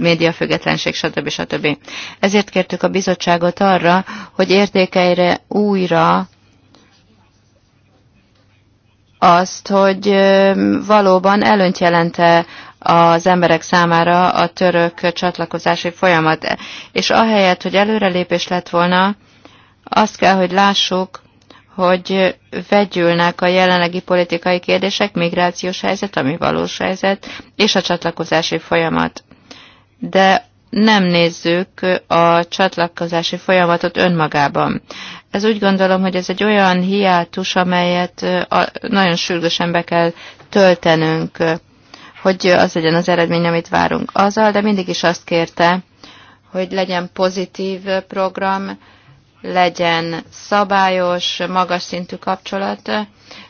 médiafüggetlenség, stb. stb. Ezért kértük a bizottságot arra, hogy értékeire újra azt, hogy valóban előnyt jelente az emberek számára a török csatlakozási folyamat. És ahelyett, hogy előrelépés lett volna, azt kell, hogy lássuk, hogy vegyülnek a jelenlegi politikai kérdések, migrációs helyzet, ami valós helyzet, és a csatlakozási folyamat. De nem nézzük a csatlakozási folyamatot önmagában ez úgy gondolom, hogy ez egy olyan hiátus, amelyet nagyon sürgősen be kell töltenünk, hogy az legyen az eredmény, amit várunk. Azzal, de mindig is azt kérte, hogy legyen pozitív program, legyen szabályos, magas szintű kapcsolat,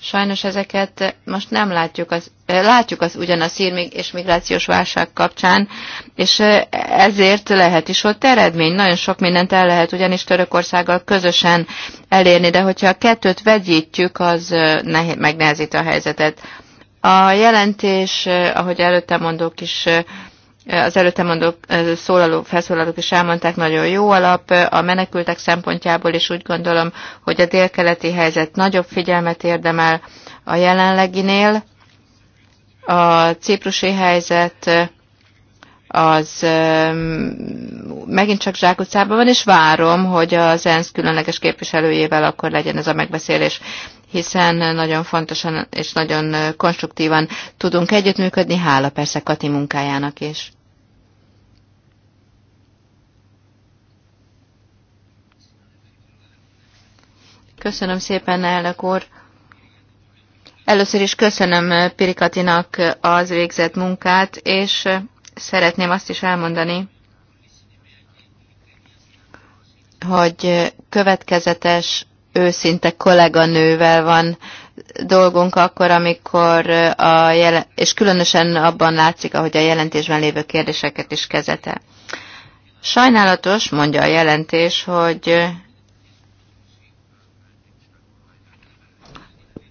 Sajnos ezeket most nem látjuk, az, eh, látjuk az ugyan a szír és migrációs válság kapcsán, és eh, ezért lehet is ott eredmény. Nagyon sok mindent el lehet ugyanis Törökországgal közösen elérni, de hogyha a kettőt vegyítjük, az eh, nehéz, megnehezíti a helyzetet. A jelentés, ahogy előtte mondok is az előttem mondó szólaló, felszólalók is elmondták, nagyon jó alap a menekültek szempontjából, és úgy gondolom, hogy a délkeleti helyzet nagyobb figyelmet érdemel a jelenleginél. A ciprusi helyzet az megint csak zsákutcában van, és várom, hogy az ENSZ különleges képviselőjével akkor legyen ez a megbeszélés hiszen nagyon fontosan és nagyon konstruktívan tudunk együttműködni, hála persze Kati munkájának is. Köszönöm szépen, elnök úr. Először is köszönöm Pirikatinak az végzett munkát, és szeretném azt is elmondani, hogy következetes őszinte kolléganővel van dolgunk akkor, amikor a jelen, és különösen abban látszik, ahogy a jelentésben lévő kérdéseket is kezete. Sajnálatos, mondja a jelentés, hogy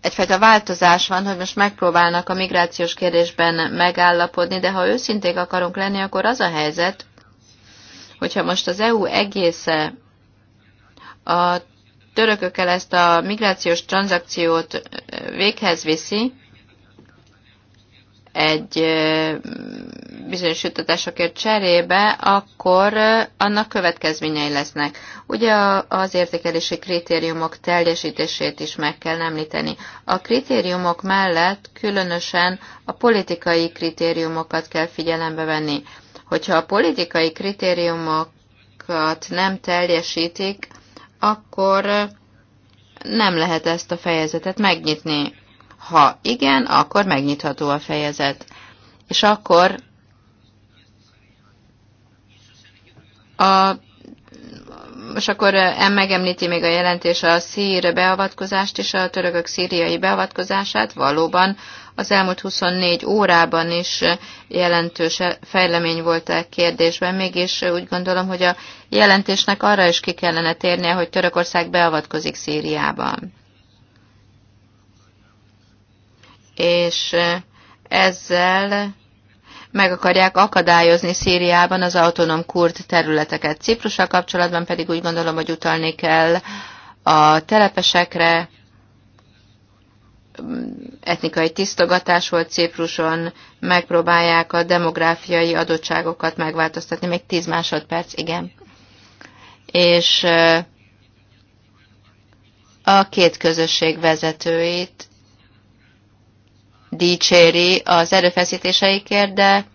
egyfajta változás van, hogy most megpróbálnak a migrációs kérdésben megállapodni, de ha őszinték akarunk lenni, akkor az a helyzet, hogyha most az EU egésze a törökökkel ezt a migrációs tranzakciót véghez viszi, egy bizonyos juttatásokért cserébe, akkor annak következményei lesznek. Ugye az értékelési kritériumok teljesítését is meg kell említeni. A kritériumok mellett különösen a politikai kritériumokat kell figyelembe venni. Hogyha a politikai kritériumokat nem teljesítik, akkor nem lehet ezt a fejezetet megnyitni. Ha igen, akkor megnyitható a fejezet. És akkor a és akkor em megemlíti még a jelentés a szír beavatkozást és a törökök szíriai beavatkozását. Valóban az elmúlt 24 órában is jelentős fejlemény volt a kérdésben, mégis úgy gondolom, hogy a jelentésnek arra is ki kellene térnie, hogy Törökország beavatkozik Szíriában. És ezzel meg akarják akadályozni Szíriában az autonóm kurd területeket. Ciprussal kapcsolatban pedig úgy gondolom, hogy utalni kell a telepesekre, etnikai tisztogatás volt Cipruson, megpróbálják a demográfiai adottságokat megváltoztatni, még 10 másodperc, igen. És a két közösség vezetőit dicséri az erőfeszítéseikért, de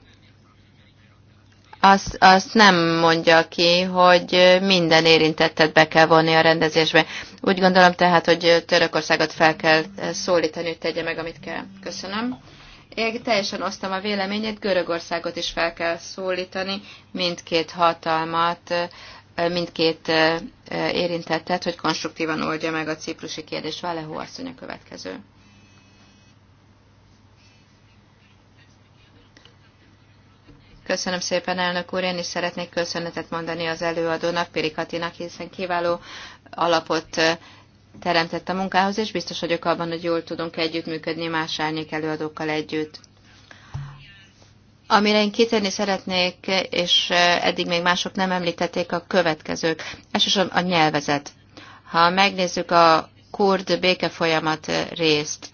azt, azt nem mondja ki, hogy minden érintettet be kell vonni a rendezésbe. Úgy gondolom tehát, hogy Törökországot fel kell szólítani, hogy tegye meg, amit kell. Köszönöm. Én teljesen osztom a véleményét, Görögországot is fel kell szólítani, mindkét hatalmat, mindkét érintettet, hogy konstruktívan oldja meg a ciprusi kérdést. Vále Hó asszony a következő. Köszönöm szépen, elnök úr. Én is szeretnék köszönetet mondani az előadónak, Katinak, hiszen kiváló alapot teremtett a munkához, és biztos vagyok abban, hogy jól tudunk együttműködni más árnyék előadókkal együtt. Amire én kitérni szeretnék, és eddig még mások nem említették, a következők. Elsősorban a nyelvezet. Ha megnézzük a kurd békefolyamat részt,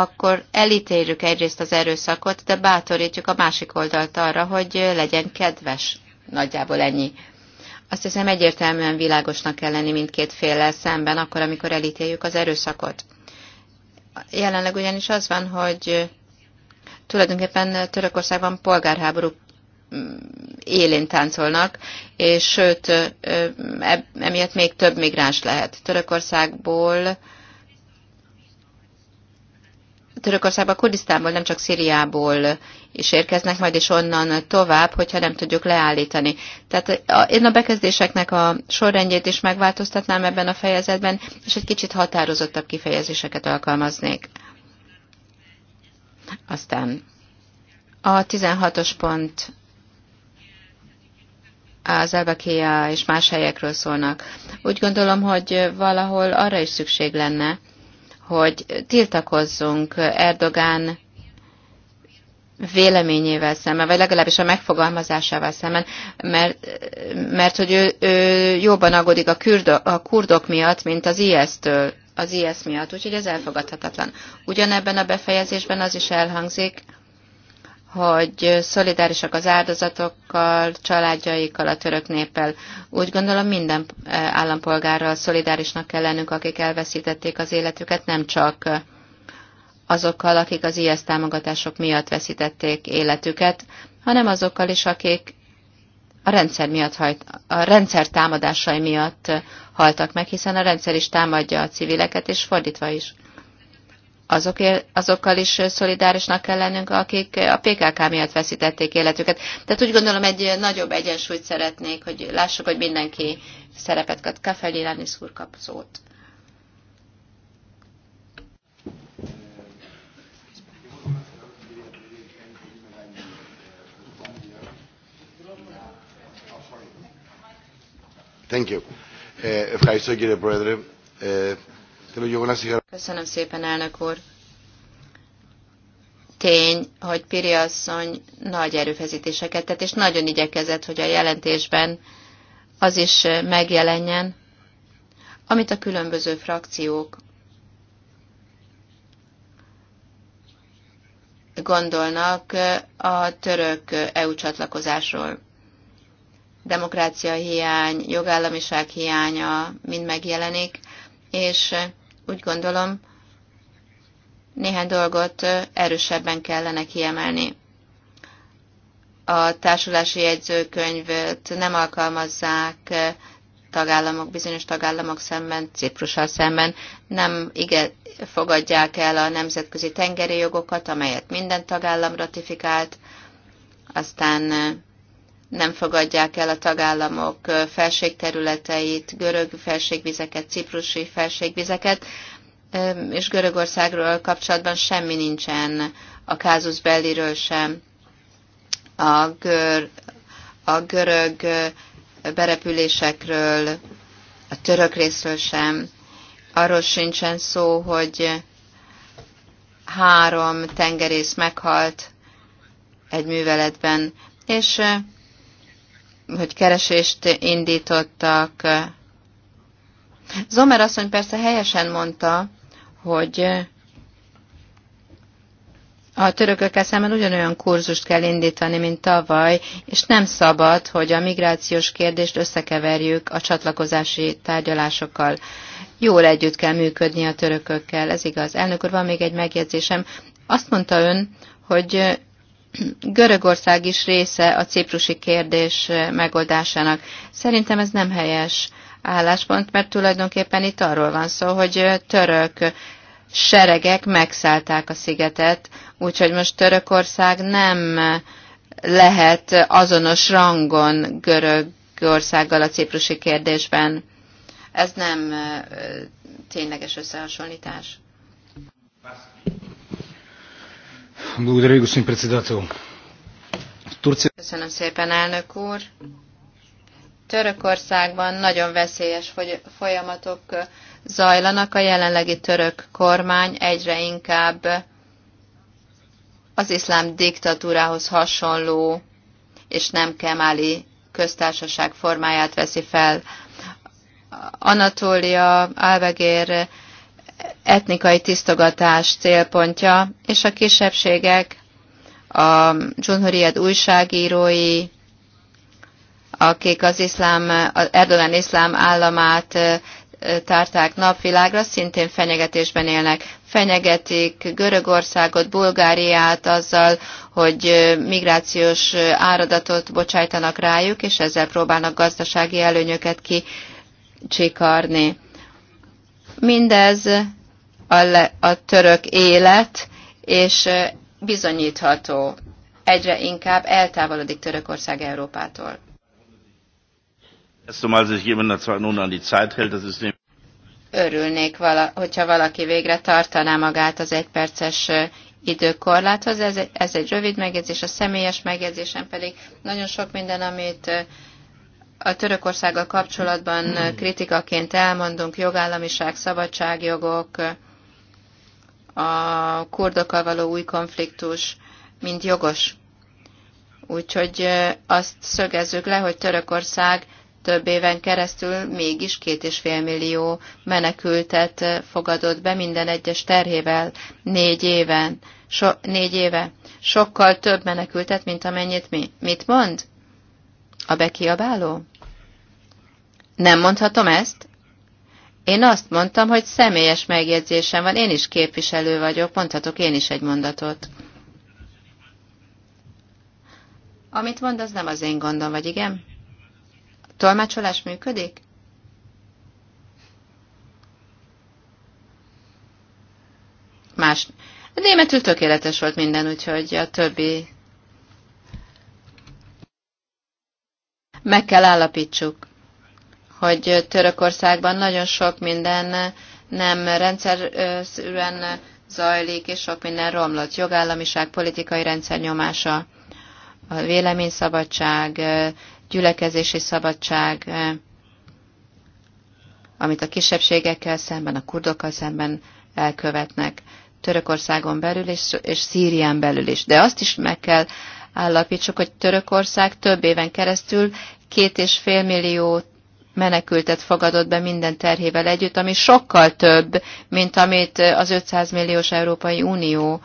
akkor elítéljük egyrészt az erőszakot, de bátorítjuk a másik oldalt arra, hogy legyen kedves. Nagyjából ennyi. Azt hiszem egyértelműen világosnak kell lenni mindkét féllel szemben, akkor, amikor elítéljük az erőszakot. Jelenleg ugyanis az van, hogy tulajdonképpen Törökországban polgárháború mm, élén táncolnak, és sőt, emiatt még több migráns lehet. Törökországból Törökországba, Kurdisztánból, nem csak Szíriából is érkeznek, majd is onnan tovább, hogyha nem tudjuk leállítani. Tehát a, én a bekezdéseknek a sorrendjét is megváltoztatnám ebben a fejezetben, és egy kicsit határozottabb kifejezéseket alkalmaznék. Aztán a 16-os pont az Elbekéja és más helyekről szólnak. Úgy gondolom, hogy valahol arra is szükség lenne, hogy tiltakozzunk Erdogán véleményével szemben, vagy legalábbis a megfogalmazásával szemben, mert, mert hogy ő, ő jobban aggódik a, a kurdok miatt, mint az IS-től, az IS miatt, úgyhogy ez elfogadhatatlan. Ugyanebben a befejezésben az is elhangzik, hogy szolidárisak az áldozatokkal, családjaikkal, a török néppel. Úgy gondolom minden eh, állampolgárral szolidárisnak kell lennünk, akik elveszítették az életüket, nem csak azokkal, akik az IS támogatások miatt veszítették életüket, hanem azokkal is, akik a rendszer, miatt hajt, a rendszer támadásai miatt haltak meg, hiszen a rendszer is támadja a civileket, és fordítva is azok, azokkal is szolidárisnak kell lennünk, akik a PKK miatt veszítették életüket. Tehát úgy gondolom, egy nagyobb egyensúlyt szeretnék, hogy lássuk, hogy mindenki szerepet kap. Kafeli Lánisz úr kap szót. Thank you. Eh, ευχαριστώ brother, uh, Köszönöm szépen, elnök úr. Tény, hogy Piri asszony nagy erőfeszítéseket tett, és nagyon igyekezett, hogy a jelentésben az is megjelenjen, amit a különböző frakciók gondolnak a török EU csatlakozásról. Demokrácia hiány, jogállamiság hiánya mind megjelenik, és úgy gondolom, néhány dolgot erősebben kellene kiemelni. A társulási jegyzőkönyvet nem alkalmazzák tagállamok, bizonyos tagállamok szemben, Ciprussal szemben nem igen, fogadják el a nemzetközi tengeri jogokat, amelyet minden tagállam ratifikált, aztán nem fogadják el a tagállamok felségterületeit, görög felségvizeket, ciprusi felségvizeket, és Görögországról kapcsolatban semmi nincsen, a kázus belliről sem. A, gör, a görög berepülésekről, a török részről sem. Arról sincsen szó, hogy három tengerész meghalt egy műveletben, és hogy keresést indítottak. Zomer asszony persze helyesen mondta, hogy a törökökkel szemben ugyanolyan kurzust kell indítani, mint tavaly, és nem szabad, hogy a migrációs kérdést összekeverjük a csatlakozási tárgyalásokkal. Jól együtt kell működni a törökökkel, ez igaz. Elnök úr, van még egy megjegyzésem. Azt mondta ön, hogy Görögország is része a ciprusi kérdés eh, megoldásának. Szerintem ez nem helyes álláspont, mert tulajdonképpen itt arról van szó, hogy eh, török seregek megszállták a szigetet, úgyhogy most Törökország nem eh, lehet azonos rangon Görögországgal a ciprusi kérdésben. Ez nem tényleges összehasonlítás. Köszönöm szépen, elnök úr. Törökországban nagyon veszélyes folyamatok zajlanak. A jelenlegi török kormány egyre inkább az iszlám diktatúrához hasonló és nem kemáli köztársaság formáját veszi fel. Anatólia, Alvegér etnikai tisztogatás célpontja, és a kisebbségek, a Junhuriad újságírói, akik az iszlám, az Erdogan iszlám államát tárták napvilágra, szintén fenyegetésben élnek. Fenyegetik Görögországot, Bulgáriát azzal, hogy migrációs áradatot bocsájtanak rájuk, és ezzel próbálnak gazdasági előnyöket kicsikarni. Mindez a, le, a török élet, és bizonyítható, egyre inkább eltávolodik Törökország Európától. Örülnék, vala, hogyha valaki végre tartaná magát az egyperces időkorláthoz. Ez ez egy rövid megjegyzés, a személyes megjegyzésem pedig nagyon sok minden, amit a Törökországgal kapcsolatban kritikaként elmondunk jogállamiság, szabadságjogok, a kurdokkal való új konfliktus, mind jogos. Úgyhogy azt szögezzük le, hogy Törökország több éven keresztül mégis két és fél millió menekültet fogadott be minden egyes terhével négy éven. So, négy éve. Sokkal több menekültet, mint amennyit mi. Mit mond? A bekiabáló? Nem mondhatom ezt? Én azt mondtam, hogy személyes megjegyzésem van, én is képviselő vagyok, mondhatok én is egy mondatot. Amit mond, az nem az én gondom, vagy igen? A tolmácsolás működik? Más. A németül tökéletes volt minden, úgyhogy a többi Meg kell állapítsuk, hogy Törökországban nagyon sok minden nem rendszerűen zajlik, és sok minden romlott. Jogállamiság, politikai rendszer nyomása, a véleményszabadság, gyülekezési szabadság, amit a kisebbségekkel szemben, a kurdokkal szemben elkövetnek. Törökországon belül és, és Szírián belül is. De azt is meg kell állapítsuk, hogy Törökország több éven keresztül két és fél millió menekültet fogadott be minden terhével együtt, ami sokkal több, mint amit az 500 milliós Európai Unió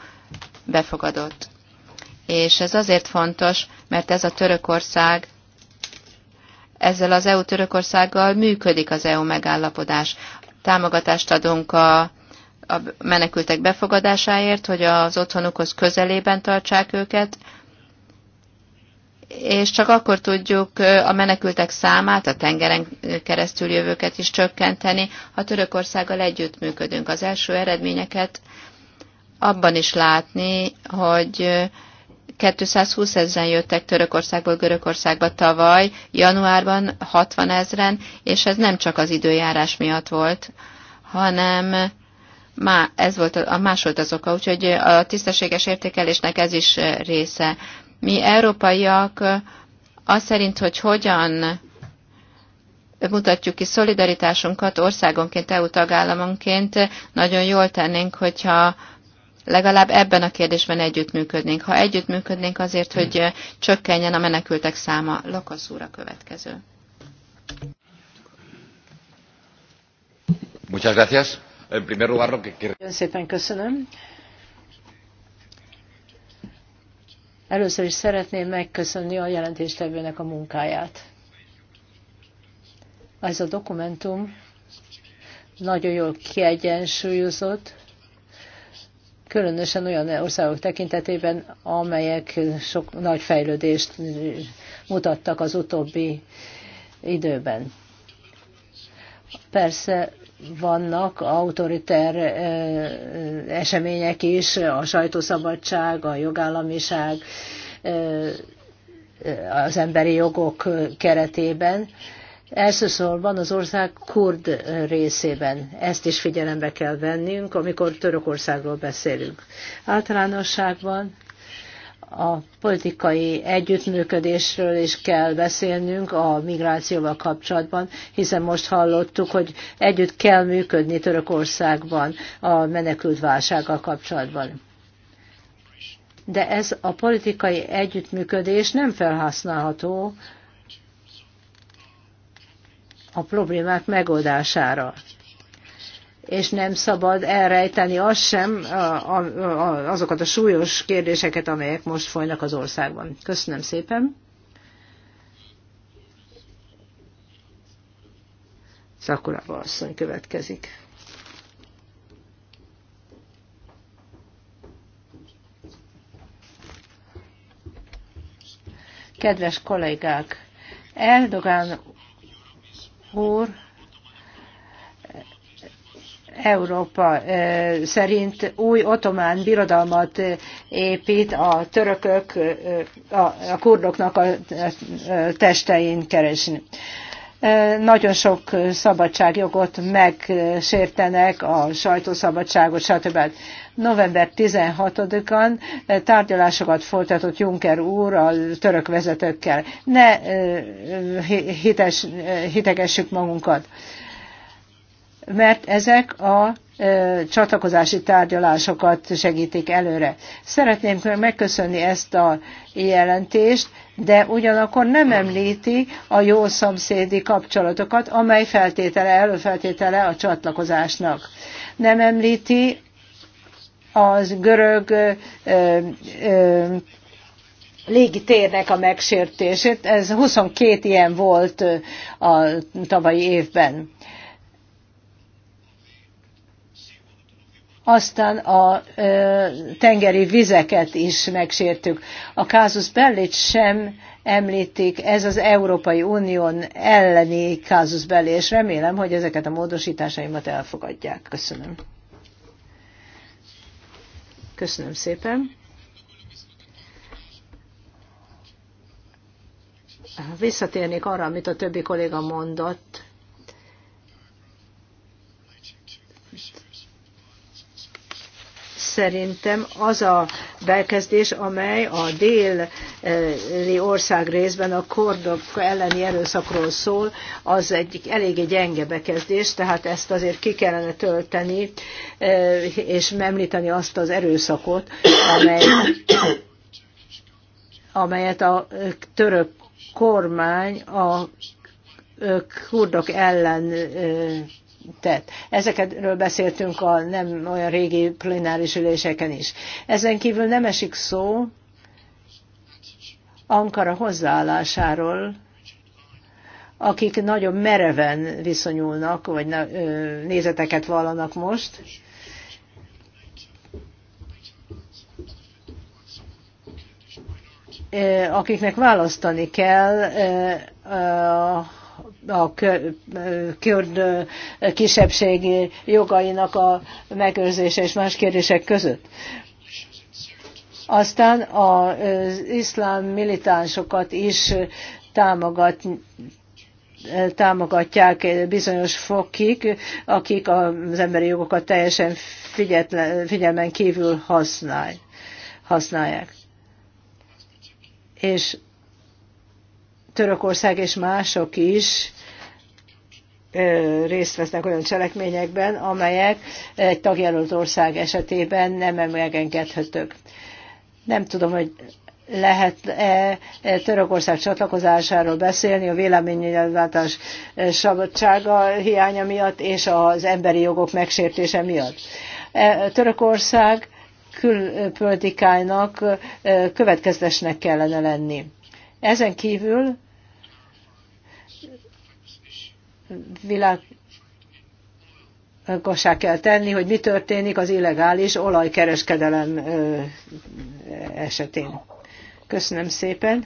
befogadott. És ez azért fontos, mert ez a Törökország, ezzel az EU-Törökországgal működik az EU megállapodás. Támogatást adunk a a menekültek befogadásáért, hogy az otthonukhoz közelében tartsák őket, és csak akkor tudjuk a menekültek számát, a tengeren keresztül jövőket is csökkenteni, ha Törökországgal együttműködünk. Az első eredményeket abban is látni, hogy 220 ezeren jöttek Törökországból Görögországba tavaly, januárban 60 ezeren, és ez nem csak az időjárás miatt volt, hanem má, ez volt a, más volt az oka, úgyhogy a tisztességes értékelésnek ez is része. Mi európaiak azt szerint, hogy hogyan mutatjuk ki szolidaritásunkat országonként, EU tagállamonként, nagyon jól tennénk, hogyha legalább ebben a kérdésben együttműködnénk. Ha együttműködnénk azért, hogy csökkenjen a menekültek száma. Lokosz úr a következő. Muchas gracias. En primer lugar, lo que quiero... köszönöm. Először is szeretném megköszönni a jelentéstevőnek a munkáját. Ez a dokumentum nagyon jól kiegyensúlyozott, különösen olyan országok tekintetében, amelyek sok nagy fejlődést mutattak az utóbbi időben. Persze vannak autoriter események is, a sajtószabadság, a jogállamiság, az emberi jogok keretében. Elsősorban az ország kurd részében. Ezt is figyelembe kell vennünk, amikor Törökországról beszélünk. Általánosságban a politikai együttműködésről is kell beszélnünk a migrációval kapcsolatban, hiszen most hallottuk, hogy együtt kell működni Törökországban a menekült válsággal kapcsolatban. De ez a politikai együttműködés nem felhasználható a problémák megoldására és nem szabad elrejteni azt sem, azokat a súlyos kérdéseket, amelyek most folynak az országban. Köszönöm szépen. Szakuraba asszony következik. Kedves kollégák, Erdogan úr Európa szerint új otomán birodalmat épít a törökök, a kurdoknak a testein keresni. Nagyon sok szabadságjogot megsértenek, a sajtószabadságot, stb. November 16-án tárgyalásokat folytatott Juncker úr a török vezetőkkel. Ne hites, hitegessük magunkat mert ezek a csatlakozási tárgyalásokat segítik előre. Szeretném megköszönni ezt a jelentést, de ugyanakkor nem említi a jó szomszédi kapcsolatokat, amely feltétele, előfeltétele a csatlakozásnak. Nem említi az görög e, ö, légitérnek a megsértését. Ez 22 ilyen volt a tavalyi évben aztán a tengeri vizeket is megsértük. A kázus bellit sem említik, ez az Európai Unión elleni kázus belli, és remélem, hogy ezeket a módosításaimat elfogadják. Köszönöm. Köszönöm szépen. Visszatérnék arra, amit a többi kolléga mondott szerintem az a belkezdés, amely a déli eh, ország részben a kordok elleni erőszakról szól, az egy eléggé gyenge bekezdés, tehát ezt azért ki kellene tölteni, eh, és említeni azt az erőszakot, amely, amelyet a eh, török kormány a kurdok ellen tett. Ezekről beszéltünk a nem olyan régi plenáris üléseken is. Ezen kívül nem esik szó Ankara hozzáállásáról, akik nagyon mereven viszonyulnak, vagy nézeteket vallanak most. akiknek választani kell a kurd kisebbség jogainak a megőrzése és más kérdések között. Aztán az iszlám militánsokat is támogat, támogatják bizonyos fokig, akik az emberi jogokat teljesen figyetlen, figyelmen kívül használják. És Törökország és mások is részt vesznek olyan cselekményekben, amelyek egy tagjelölt ország esetében nem megengedhetők. Nem tudom, hogy lehet-e Törökország csatlakozásáról beszélni a véleménynyilvánítás szabadsága hiánya miatt és az emberi jogok megsértése miatt. E, Törökország külpolitikájának következtesnek kellene lenni ezen kívül világosá kell tenni, hogy mi történik az illegális olajkereskedelem esetén. Köszönöm szépen.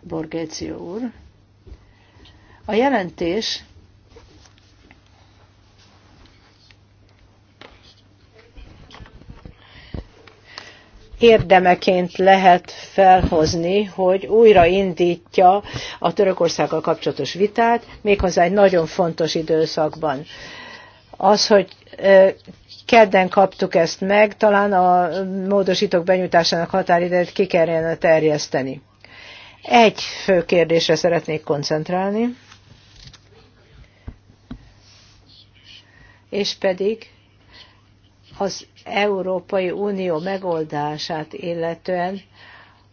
Borgéció úr. A jelentés érdemeként lehet felhozni, hogy újra indítja a Törökországgal kapcsolatos vitát, méghozzá egy nagyon fontos időszakban. Az, hogy kedden kaptuk ezt meg, talán a módosítók benyújtásának határidejét ki kellene terjeszteni. Egy fő kérdésre szeretnék koncentrálni, és pedig az Európai Unió megoldását illetően,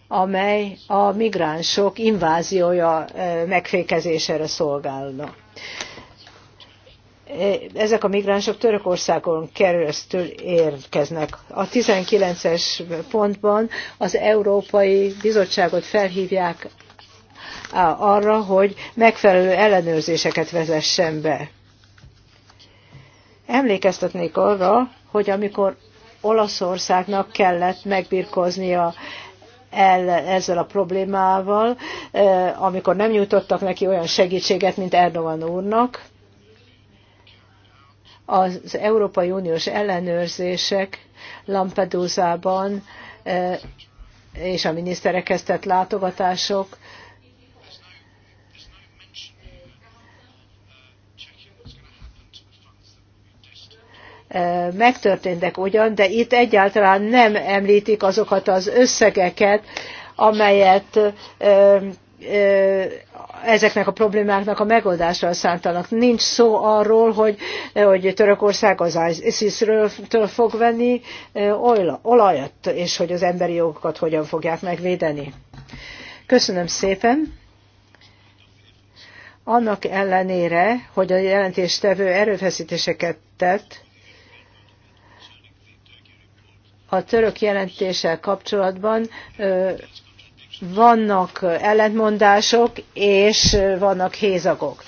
amely a migránsok inváziója megfékezésére szolgálna. Ezek a migránsok Törökországon keresztül érkeznek. A 19-es pontban az Európai Bizottságot felhívják arra, hogy megfelelő ellenőrzéseket vezessen be Emlékeztetnék arra, hogy amikor Olaszországnak kellett megbirkoznia el ezzel a problémával, eh, amikor nem nyújtottak neki olyan segítséget, mint Erdogan úrnak, az Európai Uniós ellenőrzések Lampedusában eh, és a miniszterekhez tett látogatások megtörténtek ugyan, de itt egyáltalán nem említik azokat az összegeket, amelyet ezeknek a problémáknak a megoldásra szántanak. Nincs szó arról, hogy, hogy Törökország az ISIS-ről fog venni olajat, és hogy az emberi jogokat hogyan fogják megvédeni. Köszönöm szépen! Annak ellenére, hogy a jelentéstevő erőfeszítéseket tett, a török jelentéssel kapcsolatban vannak ellentmondások és vannak hézagok.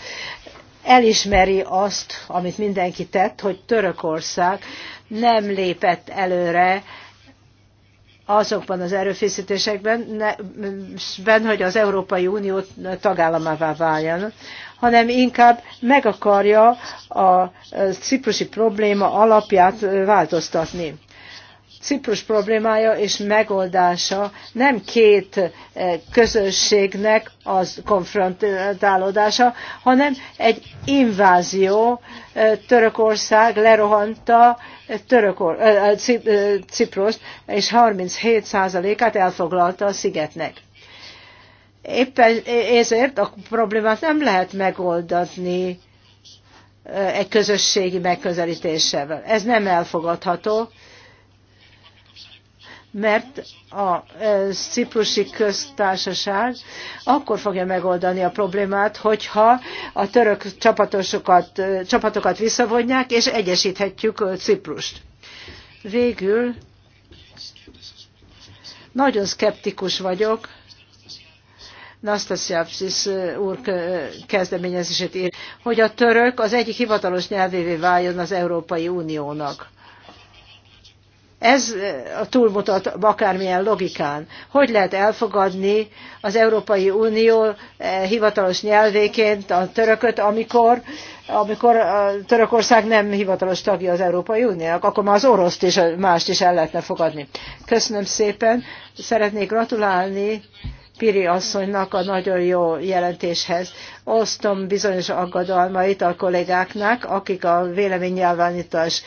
Elismeri azt, amit mindenki tett, hogy Törökország nem lépett előre azokban az erőfeszítésekben, hogy az Európai Unió tagállamává váljon, hanem inkább meg akarja a ciprusi probléma alapját változtatni. Ciprus problémája és megoldása nem két eh, közösségnek az konfrontálódása, hanem egy invázió. Eh, Törökország lerohanta eh, Törökor, Ciprust, és 37%-át elfoglalta a szigetnek. Éppen ezért a problémát nem lehet megoldatni egy közösségi megközelítéssel. Ez nem elfogadható, mert a ciprusi köztársaság akkor fogja megoldani a problémát, hogyha a török csapatosokat, csapatokat visszavonják, és egyesíthetjük Ciprust. Végül nagyon szkeptikus vagyok, Nastasiapsis úr kezdeményezését ír, hogy a török az egyik hivatalos nyelvévé váljon az Európai Uniónak ez a túlmutat akármilyen logikán. Hogy lehet elfogadni az Európai Unió eh, hivatalos nyelvéként a törököt, amikor, amikor a Törökország nem hivatalos tagja az Európai Uniónak, akkor már az oroszt és mást is el lehetne fogadni. Köszönöm szépen, szeretnék gratulálni Piri asszonynak a nagyon jó jelentéshez. Osztom bizonyos aggodalmait a kollégáknak, akik a véleménynyilvánítás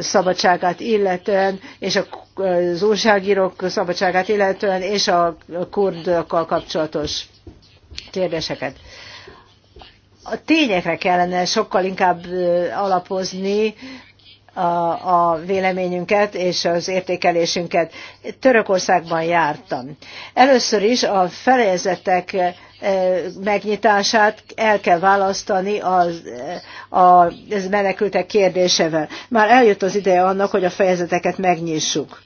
szabadságát illetően, és az újságírók szabadságát illetően, és a kurdokkal kapcsolatos kérdéseket. A tényekre kellene sokkal inkább alapozni, a, a véleményünket és az értékelésünket. Törökországban jártam. Először is a felejezetek megnyitását el kell választani az, az menekültek kérdésevel. Már eljött az ideje annak, hogy a fejezeteket megnyissuk.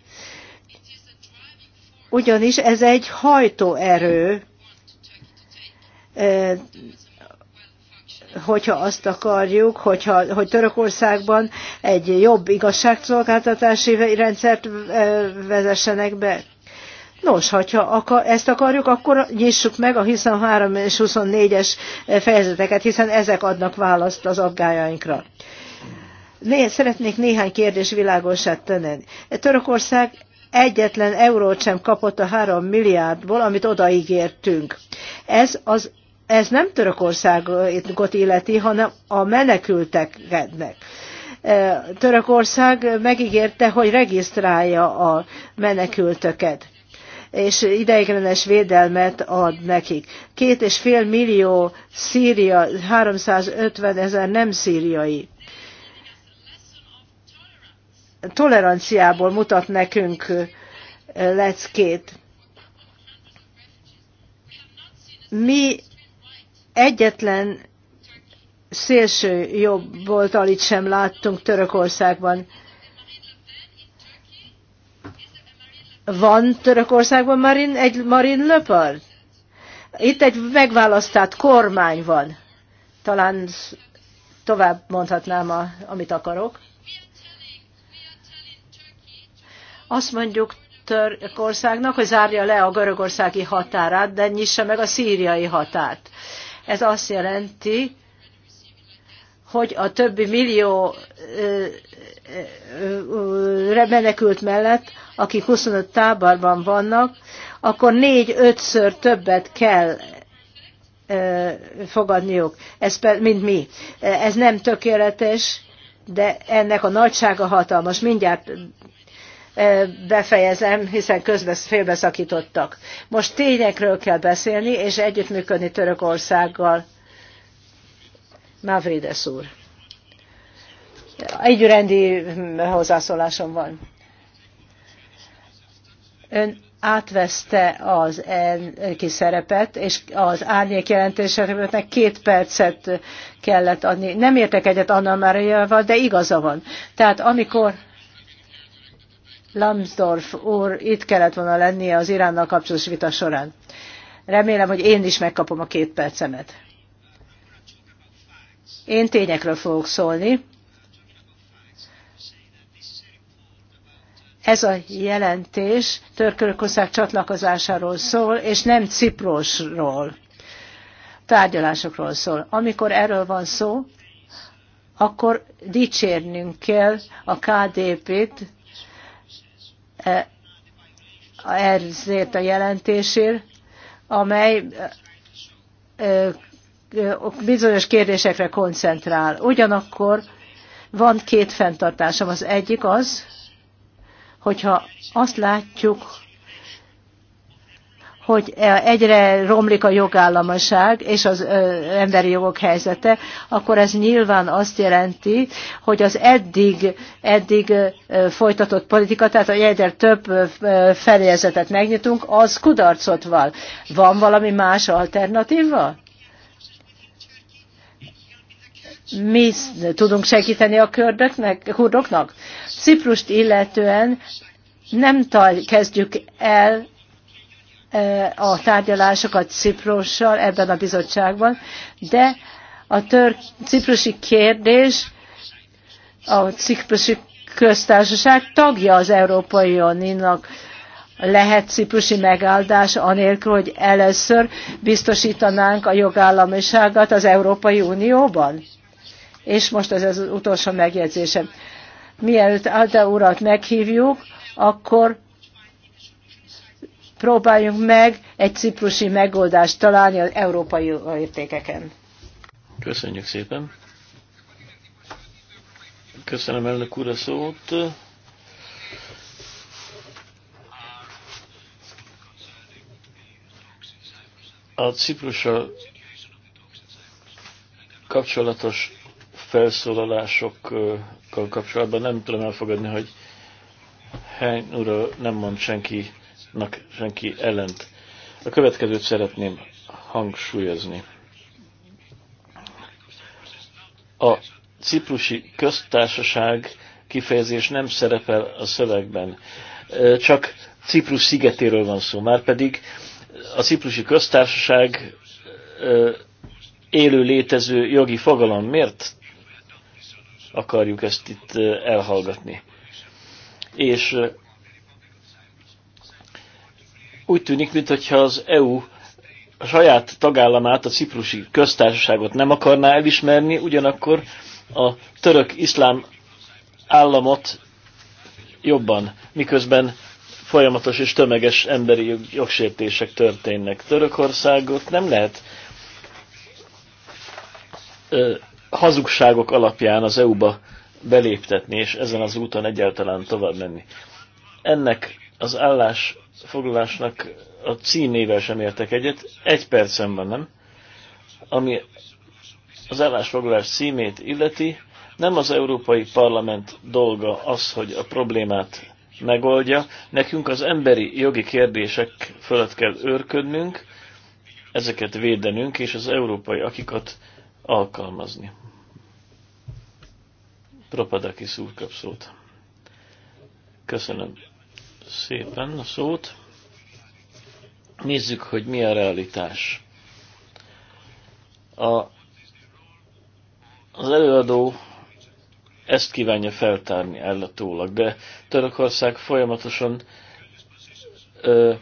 Ugyanis ez egy hajtóerő, hogyha azt akarjuk, hogyha, hogy Törökországban egy jobb igazságszolgáltatási rendszert vezessenek be Nos, ha ezt akarjuk, akkor nyissuk meg a 23 és 24-es fejezeteket, hiszen ezek adnak választ az aggájainkra. Né, szeretnék néhány kérdés világosát tenni. Törökország egyetlen eurót sem kapott a 3 milliárdból, amit odaígértünk. Ez az ez nem Törökországot illeti, hanem a menekülteknek. E, Törökország megígérte, hogy regisztrálja a menekültöket és ideiglenes védelmet ad nekik. Két és fél millió szíria, 350 ezer nem szíriai. Toleranciából mutat nekünk leckét. Mi egyetlen szélső alig sem láttunk Törökországban Van Törökországban Marin, egy Marin Pen? Itt egy megválasztott kormány van. Talán tovább mondhatnám, a, amit akarok. Azt mondjuk Törökországnak, hogy zárja le a görögországi határát, de nyissa meg a szíriai határt. Ez azt jelenti, hogy a többi millió menekült mellett akik 25 táborban vannak, akkor négy-ötször többet kell fogadniuk, ez, mint mi. Ez nem tökéletes, de ennek a nagysága hatalmas. Mindjárt befejezem, hiszen közben félbeszakítottak. Most tényekről kell beszélni, és együttműködni Törökországgal. Mavrides úr. Egy rendi hozzászólásom van. Ön átveszte az elnöki szerepet, és az árnyék jelentéseknek két percet kellett adni. Nem értek egyet Anna Máriával, de igaza van. Tehát amikor Lambsdorff úr itt kellett volna lennie az Iránnal kapcsolatos vita során. Remélem, hogy én is megkapom a két percemet. Én tényekről fogok szólni, ez a jelentés Törökország csatlakozásáról szól, és nem Ciprusról, tárgyalásokról szól. Amikor erről van szó, akkor dicsérnünk kell a KDP-t e, ezért a jelentésért, amely e, e, bizonyos kérdésekre koncentrál. Ugyanakkor van két fenntartásom. Az egyik az, hogyha azt látjuk, hogy egyre romlik a jogállamaság és az emberi jogok helyzete, akkor ez nyilván azt jelenti, hogy az eddig, eddig folytatott politika, tehát a egyre több feljezetet megnyitunk, az kudarcot val. Van valami más alternatíva? Mi tudunk segíteni a kördöknek, kurdoknak? Ciprust illetően nem kezdjük el e, a tárgyalásokat Ciprussal ebben a bizottságban, de a tör ciprusi kérdés a ciprusi köztársaság tagja az Európai Uniónak. Lehet ciprusi megáldás anélkül, hogy először biztosítanánk a jogállamiságot az Európai Unióban? És most ez az utolsó megjegyzésem mielőtt Ada urat meghívjuk, akkor próbáljunk meg egy ciprusi megoldást találni az európai értékeken. Köszönjük szépen. Köszönöm elnök úr a szót. A ciprusa kapcsolatos felszólalások kal kapcsolatban nem tudom elfogadni, hogy hány ura nem mond senkinak senki ellent. A következőt szeretném hangsúlyozni. A ciprusi köztársaság kifejezés nem szerepel a szövegben. Csak Ciprus szigetéről van szó, Márpedig a ciprusi köztársaság élő létező jogi fogalom. Miért akarjuk ezt itt elhallgatni. És úgy tűnik, mintha az EU a saját tagállamát, a ciprusi köztársaságot nem akarná elismerni, ugyanakkor a török iszlám államot jobban, miközben folyamatos és tömeges emberi jogsértések történnek. Törökországot nem lehet hazugságok alapján az EU-ba beléptetni, és ezen az úton egyáltalán tovább menni. Ennek az állásfoglalásnak a címével sem értek egyet, egy percen van, nem? Ami az állásfoglalás címét illeti, nem az Európai Parlament dolga az, hogy a problémát megoldja. Nekünk az emberi jogi kérdések fölött kell őrködnünk, ezeket védenünk, és az európai akikat alkalmazni. Propadaki úr kap szót. Köszönöm szépen a szót. Nézzük, hogy mi a realitás. A, az előadó ezt kívánja feltárni állatólag, de Törökország folyamatosan ö,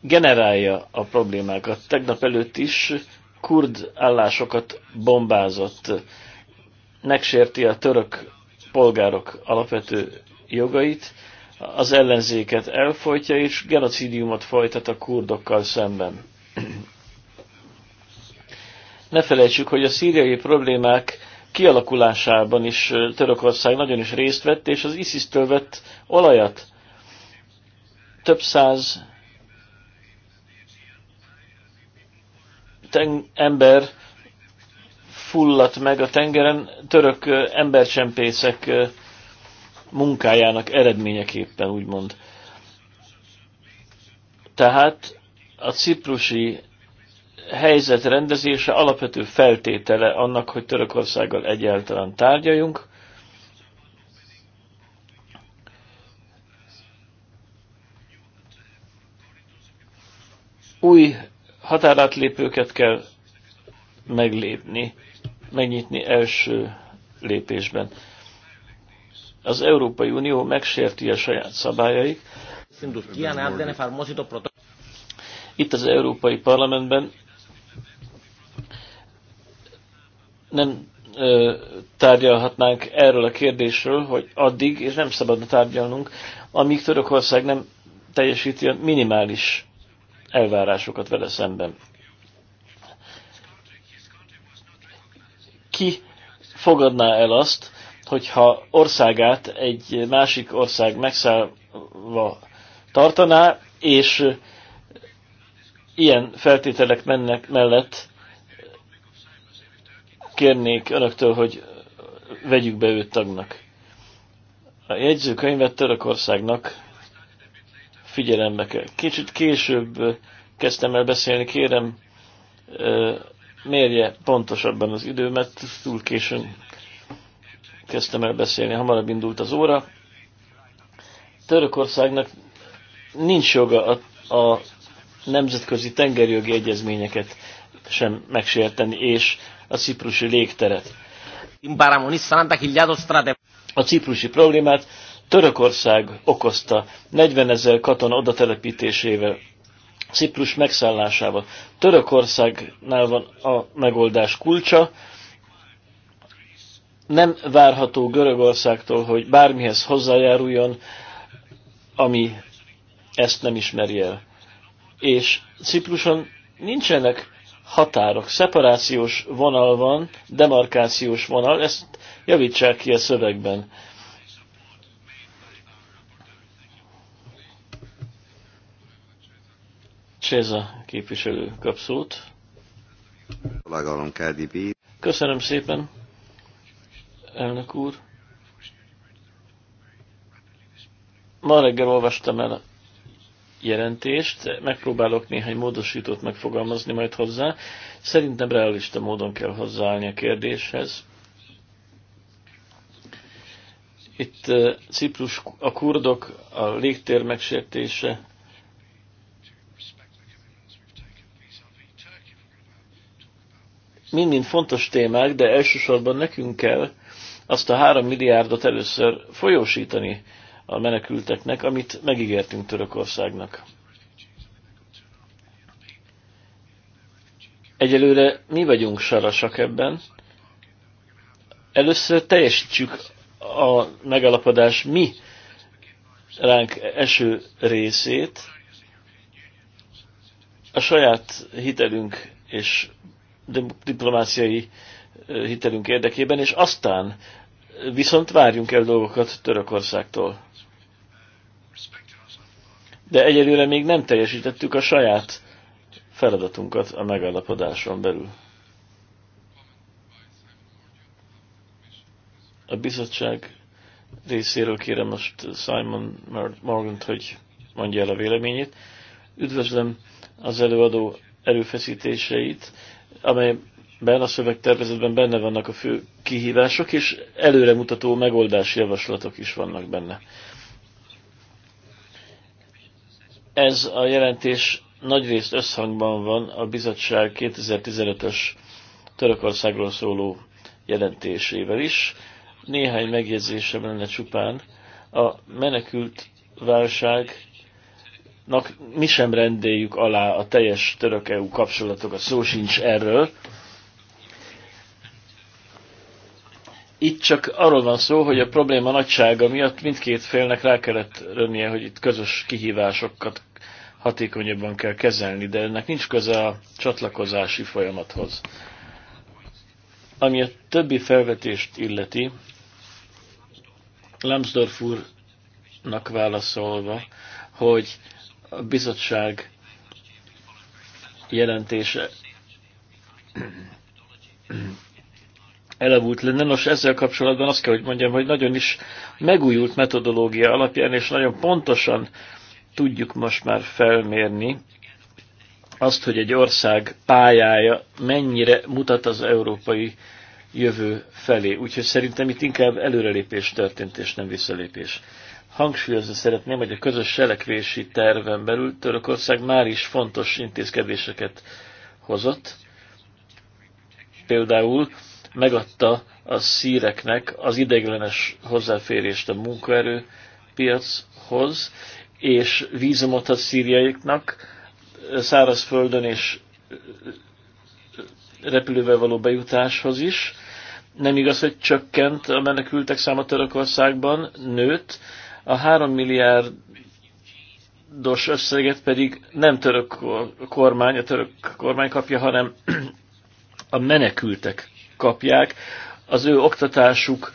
generálja a problémákat. Tegnap előtt is kurd állásokat bombázott megsérti a török polgárok alapvető jogait, az ellenzéket elfolytja, és genocidiumot folytat a kurdokkal szemben. Ne felejtsük, hogy a szíriai problémák kialakulásában is Törökország nagyon is részt vett, és az ISIS-től vett olajat. Több száz ember fulladt meg a tengeren török embercsempészek munkájának eredményeképpen, úgymond. Tehát a ciprusi helyzet rendezése alapvető feltétele annak, hogy Törökországgal egyáltalán tárgyaljunk. Új határátlépőket kell meglépni megnyitni első lépésben. Az Európai Unió megsérti a saját szabályait. Itt az Európai Parlamentben nem ö, tárgyalhatnánk erről a kérdésről, hogy addig, és nem szabadna tárgyalnunk, amíg Törökország nem teljesíti a minimális elvárásokat vele szemben. ki fogadná el azt, hogyha országát egy másik ország megszállva tartaná, és ilyen feltételek mennek mellett kérnék önöktől, hogy vegyük be őt tagnak. A jegyzőkönyvet Törökországnak figyelembe kell. Kicsit később kezdtem el beszélni, kérem mérje pontosabban az időmet, túl későn kezdtem el beszélni, hamarabb indult az óra. Törökországnak nincs joga a, a nemzetközi tengerjogi egyezményeket sem megsérteni, és a ciprusi légteret. A ciprusi problémát Törökország okozta 40 ezer katon odatelepítésével Ciprus megszállásával. Törökországnál van a megoldás kulcsa. Nem várható Görögországtól, hogy bármihez hozzájáruljon, ami ezt nem ismeri el. És Cipruson nincsenek határok, szeparációs vonal van, demarkációs vonal, ezt javítsák ki a szövegben. Cséza képviselő kapszót. Köszönöm szépen, elnök úr. Ma reggel olvastam el a jelentést, megpróbálok néhány módosítót megfogalmazni majd hozzá. Szerintem realista módon kell hozzáállni a kérdéshez. Itt eh, Ciprus, a kurdok, a légtér megsértése, mind-mind fontos témák, de elsősorban nekünk kell azt a három milliárdot először folyósítani a menekülteknek, amit megígértünk Törökországnak. Egyelőre mi vagyunk sarasak ebben. Először teljesítsük a megalapodás mi ránk eső részét, a saját hitelünk és diplomáciai hitelünk érdekében, és aztán viszont várjunk el dolgokat Törökországtól. De egyelőre még nem teljesítettük a saját feladatunkat a megállapodáson belül. A bizottság részéről kérem most Simon Morgan, hogy mondja el a véleményét. Üdvözlöm az előadó erőfeszítéseit, amelyben a szövegtervezetben benne vannak a fő kihívások, és előremutató megoldási javaslatok is vannak benne. Ez a jelentés nagyrészt összhangban van a bizottság 2015-ös Törökországról szóló jelentésével is. Néhány megjegyzésem lenne csupán. A menekült válság mi sem rendeljük alá a teljes török-EU kapcsolatokat, szó sincs erről. Itt csak arról van szó, hogy a probléma nagysága miatt mindkét félnek rá kellett rönnie, hogy itt közös kihívásokat hatékonyabban kell kezelni, de ennek nincs köze a csatlakozási folyamathoz. Ami a többi felvetést illeti, Lambsdorff úrnak válaszolva, hogy a bizottság jelentése elavult lenne. Nos, ezzel kapcsolatban azt kell, hogy mondjam, hogy nagyon is megújult metodológia alapján, és nagyon pontosan tudjuk most már felmérni azt, hogy egy ország pályája mennyire mutat az európai jövő felé. Úgyhogy szerintem itt inkább előrelépés történt, és nem visszalépés hangsúlyozni szeretném, hogy a közös selekvési terven belül Törökország már is fontos intézkedéseket hozott. Például megadta a szíreknek az ideiglenes hozzáférést a munkaerő piachoz, és vízumot a szíriaiknak szárazföldön és repülővel való bejutáshoz is. Nem igaz, hogy csökkent a menekültek száma Törökországban, nőtt, a 3 milliárdos összeget pedig nem török kormány, a török kormány kapja, hanem a menekültek kapják. Az ő oktatásuk,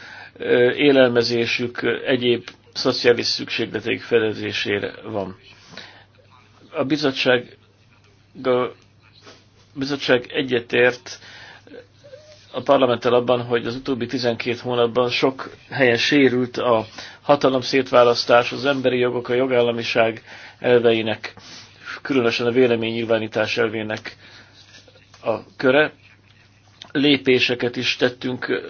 élelmezésük, egyéb szociális szükségleteik fedezésére van. A bizottság, a bizottság egyetért a parlamenttel abban, hogy az utóbbi 12 hónapban sok helyen sérült a hatalom szétválasztás, az emberi jogok, a jogállamiság elveinek, különösen a véleménynyilvánítás elvének a köre. Lépéseket is tettünk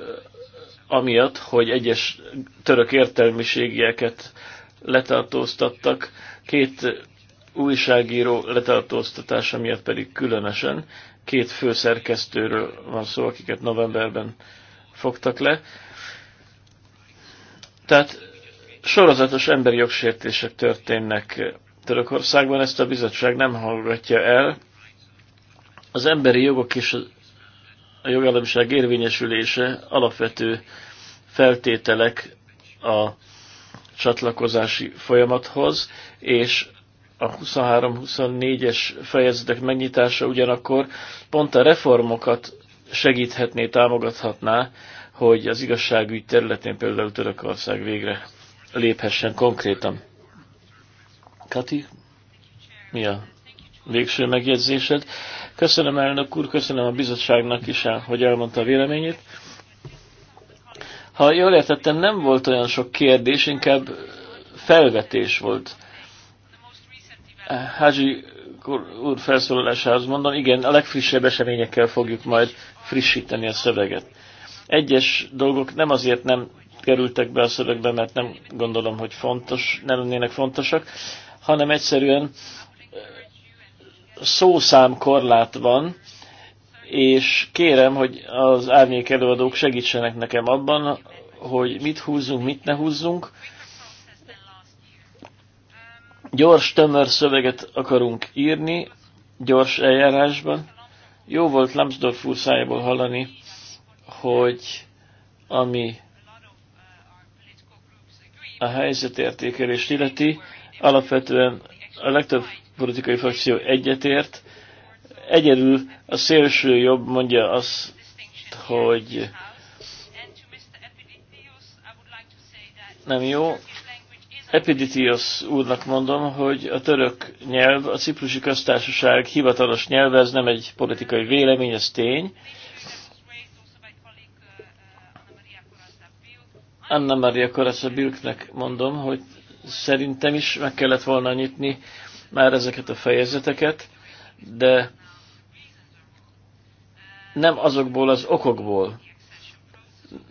amiatt, hogy egyes török értelmiségieket letartóztattak, két újságíró letartóztatása miatt pedig különösen, két főszerkesztőről van szó, akiket novemberben fogtak le. Tehát sorozatos emberi jogsértések történnek Törökországban, ezt a bizottság nem hallgatja el. Az emberi jogok és a jogállamiság érvényesülése alapvető feltételek a csatlakozási folyamathoz, és a 23-24-es fejezetek megnyitása ugyanakkor pont a reformokat segíthetné, támogathatná, hogy az igazságügy területén például Törökország végre léphessen konkrétan. Kati, mi a végső megjegyzésed? Köszönöm elnök úr, köszönöm a bizottságnak is, hogy elmondta a véleményét. Ha jól értettem, nem volt olyan sok kérdés, inkább felvetés volt Hágyi úr felszólalásához mondom, igen, a legfrissebb eseményekkel fogjuk majd frissíteni a szöveget. Egyes dolgok nem azért nem kerültek be a szövegbe, mert nem gondolom, hogy fontos, nem lennének fontosak, hanem egyszerűen eh, szószám korlát van, és kérem, hogy az árnyék előadók segítsenek nekem abban, hogy mit húzzunk, mit ne húzzunk, Gyors, tömör szöveget akarunk írni, gyors eljárásban. Jó volt Lambsdorff úr szájából hallani, hogy ami a helyzetértékelést illeti, alapvetően a legtöbb politikai frakció egyetért. Egyedül a szélső jobb mondja azt, hogy nem jó. Epiditios úrnak mondom, hogy a török nyelv, a ciprusi köztársaság hivatalos nyelve, ez nem egy politikai vélemény, ez tény. Anna Maria Corazza Bilknek mondom, hogy szerintem is meg kellett volna nyitni már ezeket a fejezeteket, de nem azokból az okokból,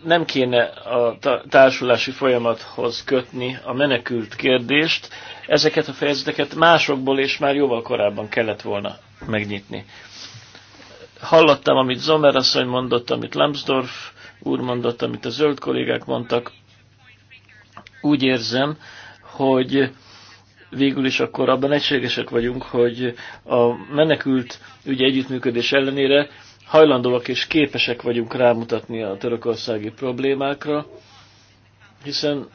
nem kéne a társulási folyamathoz kötni a menekült kérdést, ezeket a fejezeteket másokból és már jóval korábban kellett volna megnyitni. Hallottam, amit Zomer asszony mondott, amit Lambsdorff úr mondott, amit a zöld kollégák mondtak. Úgy érzem, hogy végül is akkor abban egységesek vagyunk, hogy a menekült ügy együttműködés ellenére hajlandóak és képesek vagyunk rámutatni a törökországi problémákra, hiszen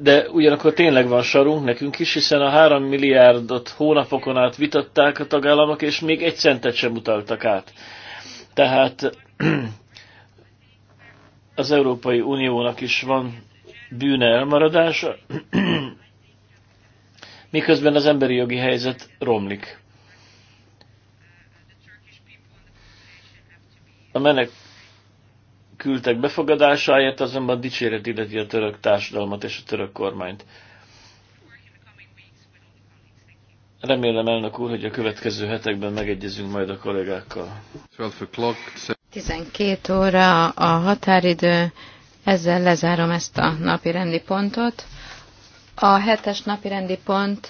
de ugyanakkor tényleg van sarunk nekünk is, hiszen a három milliárdot hónapokon át vitatták a tagállamok, és még egy centet sem utaltak át. Tehát az Európai Uniónak is van bűne elmaradása, miközben az emberi jogi helyzet romlik. A menekültek befogadásáért azonban dicséret illeti a török társadalmat és a török kormányt. Remélem, elnök úr, hogy a következő hetekben megegyezünk majd a kollégákkal. 12 óra a határidő, ezzel lezárom ezt a napi rendi pontot. A hetes napi rendi pont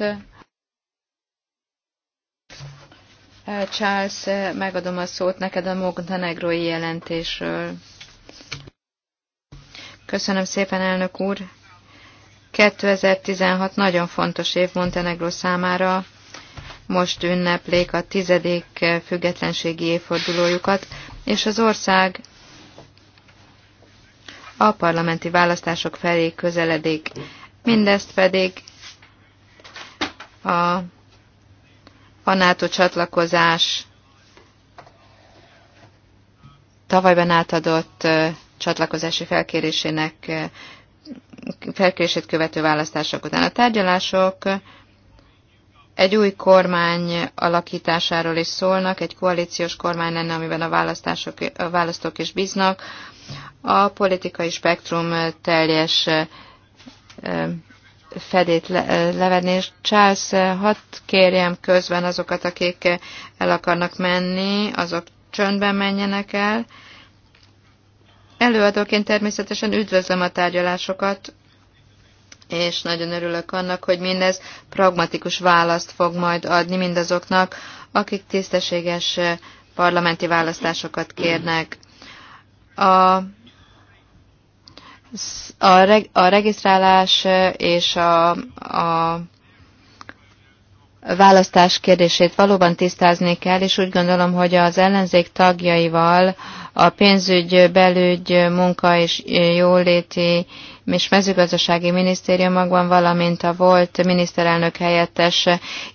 Charles, megadom a szót neked a Montenegrói jelentésről. Köszönöm szépen, elnök úr. 2016 nagyon fontos év Montenegró számára. Most ünneplék a tizedik függetlenségi évfordulójukat, és az ország a parlamenti választások felé közeledik. Mindezt pedig a a NATO csatlakozás tavalyban átadott csatlakozási felkérésének felkérését követő választások után. A tárgyalások egy új kormány alakításáról is szólnak, egy koalíciós kormány lenne, amiben a, választások, a választók is bíznak. A politikai spektrum teljes fedét le, levenni, és Charles, hadd kérjem közben azokat, akik el akarnak menni, azok csöndben menjenek el. Előadóként természetesen üdvözlöm a tárgyalásokat, és nagyon örülök annak, hogy mindez pragmatikus választ fog majd adni mindazoknak, akik tisztességes parlamenti választásokat kérnek. A a, reg, a regisztrálás és a, a választás kérdését valóban tisztázni kell, és úgy gondolom, hogy az ellenzék tagjaival a pénzügy, belügy, munka és jóléti és mezőgazdasági minisztériumokban, valamint a volt miniszterelnök helyettes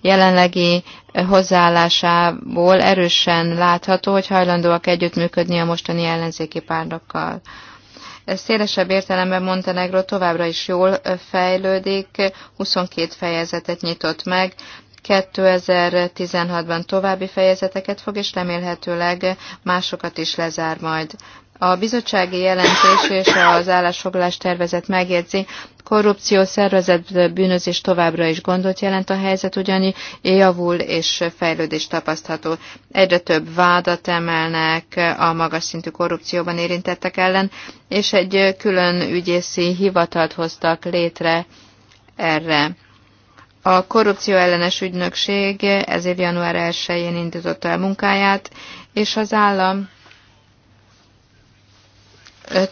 jelenlegi hozzáállásából erősen látható, hogy hajlandóak együttműködni a mostani ellenzéki pártokkal. Szélesebb értelemben Montenegro továbbra is jól fejlődik, 22 fejezetet nyitott meg, 2016-ban további fejezeteket fog, és remélhetőleg másokat is lezár majd. A bizottsági jelentés és az állásfoglalás tervezet megjegyzi, korrupció, szervezett bűnözés továbbra is gondot jelent a helyzet, ugyani javul és fejlődés tapasztható. Egyre több vádat emelnek a magas szintű korrupcióban érintettek ellen, és egy külön ügyészi hivatalt hoztak létre erre. A korrupció ellenes ügynökség ezért január 1-én indította el munkáját, és az állam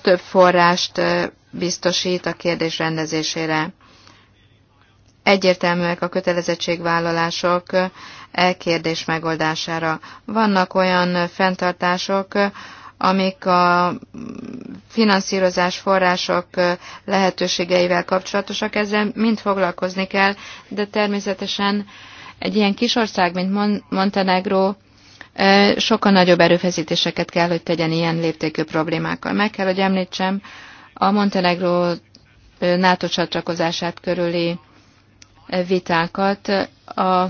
több forrást biztosít a kérdés rendezésére. Egyértelműek a kötelezettségvállalások e kérdés megoldására. Vannak olyan fenntartások, amik a finanszírozás források lehetőségeivel kapcsolatosak, ezzel mind foglalkozni kell, de természetesen egy ilyen kis ország, mint Montenegro E, sokkal nagyobb erőfeszítéseket kell, hogy tegyen ilyen léptékű problémákkal. Meg kell, hogy említsem a Montenegró e, NATO csatlakozását körüli e, vitákat. A,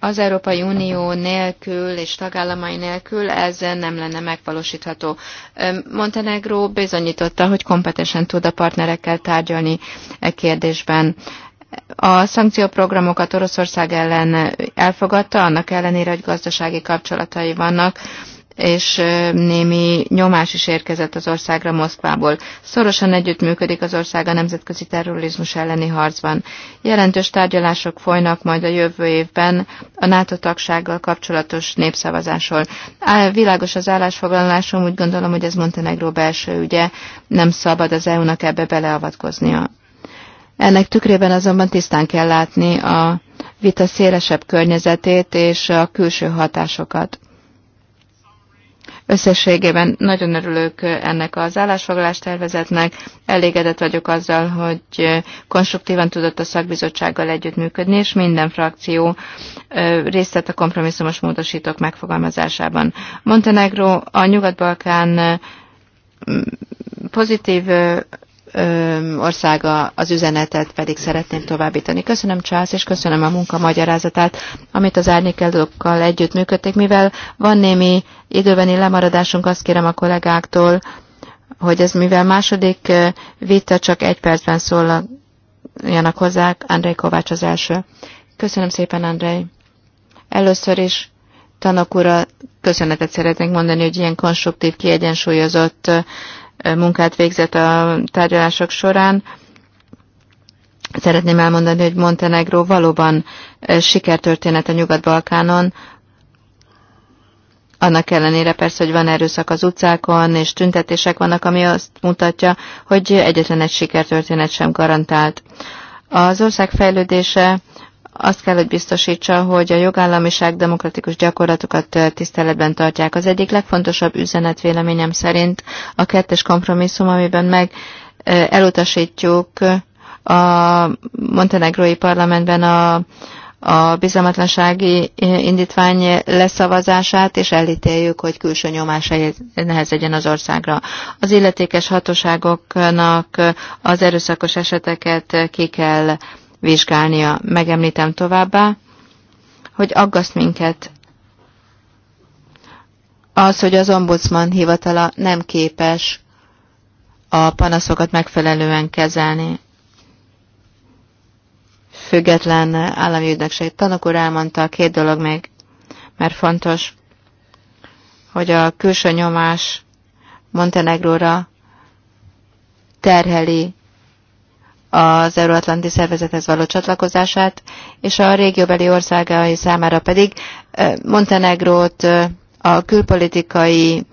az Európai Unió nélkül és tagállamai nélkül ez nem lenne megvalósítható. Montenegró bizonyította, hogy kompetensen tud a partnerekkel tárgyalni e kérdésben a szankcióprogramokat Oroszország ellen elfogadta, annak ellenére, hogy gazdasági kapcsolatai vannak, és némi nyomás is érkezett az országra Moszkvából. Szorosan együttműködik az ország a nemzetközi terrorizmus elleni harcban. Jelentős tárgyalások folynak majd a jövő évben a NATO tagsággal kapcsolatos népszavazásról. Á, világos az állásfoglalásom, úgy gondolom, hogy ez Montenegró belső ügye, nem szabad az EU-nak ebbe beleavatkoznia. Ennek tükrében azonban tisztán kell látni a vita szélesebb környezetét és a külső hatásokat. Összességében nagyon örülök ennek az állásfoglalás tervezetnek, elégedett vagyok azzal, hogy konstruktívan tudott a szakbizottsággal együttműködni, és minden frakció részt vett a kompromisszumos módosítók megfogalmazásában. Montenegro a Nyugat-Balkán pozitív országa az üzenetet pedig szeretném továbbítani. Köszönöm Csász, és köszönöm a munka magyarázatát, amit az árnyékelőkkal együtt működték. Mivel van némi időbeni lemaradásunk, azt kérem a kollégáktól, hogy ez mivel második vita csak egy percben szólaljanak hozzá, Andrei Kovács az első. Köszönöm szépen, Andrei. Először is tanok ura, köszönetet szeretnék mondani, hogy ilyen konstruktív, kiegyensúlyozott munkát végzett a tárgyalások során. Szeretném elmondani, hogy Montenegró valóban sikertörténet a Nyugat-Balkánon, annak ellenére persze, hogy van erőszak az utcákon, és tüntetések vannak, ami azt mutatja, hogy egyetlen egy sikertörténet sem garantált. Az ország fejlődése azt kell, hogy biztosítsa, hogy a jogállamiság demokratikus gyakorlatokat tiszteletben tartják. Az egyik legfontosabb üzenet véleményem szerint a kettes kompromisszum, amiben meg elutasítjuk a montenegrói parlamentben a, a bizalmatlansági indítvány leszavazását, és elítéljük, hogy külső nyomás nehezedjen az országra. Az illetékes hatóságoknak az erőszakos eseteket ki kell vizsgálnia. Megemlítem továbbá, hogy aggaszt minket az, hogy az ombudsman hivatala nem képes a panaszokat megfelelően kezelni. Független állami ügynökség tanok úr elmondta, két dolog még, mert fontos, hogy a külső nyomás Montenegróra terheli az Euróatlanti Szervezethez való csatlakozását, és a régióbeli országai számára pedig Montenegrót a külpolitikai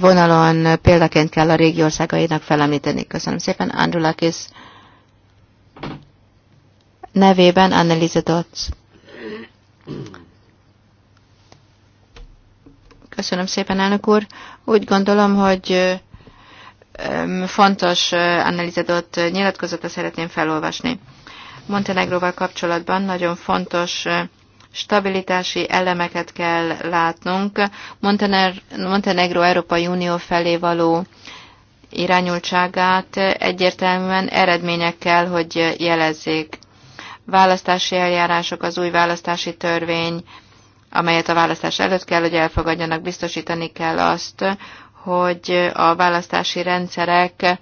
vonalon példaként kell a régi országainak felemlíteni. Köszönöm szépen, Andrulakis nevében Annelise Dotz. Köszönöm szépen, elnök úr. Úgy gondolom, hogy fontos analizadott nyilatkozata szeretném felolvasni. Montenegróval kapcsolatban nagyon fontos stabilitási elemeket kell látnunk. Montenegro Európai Unió felé való irányultságát egyértelműen eredményekkel, hogy jelezzék. Választási eljárások, az új választási törvény, amelyet a választás előtt kell, hogy elfogadjanak, biztosítani kell azt, hogy a választási rendszerek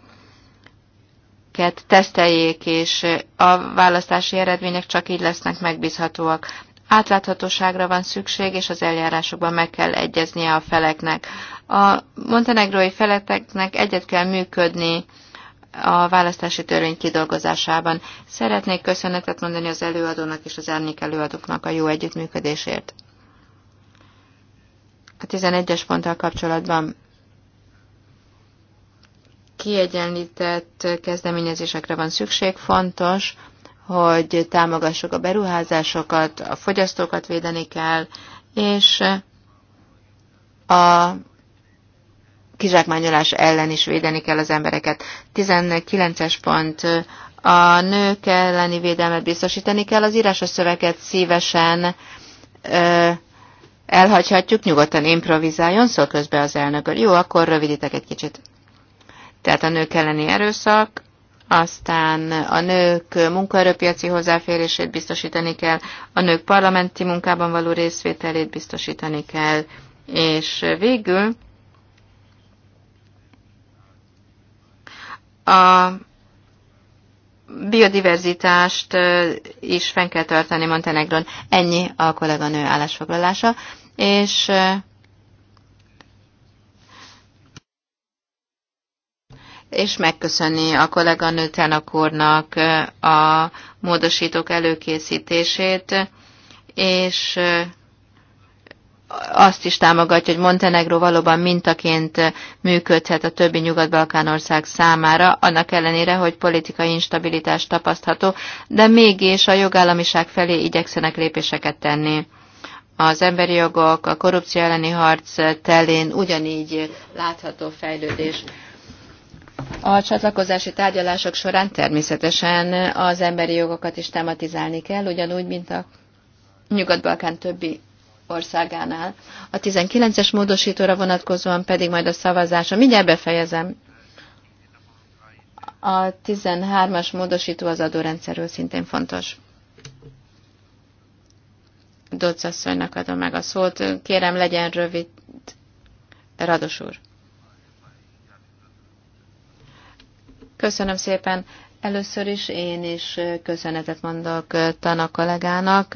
teszteljék, és a választási eredmények csak így lesznek megbízhatóak. Átláthatóságra van szükség, és az eljárásokban meg kell egyeznie a feleknek. A montenegrói feleknek egyet kell működni a választási törvény kidolgozásában. Szeretnék köszönetet mondani az előadónak és az árnyék előadóknak a jó együttműködésért. A 11-es ponttal kapcsolatban kiegyenlített kezdeményezésekre van szükség. Fontos, hogy támogassuk a beruházásokat, a fogyasztókat védeni kell, és a kizsákmányolás ellen is védeni kell az embereket. 19-es pont a nők elleni védelmet biztosítani kell, az írásos szöveget szívesen ö, elhagyhatjuk, nyugodtan improvizáljon, szól közben az elnök. Jó, akkor rövidítek egy kicsit tehát a nők elleni erőszak, aztán a nők munkaerőpiaci hozzáférését biztosítani kell, a nők parlamenti munkában való részvételét biztosítani kell, és végül a biodiverzitást is fenn kell tartani Montenegron. Ennyi a kolléganő állásfoglalása, és és megköszönni a kolléganő Tenak úrnak a módosítók előkészítését, és azt is támogatja, hogy Montenegro valóban mintaként működhet a többi nyugat-balkán ország számára, annak ellenére, hogy politikai instabilitás tapasztható, de mégis a jogállamiság felé igyekszenek lépéseket tenni. Az emberi jogok, a korrupció elleni harc telén ugyanígy látható fejlődés. A csatlakozási tárgyalások során természetesen az emberi jogokat is tematizálni kell, ugyanúgy, mint a Nyugat-Balkán többi országánál. A 19-es módosítóra vonatkozóan pedig majd a szavazása. Mindjárt befejezem. A 13-as módosító az adórendszerről szintén fontos. Doc adom meg a szót. Kérem, legyen rövid. Rados úr. Köszönöm szépen. Először is én is köszönetet mondok Tana kollégának.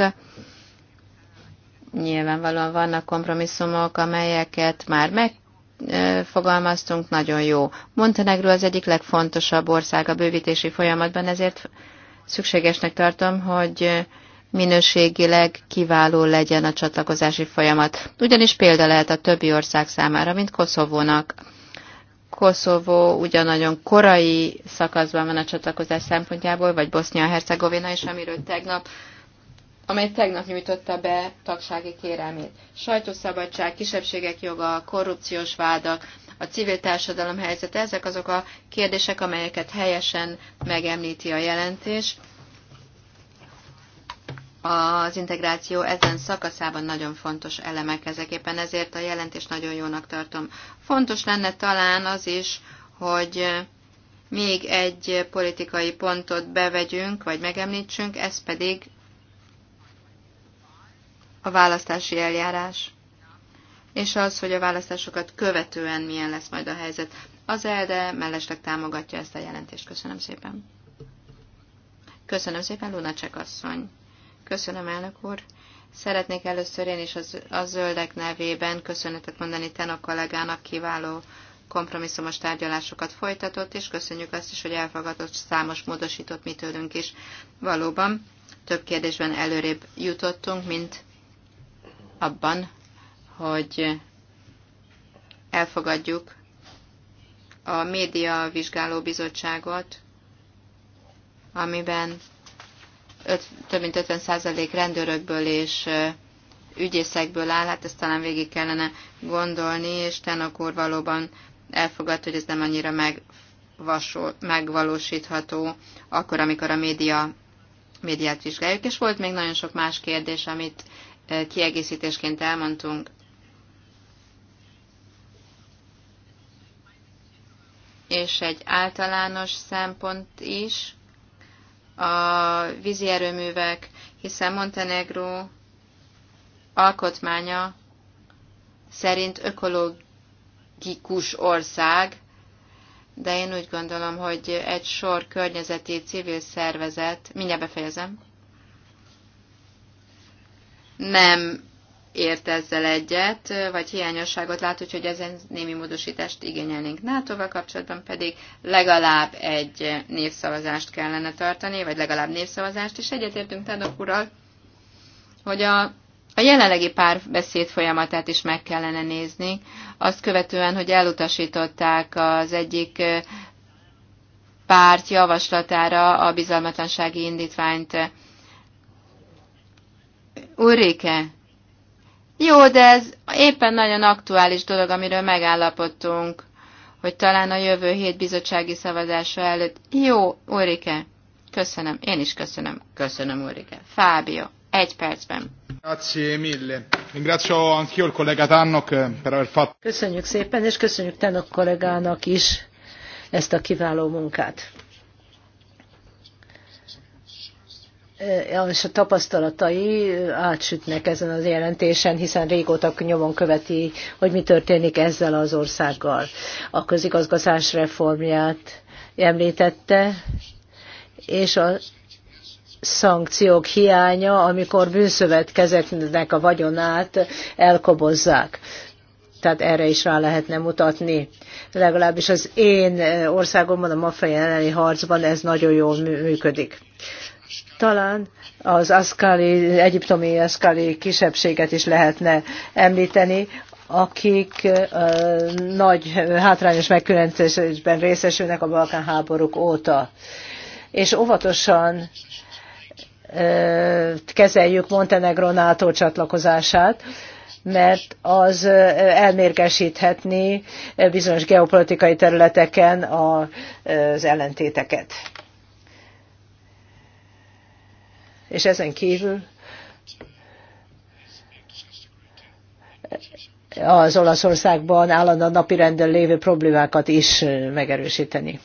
Nyilvánvalóan vannak kompromisszumok, amelyeket már meg fogalmaztunk, nagyon jó. Montenegro az egyik legfontosabb ország a bővítési folyamatban, ezért szükségesnek tartom, hogy minőségileg kiváló legyen a csatlakozási folyamat. Ugyanis példa lehet a többi ország számára, mint Koszovónak Koszovó nagyon korai szakaszban van a csatlakozás szempontjából, vagy Bosznia-Hercegovina is, amiről tegnap amely tegnap nyújtotta be tagsági kérelmét. Sajtószabadság, kisebbségek joga, korrupciós vádak, a civil társadalom helyzete, ezek azok a kérdések, amelyeket helyesen megemlíti a jelentés, az integráció ezen szakaszában nagyon fontos elemek ezek. Éppen ezért a jelentést nagyon jónak tartom. Fontos lenne talán az is, hogy még egy politikai pontot bevegyünk, vagy megemlítsünk, ez pedig a választási eljárás. És az, hogy a választásokat követően milyen lesz majd a helyzet. Az ELDE mellesleg támogatja ezt a jelentést. Köszönöm szépen. Köszönöm szépen, Luna Csekasszony. asszony. Köszönöm, elnök úr. Szeretnék először én is a zöldek nevében köszönetet mondani Tenok kollégának kiváló kompromisszumos tárgyalásokat folytatott, és köszönjük azt is, hogy elfogadott számos módosított mi tőlünk is. Valóban több kérdésben előrébb jutottunk, mint abban, hogy elfogadjuk a média vizsgáló bizottságot, amiben öt, több mint 50% rendőrökből és ügyészekből áll, hát ezt talán végig kellene gondolni, és Tenok úr valóban elfogadta, hogy ez nem annyira megvasol, megvalósítható akkor, amikor a média, médiát vizsgáljuk. És volt még nagyon sok más kérdés, amit kiegészítésként elmondtunk. És egy általános szempont is, a vízi erőművek, hiszen Montenegro alkotmánya szerint ökológikus ország, de én úgy gondolom, hogy egy sor környezeti civil szervezet, mindjárt befejezem, nem ért ezzel egyet, vagy hiányosságot lát, úgyhogy ezen némi módosítást igényelnénk. NATO-val kapcsolatban pedig legalább egy névszavazást kellene tartani, vagy legalább névszavazást, és egyetértünk Tadok ural, hogy a, a jelenlegi párbeszéd folyamatát is meg kellene nézni, azt követően, hogy elutasították az egyik eh, párt javaslatára a bizalmatlansági indítványt. Ulrike, jó, de ez éppen nagyon aktuális dolog, amiről megállapodtunk, hogy talán a jövő hét bizottsági szavazása előtt. Jó, Ulrike, köszönöm, én is köszönöm, köszönöm Ulrike. Fábio, egy percben. Grazie mille. il collega eh, per aver fatto. Köszönjük szépen, és köszönjük Tenok kollégának is ezt a kiváló munkát. és a tapasztalatai átsütnek ezen az jelentésen, hiszen régóta nyomon követi, hogy mi történik ezzel az országgal. A közigazgatás reformját említette, és a szankciók hiánya, amikor bűnszövetkezetnek a vagyonát elkobozzák. Tehát erre is rá lehetne mutatni. Legalábbis az én országomban, a mafia elleni harcban ez nagyon jól működik talán az aszkali, egyiptomi aszkali kisebbséget is lehetne említeni, akik nagy hátrányos megkülönítésben részesülnek a Balkán háborúk óta. És óvatosan kezeljük Montenegro NATO csatlakozását, mert az elmérgesíthetni bizonyos geopolitikai területeken az ellentéteket. És ezen kívül az Olaszországban állandóan napirenden lévő problémákat is megerősíteni.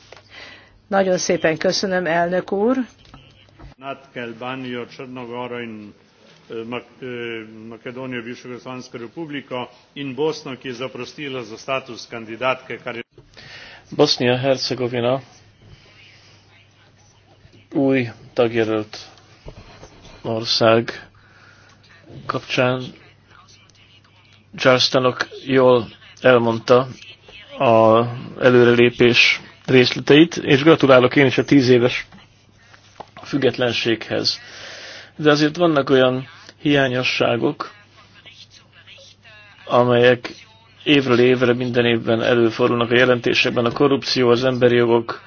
Nagyon szépen köszönöm, elnök úr. Nat kell bánni a Csernogora Makedónia, Makedonijo, bivšo Jugoslavijsko republiko in Bosno, ki je za status kandidatke, kar Bosnia-Hercegovina új tagjelölt ország kapcsán Charles jól elmondta a előrelépés részleteit, és gratulálok én is a tíz éves függetlenséghez. De azért vannak olyan hiányosságok, amelyek évről évre minden évben előfordulnak a jelentésekben, a korrupció, az emberi jogok,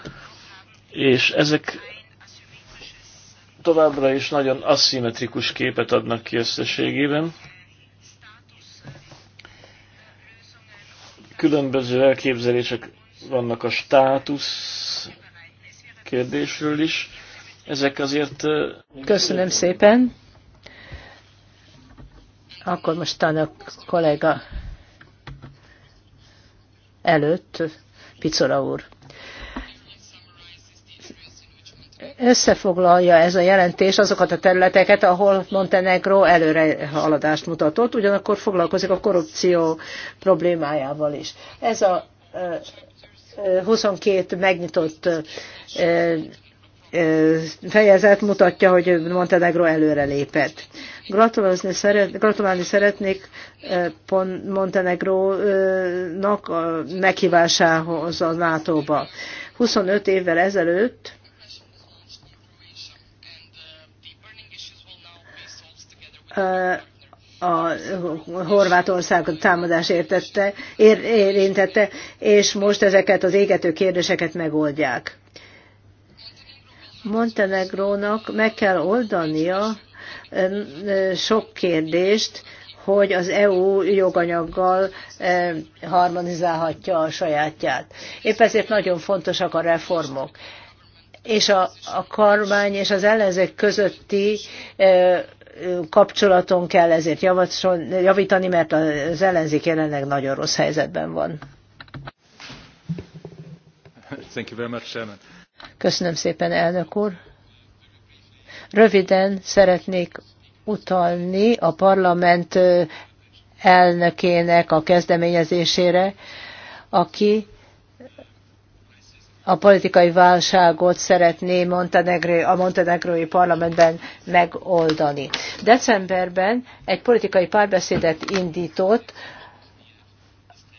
és ezek továbbra is nagyon aszimmetrikus képet adnak ki összességében. Különböző elképzelések vannak a státusz kérdésről is. Ezek azért... Köszönöm szépen. Akkor most tanok kollega előtt, Picora úr összefoglalja ez a jelentés azokat a területeket, ahol Montenegro előre haladást mutatott, ugyanakkor foglalkozik a korrupció problémájával is. Ez a 22 megnyitott fejezet mutatja, hogy Montenegro előre lépett. Gratulálni, szeret, gratulálni szeretnék Montenegrónak a meghívásához a NATO-ba. 25 évvel ezelőtt a Horvátország támadás értette, ér, érintette, és most ezeket az égető kérdéseket megoldják. Montenegrónak meg kell oldania sok kérdést, hogy az EU joganyaggal harmonizálhatja a sajátját. Épp ezért nagyon fontosak a reformok. És a, a kormány és az ellenzék közötti kapcsolaton kell ezért javítani, mert az ellenzék jelenleg nagyon rossz helyzetben van. Thank you very much, Chairman. Köszönöm szépen, elnök úr. Röviden szeretnék utalni a parlament elnökének a kezdeményezésére, aki a politikai válságot szeretné Montenegré, a montenegrói parlamentben megoldani. Decemberben egy politikai párbeszédet indított,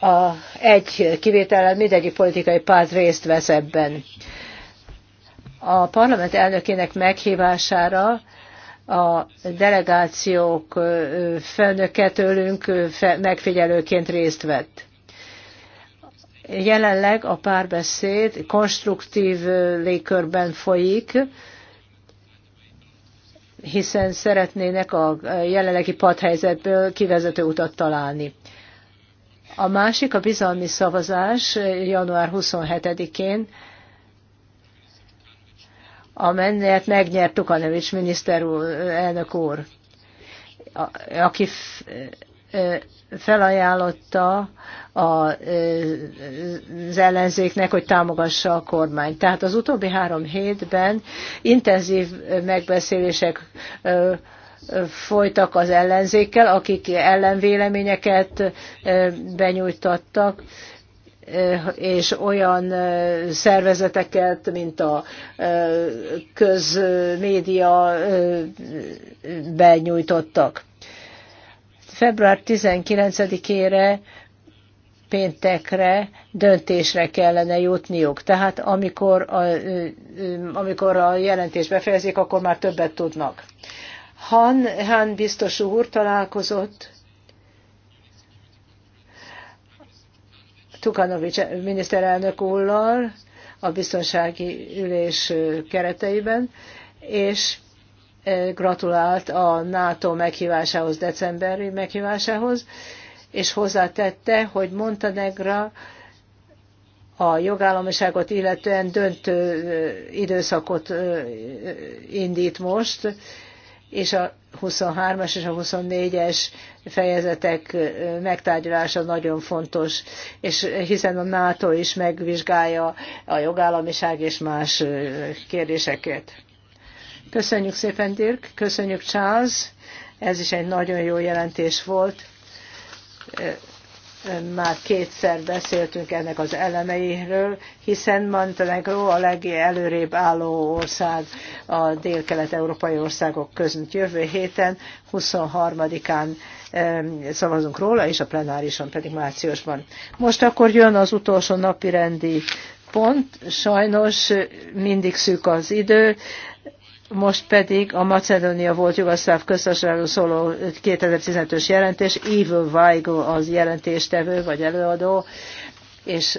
a, egy kivétellel mindegyik politikai párt részt vesz ebben. A parlament elnökének meghívására a delegációk főnöke tőlünk megfigyelőként részt vett. Jelenleg a párbeszéd konstruktív légkörben folyik, hiszen szeretnének a jelenlegi padhelyzetből kivezető utat találni. A másik a bizalmi szavazás január 27-én, amelyet megnyert Tukanevics miniszter úr, elnök úr, aki felajánlotta az ellenzéknek, hogy támogassa a kormány. Tehát az utóbbi három hétben intenzív megbeszélések folytak az ellenzékkel, akik ellenvéleményeket benyújtattak, és olyan szervezeteket, mint a közmédia benyújtottak. Február 19-ére péntekre döntésre kellene jutniuk. Tehát amikor a, amikor a jelentés befejezik, akkor már többet tudnak. Han, Han biztos úr találkozott Tukanovics miniszterelnök úrral a biztonsági ülés kereteiben, és gratulált a NATO meghívásához, decemberi meghívásához és hozzátette, hogy Montenegra a jogállamiságot illetően döntő időszakot indít most, és a 23-as és a 24-es fejezetek megtárgyalása nagyon fontos, és hiszen a NATO is megvizsgálja a jogállamiság és más kérdéseket. Köszönjük szépen, Dirk, köszönjük Charles, ez is egy nagyon jó jelentés volt már kétszer beszéltünk ennek az elemeiről, hiszen Montenegro a legelőrébb álló ország a dél-kelet-európai országok között jövő héten, 23-án szavazunk róla, és a plenárison pedig márciusban. Most akkor jön az utolsó napi rendi pont, sajnos mindig szűk az idő, most pedig a Macedónia volt Jugoszláv köztársaságról szóló 2015-ös jelentés, Ivo Vajgo az jelentéstevő vagy előadó, és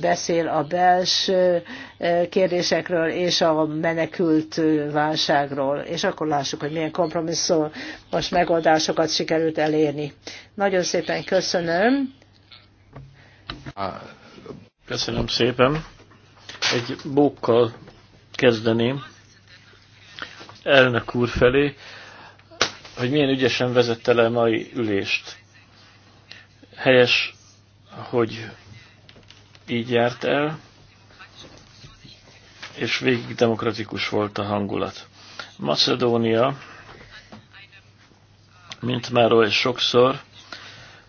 beszél a belső e, kérdésekről és a menekült válságról, és akkor lássuk, hogy milyen kompromisszumos megoldásokat sikerült elérni. Nagyon szépen köszönöm. Köszönöm szépen. Egy bókkal kezdeném elnök úr felé, hogy milyen ügyesen vezette le a mai ülést. Helyes, hogy így járt el, és végig demokratikus volt a hangulat. Macedónia, mint már oly sokszor,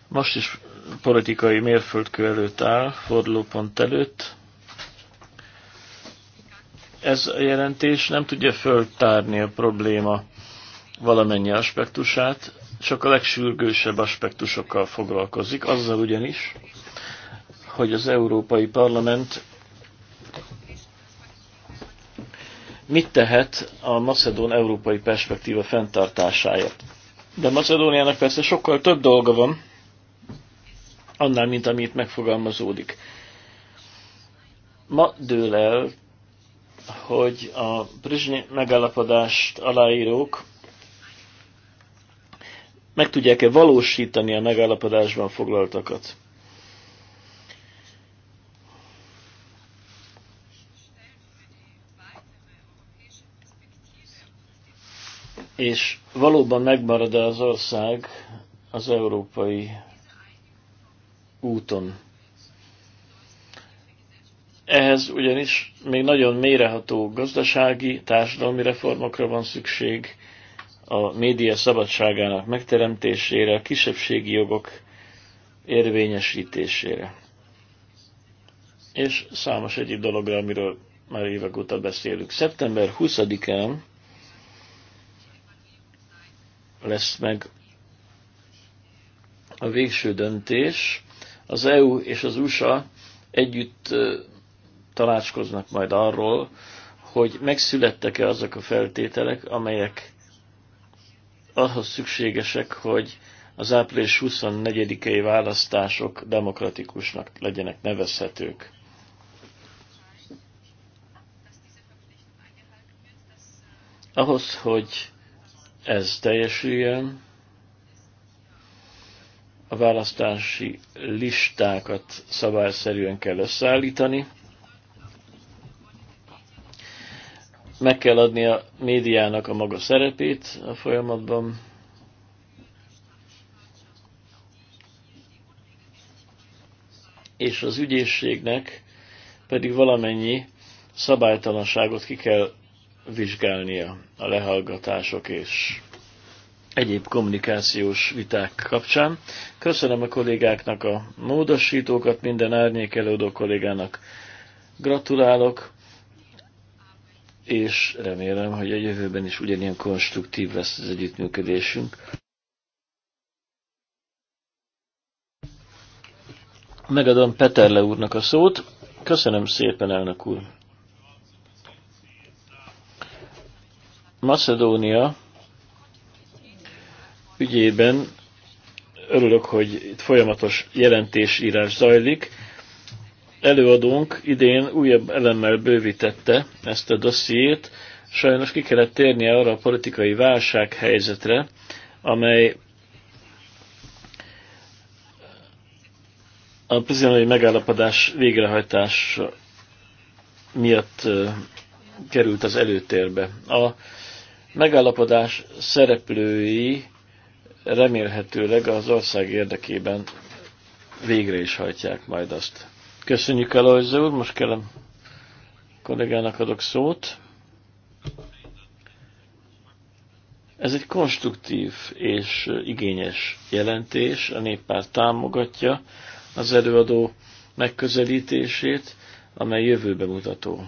most is politikai mérföldkő előtt áll, fordulópont előtt, ez a jelentés nem tudja föltárni a probléma valamennyi aspektusát, csak a legsürgősebb aspektusokkal foglalkozik, azzal ugyanis, hogy az Európai Parlament mit tehet a Macedón európai perspektíva fenntartásáért. De Macedóniának persze sokkal több dolga van, annál, mint amit megfogalmazódik. Ma dől el hogy a Prizsnyi megállapodást aláírók meg tudják-e valósítani a megállapodásban foglaltakat. És valóban megmarad -e az ország az európai úton. Ehhez ugyanis még nagyon méreható gazdasági, társadalmi reformokra van szükség, a média szabadságának megteremtésére, a kisebbségi jogok érvényesítésére. És számos egyéb dologra, amiről már évek óta beszélünk. Szeptember 20-án lesz meg a végső döntés. Az EU és az USA együtt tanácskoznak majd arról, hogy megszülettek-e azok a feltételek, amelyek ahhoz szükségesek, hogy az április 24-i választások demokratikusnak legyenek nevezhetők. Ahhoz, hogy ez teljesüljön, a választási listákat szabályszerűen kell összeállítani, meg kell adni a médiának a maga szerepét a folyamatban. És az ügyészségnek pedig valamennyi szabálytalanságot ki kell vizsgálnia a lehallgatások és egyéb kommunikációs viták kapcsán. Köszönöm a kollégáknak a módosítókat, minden árnyék kollégának gratulálok és remélem, hogy a jövőben is ugyanilyen konstruktív lesz az együttműködésünk. Megadom Peterle úrnak a szót. Köszönöm szépen, elnök úr. Macedónia ügyében örülök, hogy itt folyamatos jelentésírás zajlik előadónk idén újabb elemmel bővítette ezt a dossziét, sajnos ki kellett térnie arra a politikai válsághelyzetre, amely a prizionai megállapodás végrehajtás miatt került az előtérbe. A megállapodás szereplői remélhetőleg az ország érdekében végre is hajtják majd azt. Köszönjük Elajza úr, most kellem kollégának adok szót. Ez egy konstruktív és igényes jelentés, a néppárt támogatja az előadó megközelítését, amely jövőbe mutató.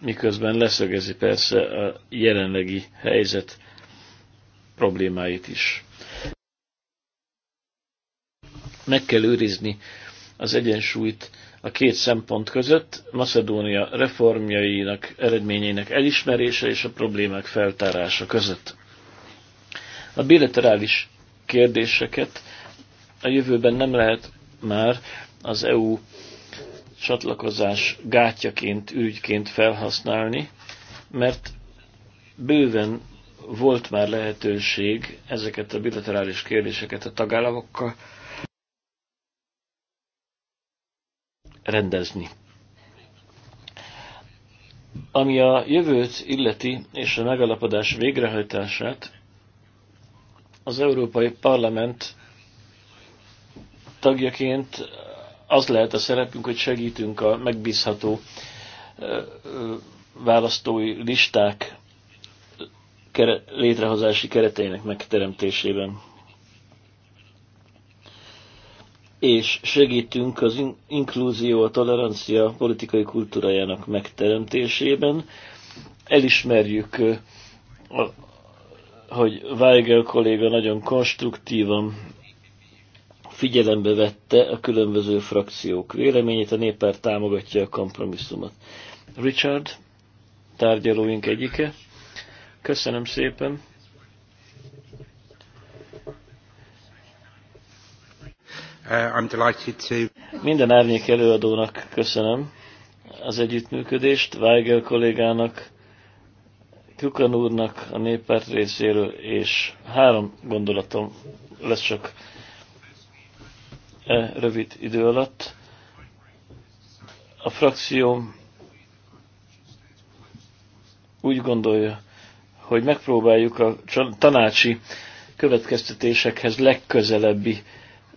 Miközben leszögezi persze a jelenlegi helyzet problémáit is. Meg kell őrizni az egyensúlyt a két szempont között, Macedónia reformjainak eredményeinek elismerése és a problémák feltárása között. A bilaterális kérdéseket a jövőben nem lehet már az EU csatlakozás gátjaként, ügyként felhasználni, mert bőven volt már lehetőség ezeket a bilaterális kérdéseket a tagállamokkal rendezni. Ami a jövőt illeti és a megalapodás végrehajtását, az Európai Parlament tagjaként az lehet a szerepünk, hogy segítünk a megbízható választói listák létrehozási kereteinek megteremtésében és segítünk az inkluzió, a tolerancia politikai kultúrájának megteremtésében. Elismerjük, hogy Weigel kolléga nagyon konstruktívan figyelembe vette a különböző frakciók véleményét, a néppárt támogatja a kompromisszumot. Richard, tárgyalóink egyike. Köszönöm szépen. Uh, I'm delighted to... Minden árnyék előadónak köszönöm az együttműködést, Weigel kollégának, Kukan úrnak a néppárt részéről, és három gondolatom lesz csak e rövid idő alatt. A frakció úgy gondolja, hogy megpróbáljuk a tanácsi következtetésekhez legközelebbi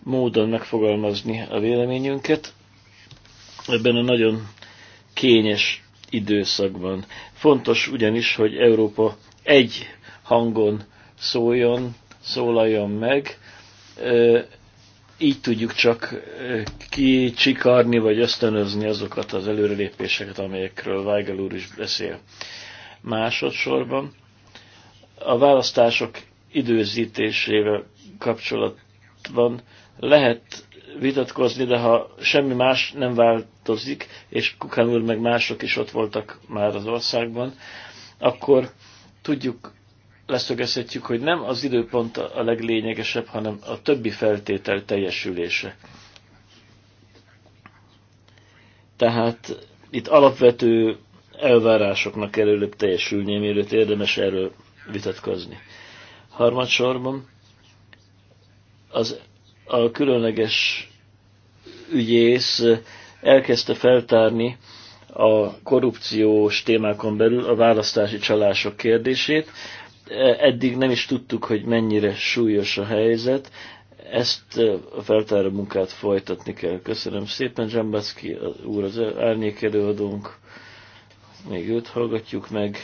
módon megfogalmazni a véleményünket ebben a nagyon kényes időszakban. Fontos ugyanis, hogy Európa egy hangon szóljon, szólaljon meg, így tudjuk csak kicsikarni vagy ösztönözni azokat az előrelépéseket, amelyekről Weigel úr is beszél. Másodszorban a választások időzítésével kapcsolatban lehet vitatkozni, de ha semmi más nem változik, és Kukán úr meg mások is ott voltak már az országban, akkor tudjuk, leszögezhetjük, hogy nem az időpont a leglényegesebb, hanem a többi feltétel teljesülése. Tehát itt alapvető elvárásoknak kell előbb teljesülni, mielőtt érdemes erről vitatkozni. Harmadsorban az a különleges ügyész elkezdte feltárni a korrupciós témákon belül a választási csalások kérdését. Eddig nem is tudtuk, hogy mennyire súlyos a helyzet. Ezt a feltáró munkát folytatni kell. Köszönöm szépen, Zsambacki úr, az árnyékelőadónk. Még őt hallgatjuk meg.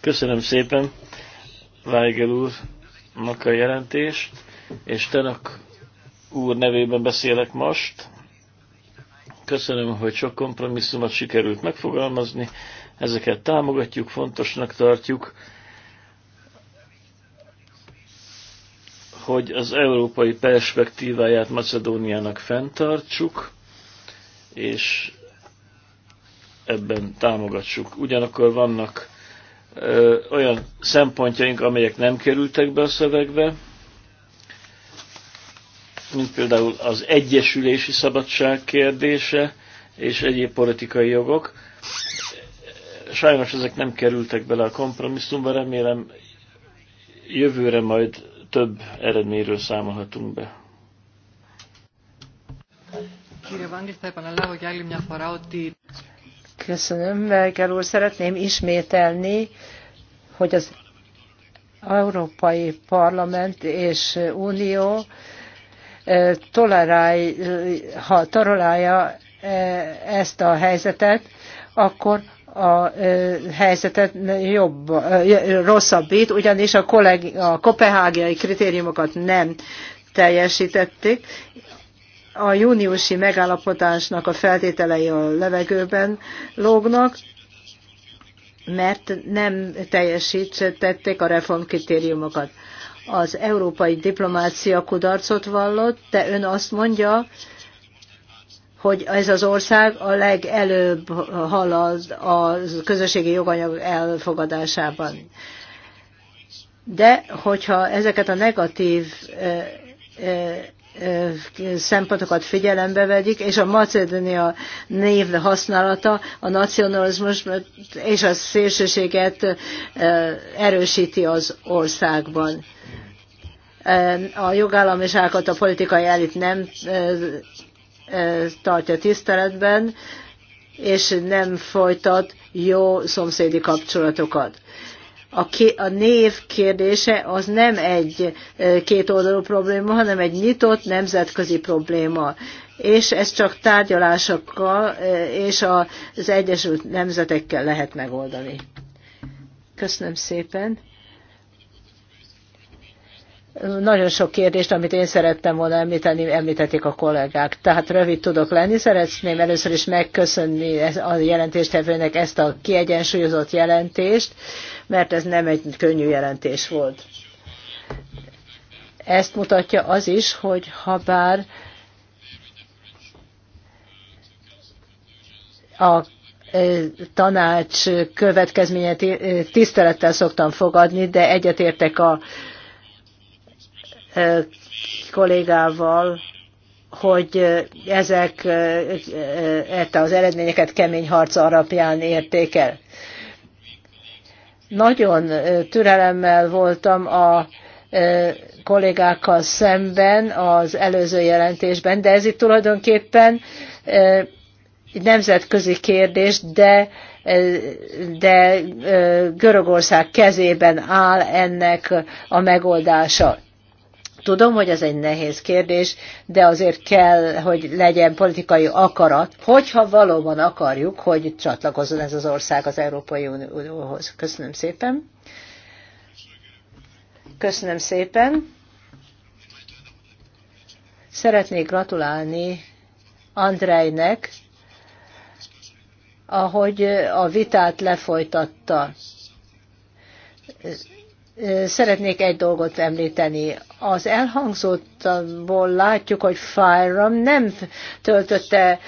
Köszönöm szépen. Weigel úrnak a jelentést, és Tenak úr nevében beszélek most. Köszönöm, hogy sok kompromisszumot sikerült megfogalmazni, ezeket támogatjuk, fontosnak tartjuk, hogy az európai perspektíváját Macedóniának fenntartsuk, és ebben támogatsuk. Ugyanakkor vannak ö, olyan szempontjaink, amelyek nem kerültek be a szövegbe, mint például az egyesülési szabadság kérdése és egyéb politikai jogok. Sajnos ezek nem kerültek bele a kompromisszumba, remélem jövőre majd több eredményről számolhatunk be. Köszönöm, Merkel úr. Szeretném ismételni, hogy az Európai Parlament és Unió eh, ha tolerálja eh, ezt a helyzetet, akkor a eh, helyzetet jobb, rosszabbít, ugyanis a, kolleg, a kopehágiai kritériumokat nem teljesítették, a júniusi megállapodásnak a feltételei a levegőben lógnak, mert nem teljesítették a reformkritériumokat. Az európai diplomácia kudarcot vallott, de ön azt mondja, hogy ez az ország a legelőbb halad a közösségi joganyag elfogadásában. De hogyha ezeket a negatív szempontokat figyelembe vegyik, és a Macedónia név használata a nacionalizmus és a szélsőséget erősíti az országban. A jogállamiságot a politikai elit nem tartja tiszteletben, és nem folytat jó szomszédi kapcsolatokat a, ké, a név kérdése az nem egy kétoldalú probléma, hanem egy nyitott nemzetközi probléma. És ez csak tárgyalásokkal és az Egyesült Nemzetekkel lehet megoldani. Köszönöm szépen. Nagyon sok kérdést, amit én szerettem volna említeni, említették a kollégák. Tehát rövid tudok lenni. Szeretném először is megköszönni a jelentéstevőnek ezt a kiegyensúlyozott jelentést, mert ez nem egy könnyű jelentés volt. Ezt mutatja az is, hogy ha bár a e, tanács következményet e, tisztelettel szoktam fogadni, de egyetértek a kollégával, hogy ezek e-, az eredményeket kemény harc alapján értékel. Nagyon türelemmel voltam a kollégákkal szemben az előző jelentésben, de ez itt tulajdonképpen nemzetközi kérdés, de, de Görögország kezében áll ennek a megoldása. Tudom, hogy ez egy nehéz kérdés, de azért kell, hogy legyen politikai akarat, hogyha valóban akarjuk, hogy csatlakozzon ez az ország az Európai Unióhoz. Köszönöm szépen. Köszönöm szépen. Szeretnék gratulálni Andrejnek, ahogy a vitát lefolytatta Szeretnék egy dolgot említeni. Az elhangzottból látjuk, hogy Fyram nem töltötte,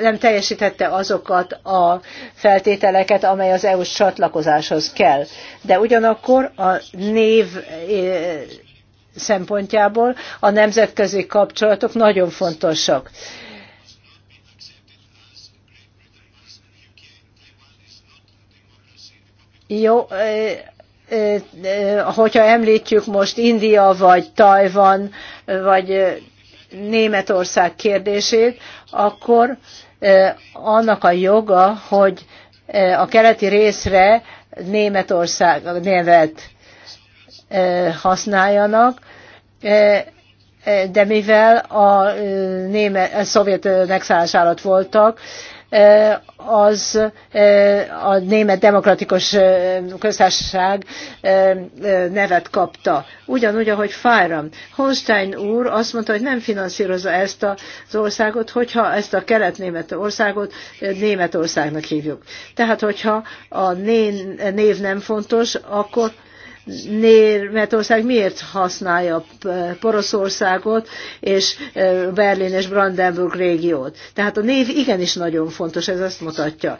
nem teljesítette azokat a feltételeket, amely az EU-s csatlakozáshoz kell. De ugyanakkor a név szempontjából a nemzetközi kapcsolatok nagyon fontosak. Jó, hogyha említjük most India vagy Tajvan vagy Németország kérdését, akkor annak a joga, hogy a keleti részre Németország nevet használjanak, de mivel a, német, a szovjet megszállás alatt voltak, Eh, az eh, a Német Demokratikus eh, Köztársaság nevet kapta. Ugyanúgy, ahogy Fáram, Holstein úr azt mondta, hogy nem finanszírozza ezt az országot, hogyha ezt a kelet-német országot Németországnak hívjuk. Tehát, hogyha a név nem fontos, akkor Németország miért használja Poroszországot és Berlin és Brandenburg régiót. Tehát a név igenis nagyon fontos, ez azt mutatja.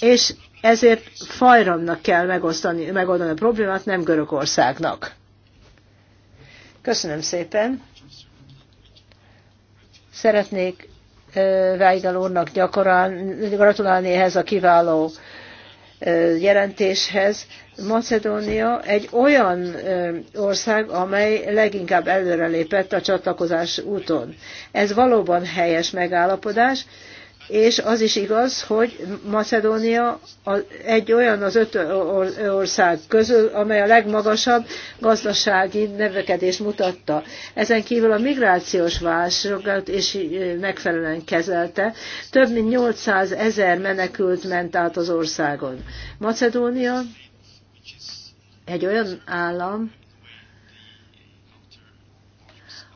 És ezért Fajramnak kell megosztani, megoldani a problémát, nem Görögországnak. Köszönöm szépen. Szeretnék Weigel úrnak gyakorán, gratulálni ehhez a kiváló jelentéshez. Macedónia egy olyan ország, amely leginkább előrelépett a csatlakozás úton. Ez valóban helyes megállapodás, és az is igaz, hogy Macedónia egy olyan az öt ország közül, amely a legmagasabb gazdasági növekedést mutatta. Ezen kívül a migrációs válságot is eh, megfelelően kezelte. Több mint 800 ezer menekült ment át az országon. Macedónia egy olyan állam,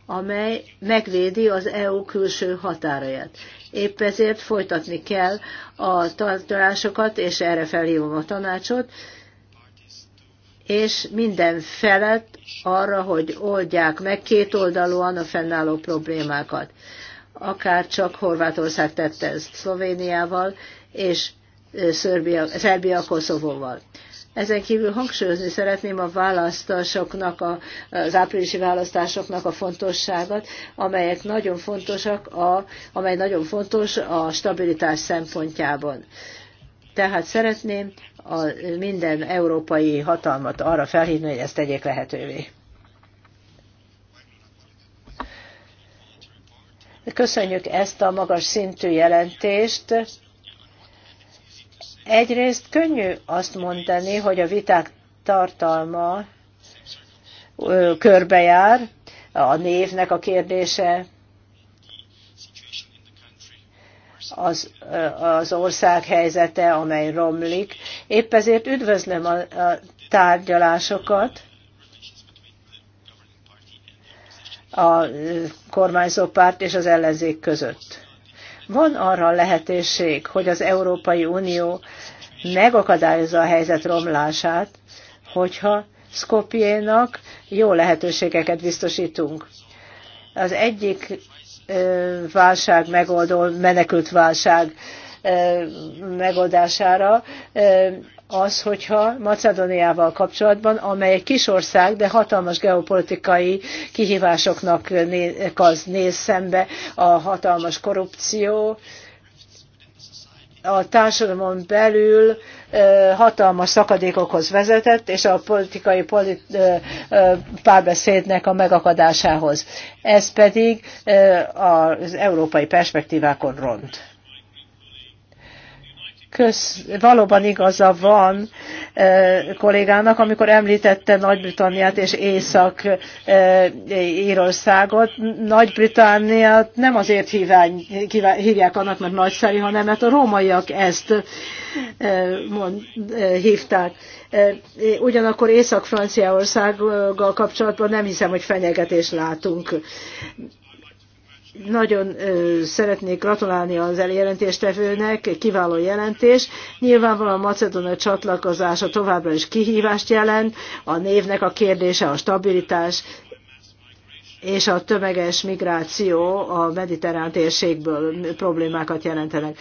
amely megvédi az EU külső határaját. Épp ezért folytatni kell a tartalásokat, és erre felhívom a tanácsot, és minden felett arra, hogy oldják meg oldalúan a fennálló problémákat. Akár csak Horvátország tette ezt Szlovéniával, és Szerbia, Koszovóval. Ezen kívül hangsúlyozni szeretném a választásoknak, a, az áprilisi választásoknak a fontosságát, amelyek nagyon fontosak, a, amely nagyon fontos a stabilitás szempontjában. Tehát szeretném a, minden európai hatalmat arra felhívni, hogy ezt tegyék lehetővé. Köszönjük ezt a magas szintű jelentést Egyrészt könnyű azt mondani, hogy a viták tartalma körbejár, a névnek a kérdése, az, az ország helyzete, amely romlik. Épp ezért üdvözlöm a, a tárgyalásokat a kormányzó párt és az ellenzék között. Van arra lehetőség, hogy az Európai Unió megakadályozza a helyzet romlását, hogyha Skopjénak jó lehetőségeket biztosítunk. Az egyik válság megoldó, menekült válság megoldására az, hogyha Macedóniával kapcsolatban, amely egy kis ország, de hatalmas geopolitikai kihívásoknak néz, néz szembe a hatalmas korrupció, a társadalmon belül hatalmas szakadékokhoz vezetett, és a politikai polit, párbeszédnek a megakadásához. Ez pedig az európai perspektívákon ront köz, valóban igaza van e, kollégának, amikor említette Nagy-Britanniát és Észak-Írországot. Eh, Nagy-Britanniát nem azért hívány, hívják annak, mert nagyszerű, hanem mert a rómaiak ezt e, mond, e, hívták. E, ugyanakkor Észak-Franciaországgal kapcsolatban nem hiszem, hogy fenyegetést látunk nagyon szeretnék gratulálni az eljelentéstevőnek, kiváló jelentés. Nyilvánvalóan a Macedona csatlakozása továbbra is kihívást jelent, a névnek a kérdése, a stabilitás és a tömeges migráció a mediterrán térségből problémákat jelentenek.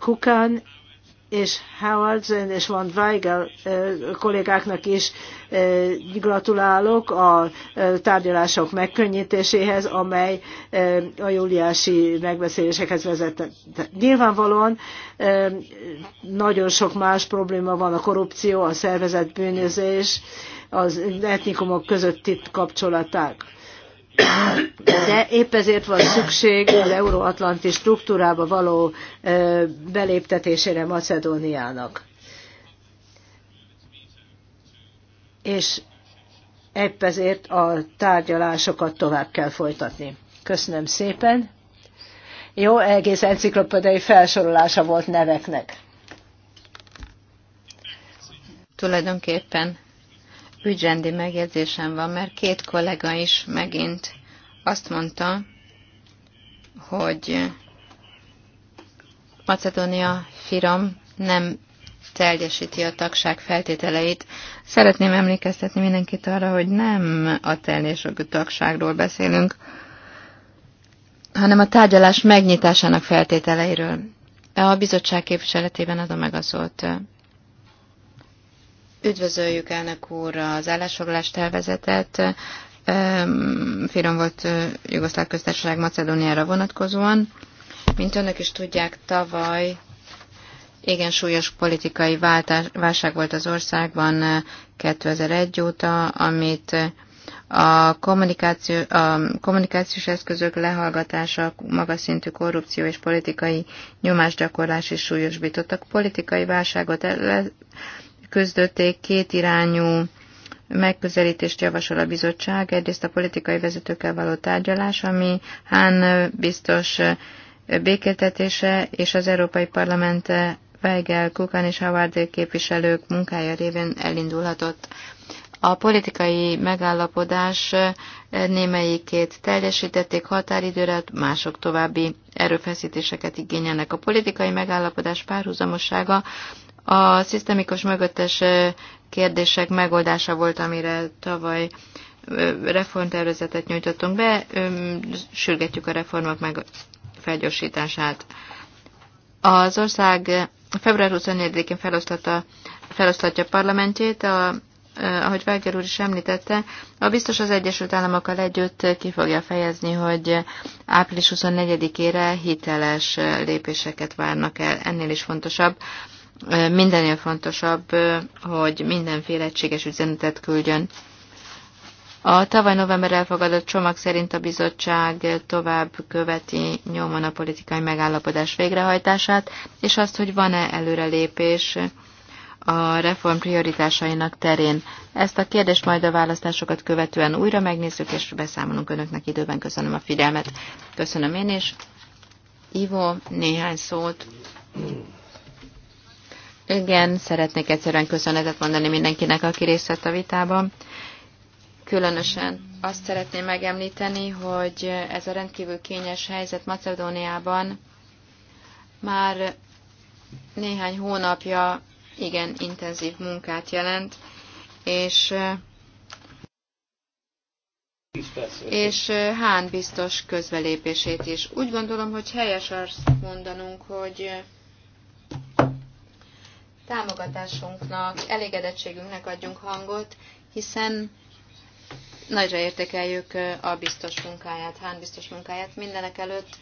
Kukán és Howard és Van Weigel kollégáknak is gratulálok a tárgyalások megkönnyítéséhez, amely a júliási megbeszélésekhez vezetett. Nyilvánvalóan nagyon sok más probléma van a korrupció, a szervezett bűnözés, az etnikumok közötti kapcsolaták de épp ezért van szükség az euróatlanti struktúrába való beléptetésére Macedóniának. És épp ezért a tárgyalásokat tovább kell folytatni. Köszönöm szépen. Jó, egész enciklopedai felsorolása volt neveknek. Tulajdonképpen ügyrendi megjegyzésem van, mert két kollega is megint azt mondta, hogy Macedónia Firam nem teljesíti a tagság feltételeit. Szeretném emlékeztetni mindenkit arra, hogy nem a teljesítő tagságról beszélünk, hanem a tárgyalás megnyitásának feltételeiről. A bizottság képviseletében adom meg a szót Üdvözöljük elnök úr az állásfoglalás tervezetet. Firom volt Jugoszláv köztársaság Macedóniára vonatkozóan. Mint önök is tudják, tavaly igen súlyos politikai váltás, válság volt az országban 2001 óta, amit a, kommunikáció, a kommunikációs eszközök lehallgatása, magas szintű korrupció és politikai nyomásgyakorlás is súlyosbítottak. Politikai válságot küzdötték két irányú megközelítést javasol a bizottság. Egyrészt a politikai vezetőkkel való tárgyalás, ami Hán biztos békéltetése és az Európai Parlament Weigel, Kukan és Howard képviselők munkája révén elindulhatott. A politikai megállapodás némelyikét teljesítették határidőre, mások további erőfeszítéseket igényelnek. A politikai megállapodás párhuzamossága a szisztemikus mögöttes kérdések megoldása volt, amire tavaly reformtervezetet nyújtottunk be, sürgetjük a reformok meg felgyorsítását. Az ország február 24-én felosztatja a parlamentjét, a, ahogy Vágyar úr is említette, a biztos az Egyesült Államokkal együtt ki fogja fejezni, hogy április 24-ére hiteles lépéseket várnak el. Ennél is fontosabb, mindennél fontosabb, hogy mindenféle egységes üzenetet küldjön. A tavaly november elfogadott csomag szerint a bizottság tovább követi nyomon a politikai megállapodás végrehajtását, és azt, hogy van-e előrelépés a reform prioritásainak terén. Ezt a kérdést majd a választásokat követően újra megnézzük, és beszámolunk önöknek időben. Köszönöm a figyelmet. Köszönöm én is. Ivo, néhány szót. Igen, szeretnék egyszerűen köszönetet mondani mindenkinek, aki részt vett a vitában. Különösen azt szeretném megemlíteni, hogy ez a rendkívül kényes helyzet Macedóniában már néhány hónapja igen intenzív munkát jelent, és és Hán biztos közbelépését is. Úgy gondolom, hogy helyes azt mondanunk, hogy támogatásunknak, elégedettségünknek adjunk hangot, hiszen nagyra értékeljük a biztos munkáját, Hán biztos munkáját. Mindenek előtt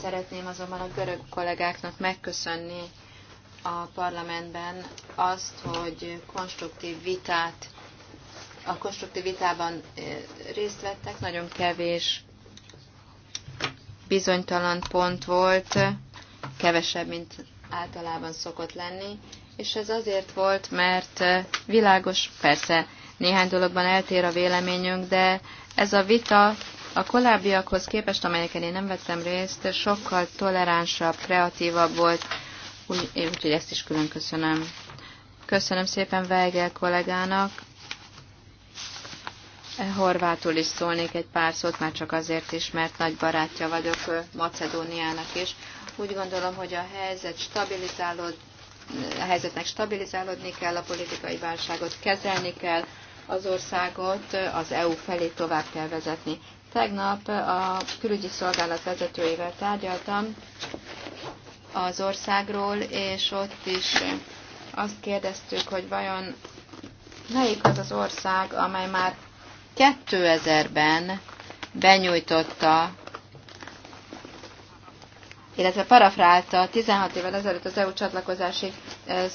szeretném azonban a görög kollégáknak megköszönni a parlamentben azt, hogy konstruktív vitát, a konstruktív vitában részt vettek, nagyon kevés bizonytalan pont volt, kevesebb, mint általában szokott lenni, és ez azért volt, mert eh, világos, persze néhány dologban eltér a véleményünk, de ez a vita a kolábbiakhoz képest, amelyeken én nem vettem részt, sokkal toleránsabb, kreatívabb volt, úgy, úgyhogy ezt is külön köszönöm. Köszönöm szépen Weigel kollégának. Horvátul is szólnék egy pár szót, már csak azért is, mert nagy barátja vagyok eh, Macedóniának is. Úgy gondolom, hogy a helyzet stabilizálódott, a helyzetnek stabilizálódni kell, a politikai válságot kezelni kell, az országot az EU felé tovább kell vezetni. Tegnap a külügyi szolgálat vezetőivel tárgyaltam az országról, és ott is azt kérdeztük, hogy vajon melyik az az ország, amely már 2000-ben benyújtotta illetve parafrálta 16 évvel ezelőtt az EU csatlakozási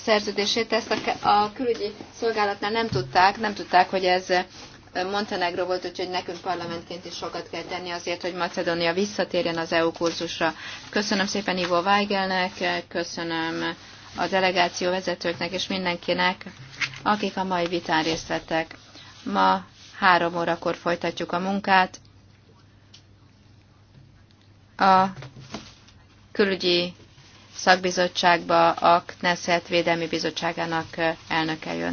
szerződését. Ezt a, a külügyi szolgálatnál nem tudták, nem tudták, hogy ez Montenegro volt, úgyhogy nekünk parlamentként is sokat kell tenni azért, hogy Macedónia visszatérjen az EU kurzusra. Köszönöm szépen Ivo Weigelnek, köszönöm a delegáció vezetőknek és mindenkinek, akik a mai vitán részt vettek. Ma három órakor folytatjuk a munkát. A külügyi szakbizottságba a Knesset Védelmi Bizottságának elnöke jön.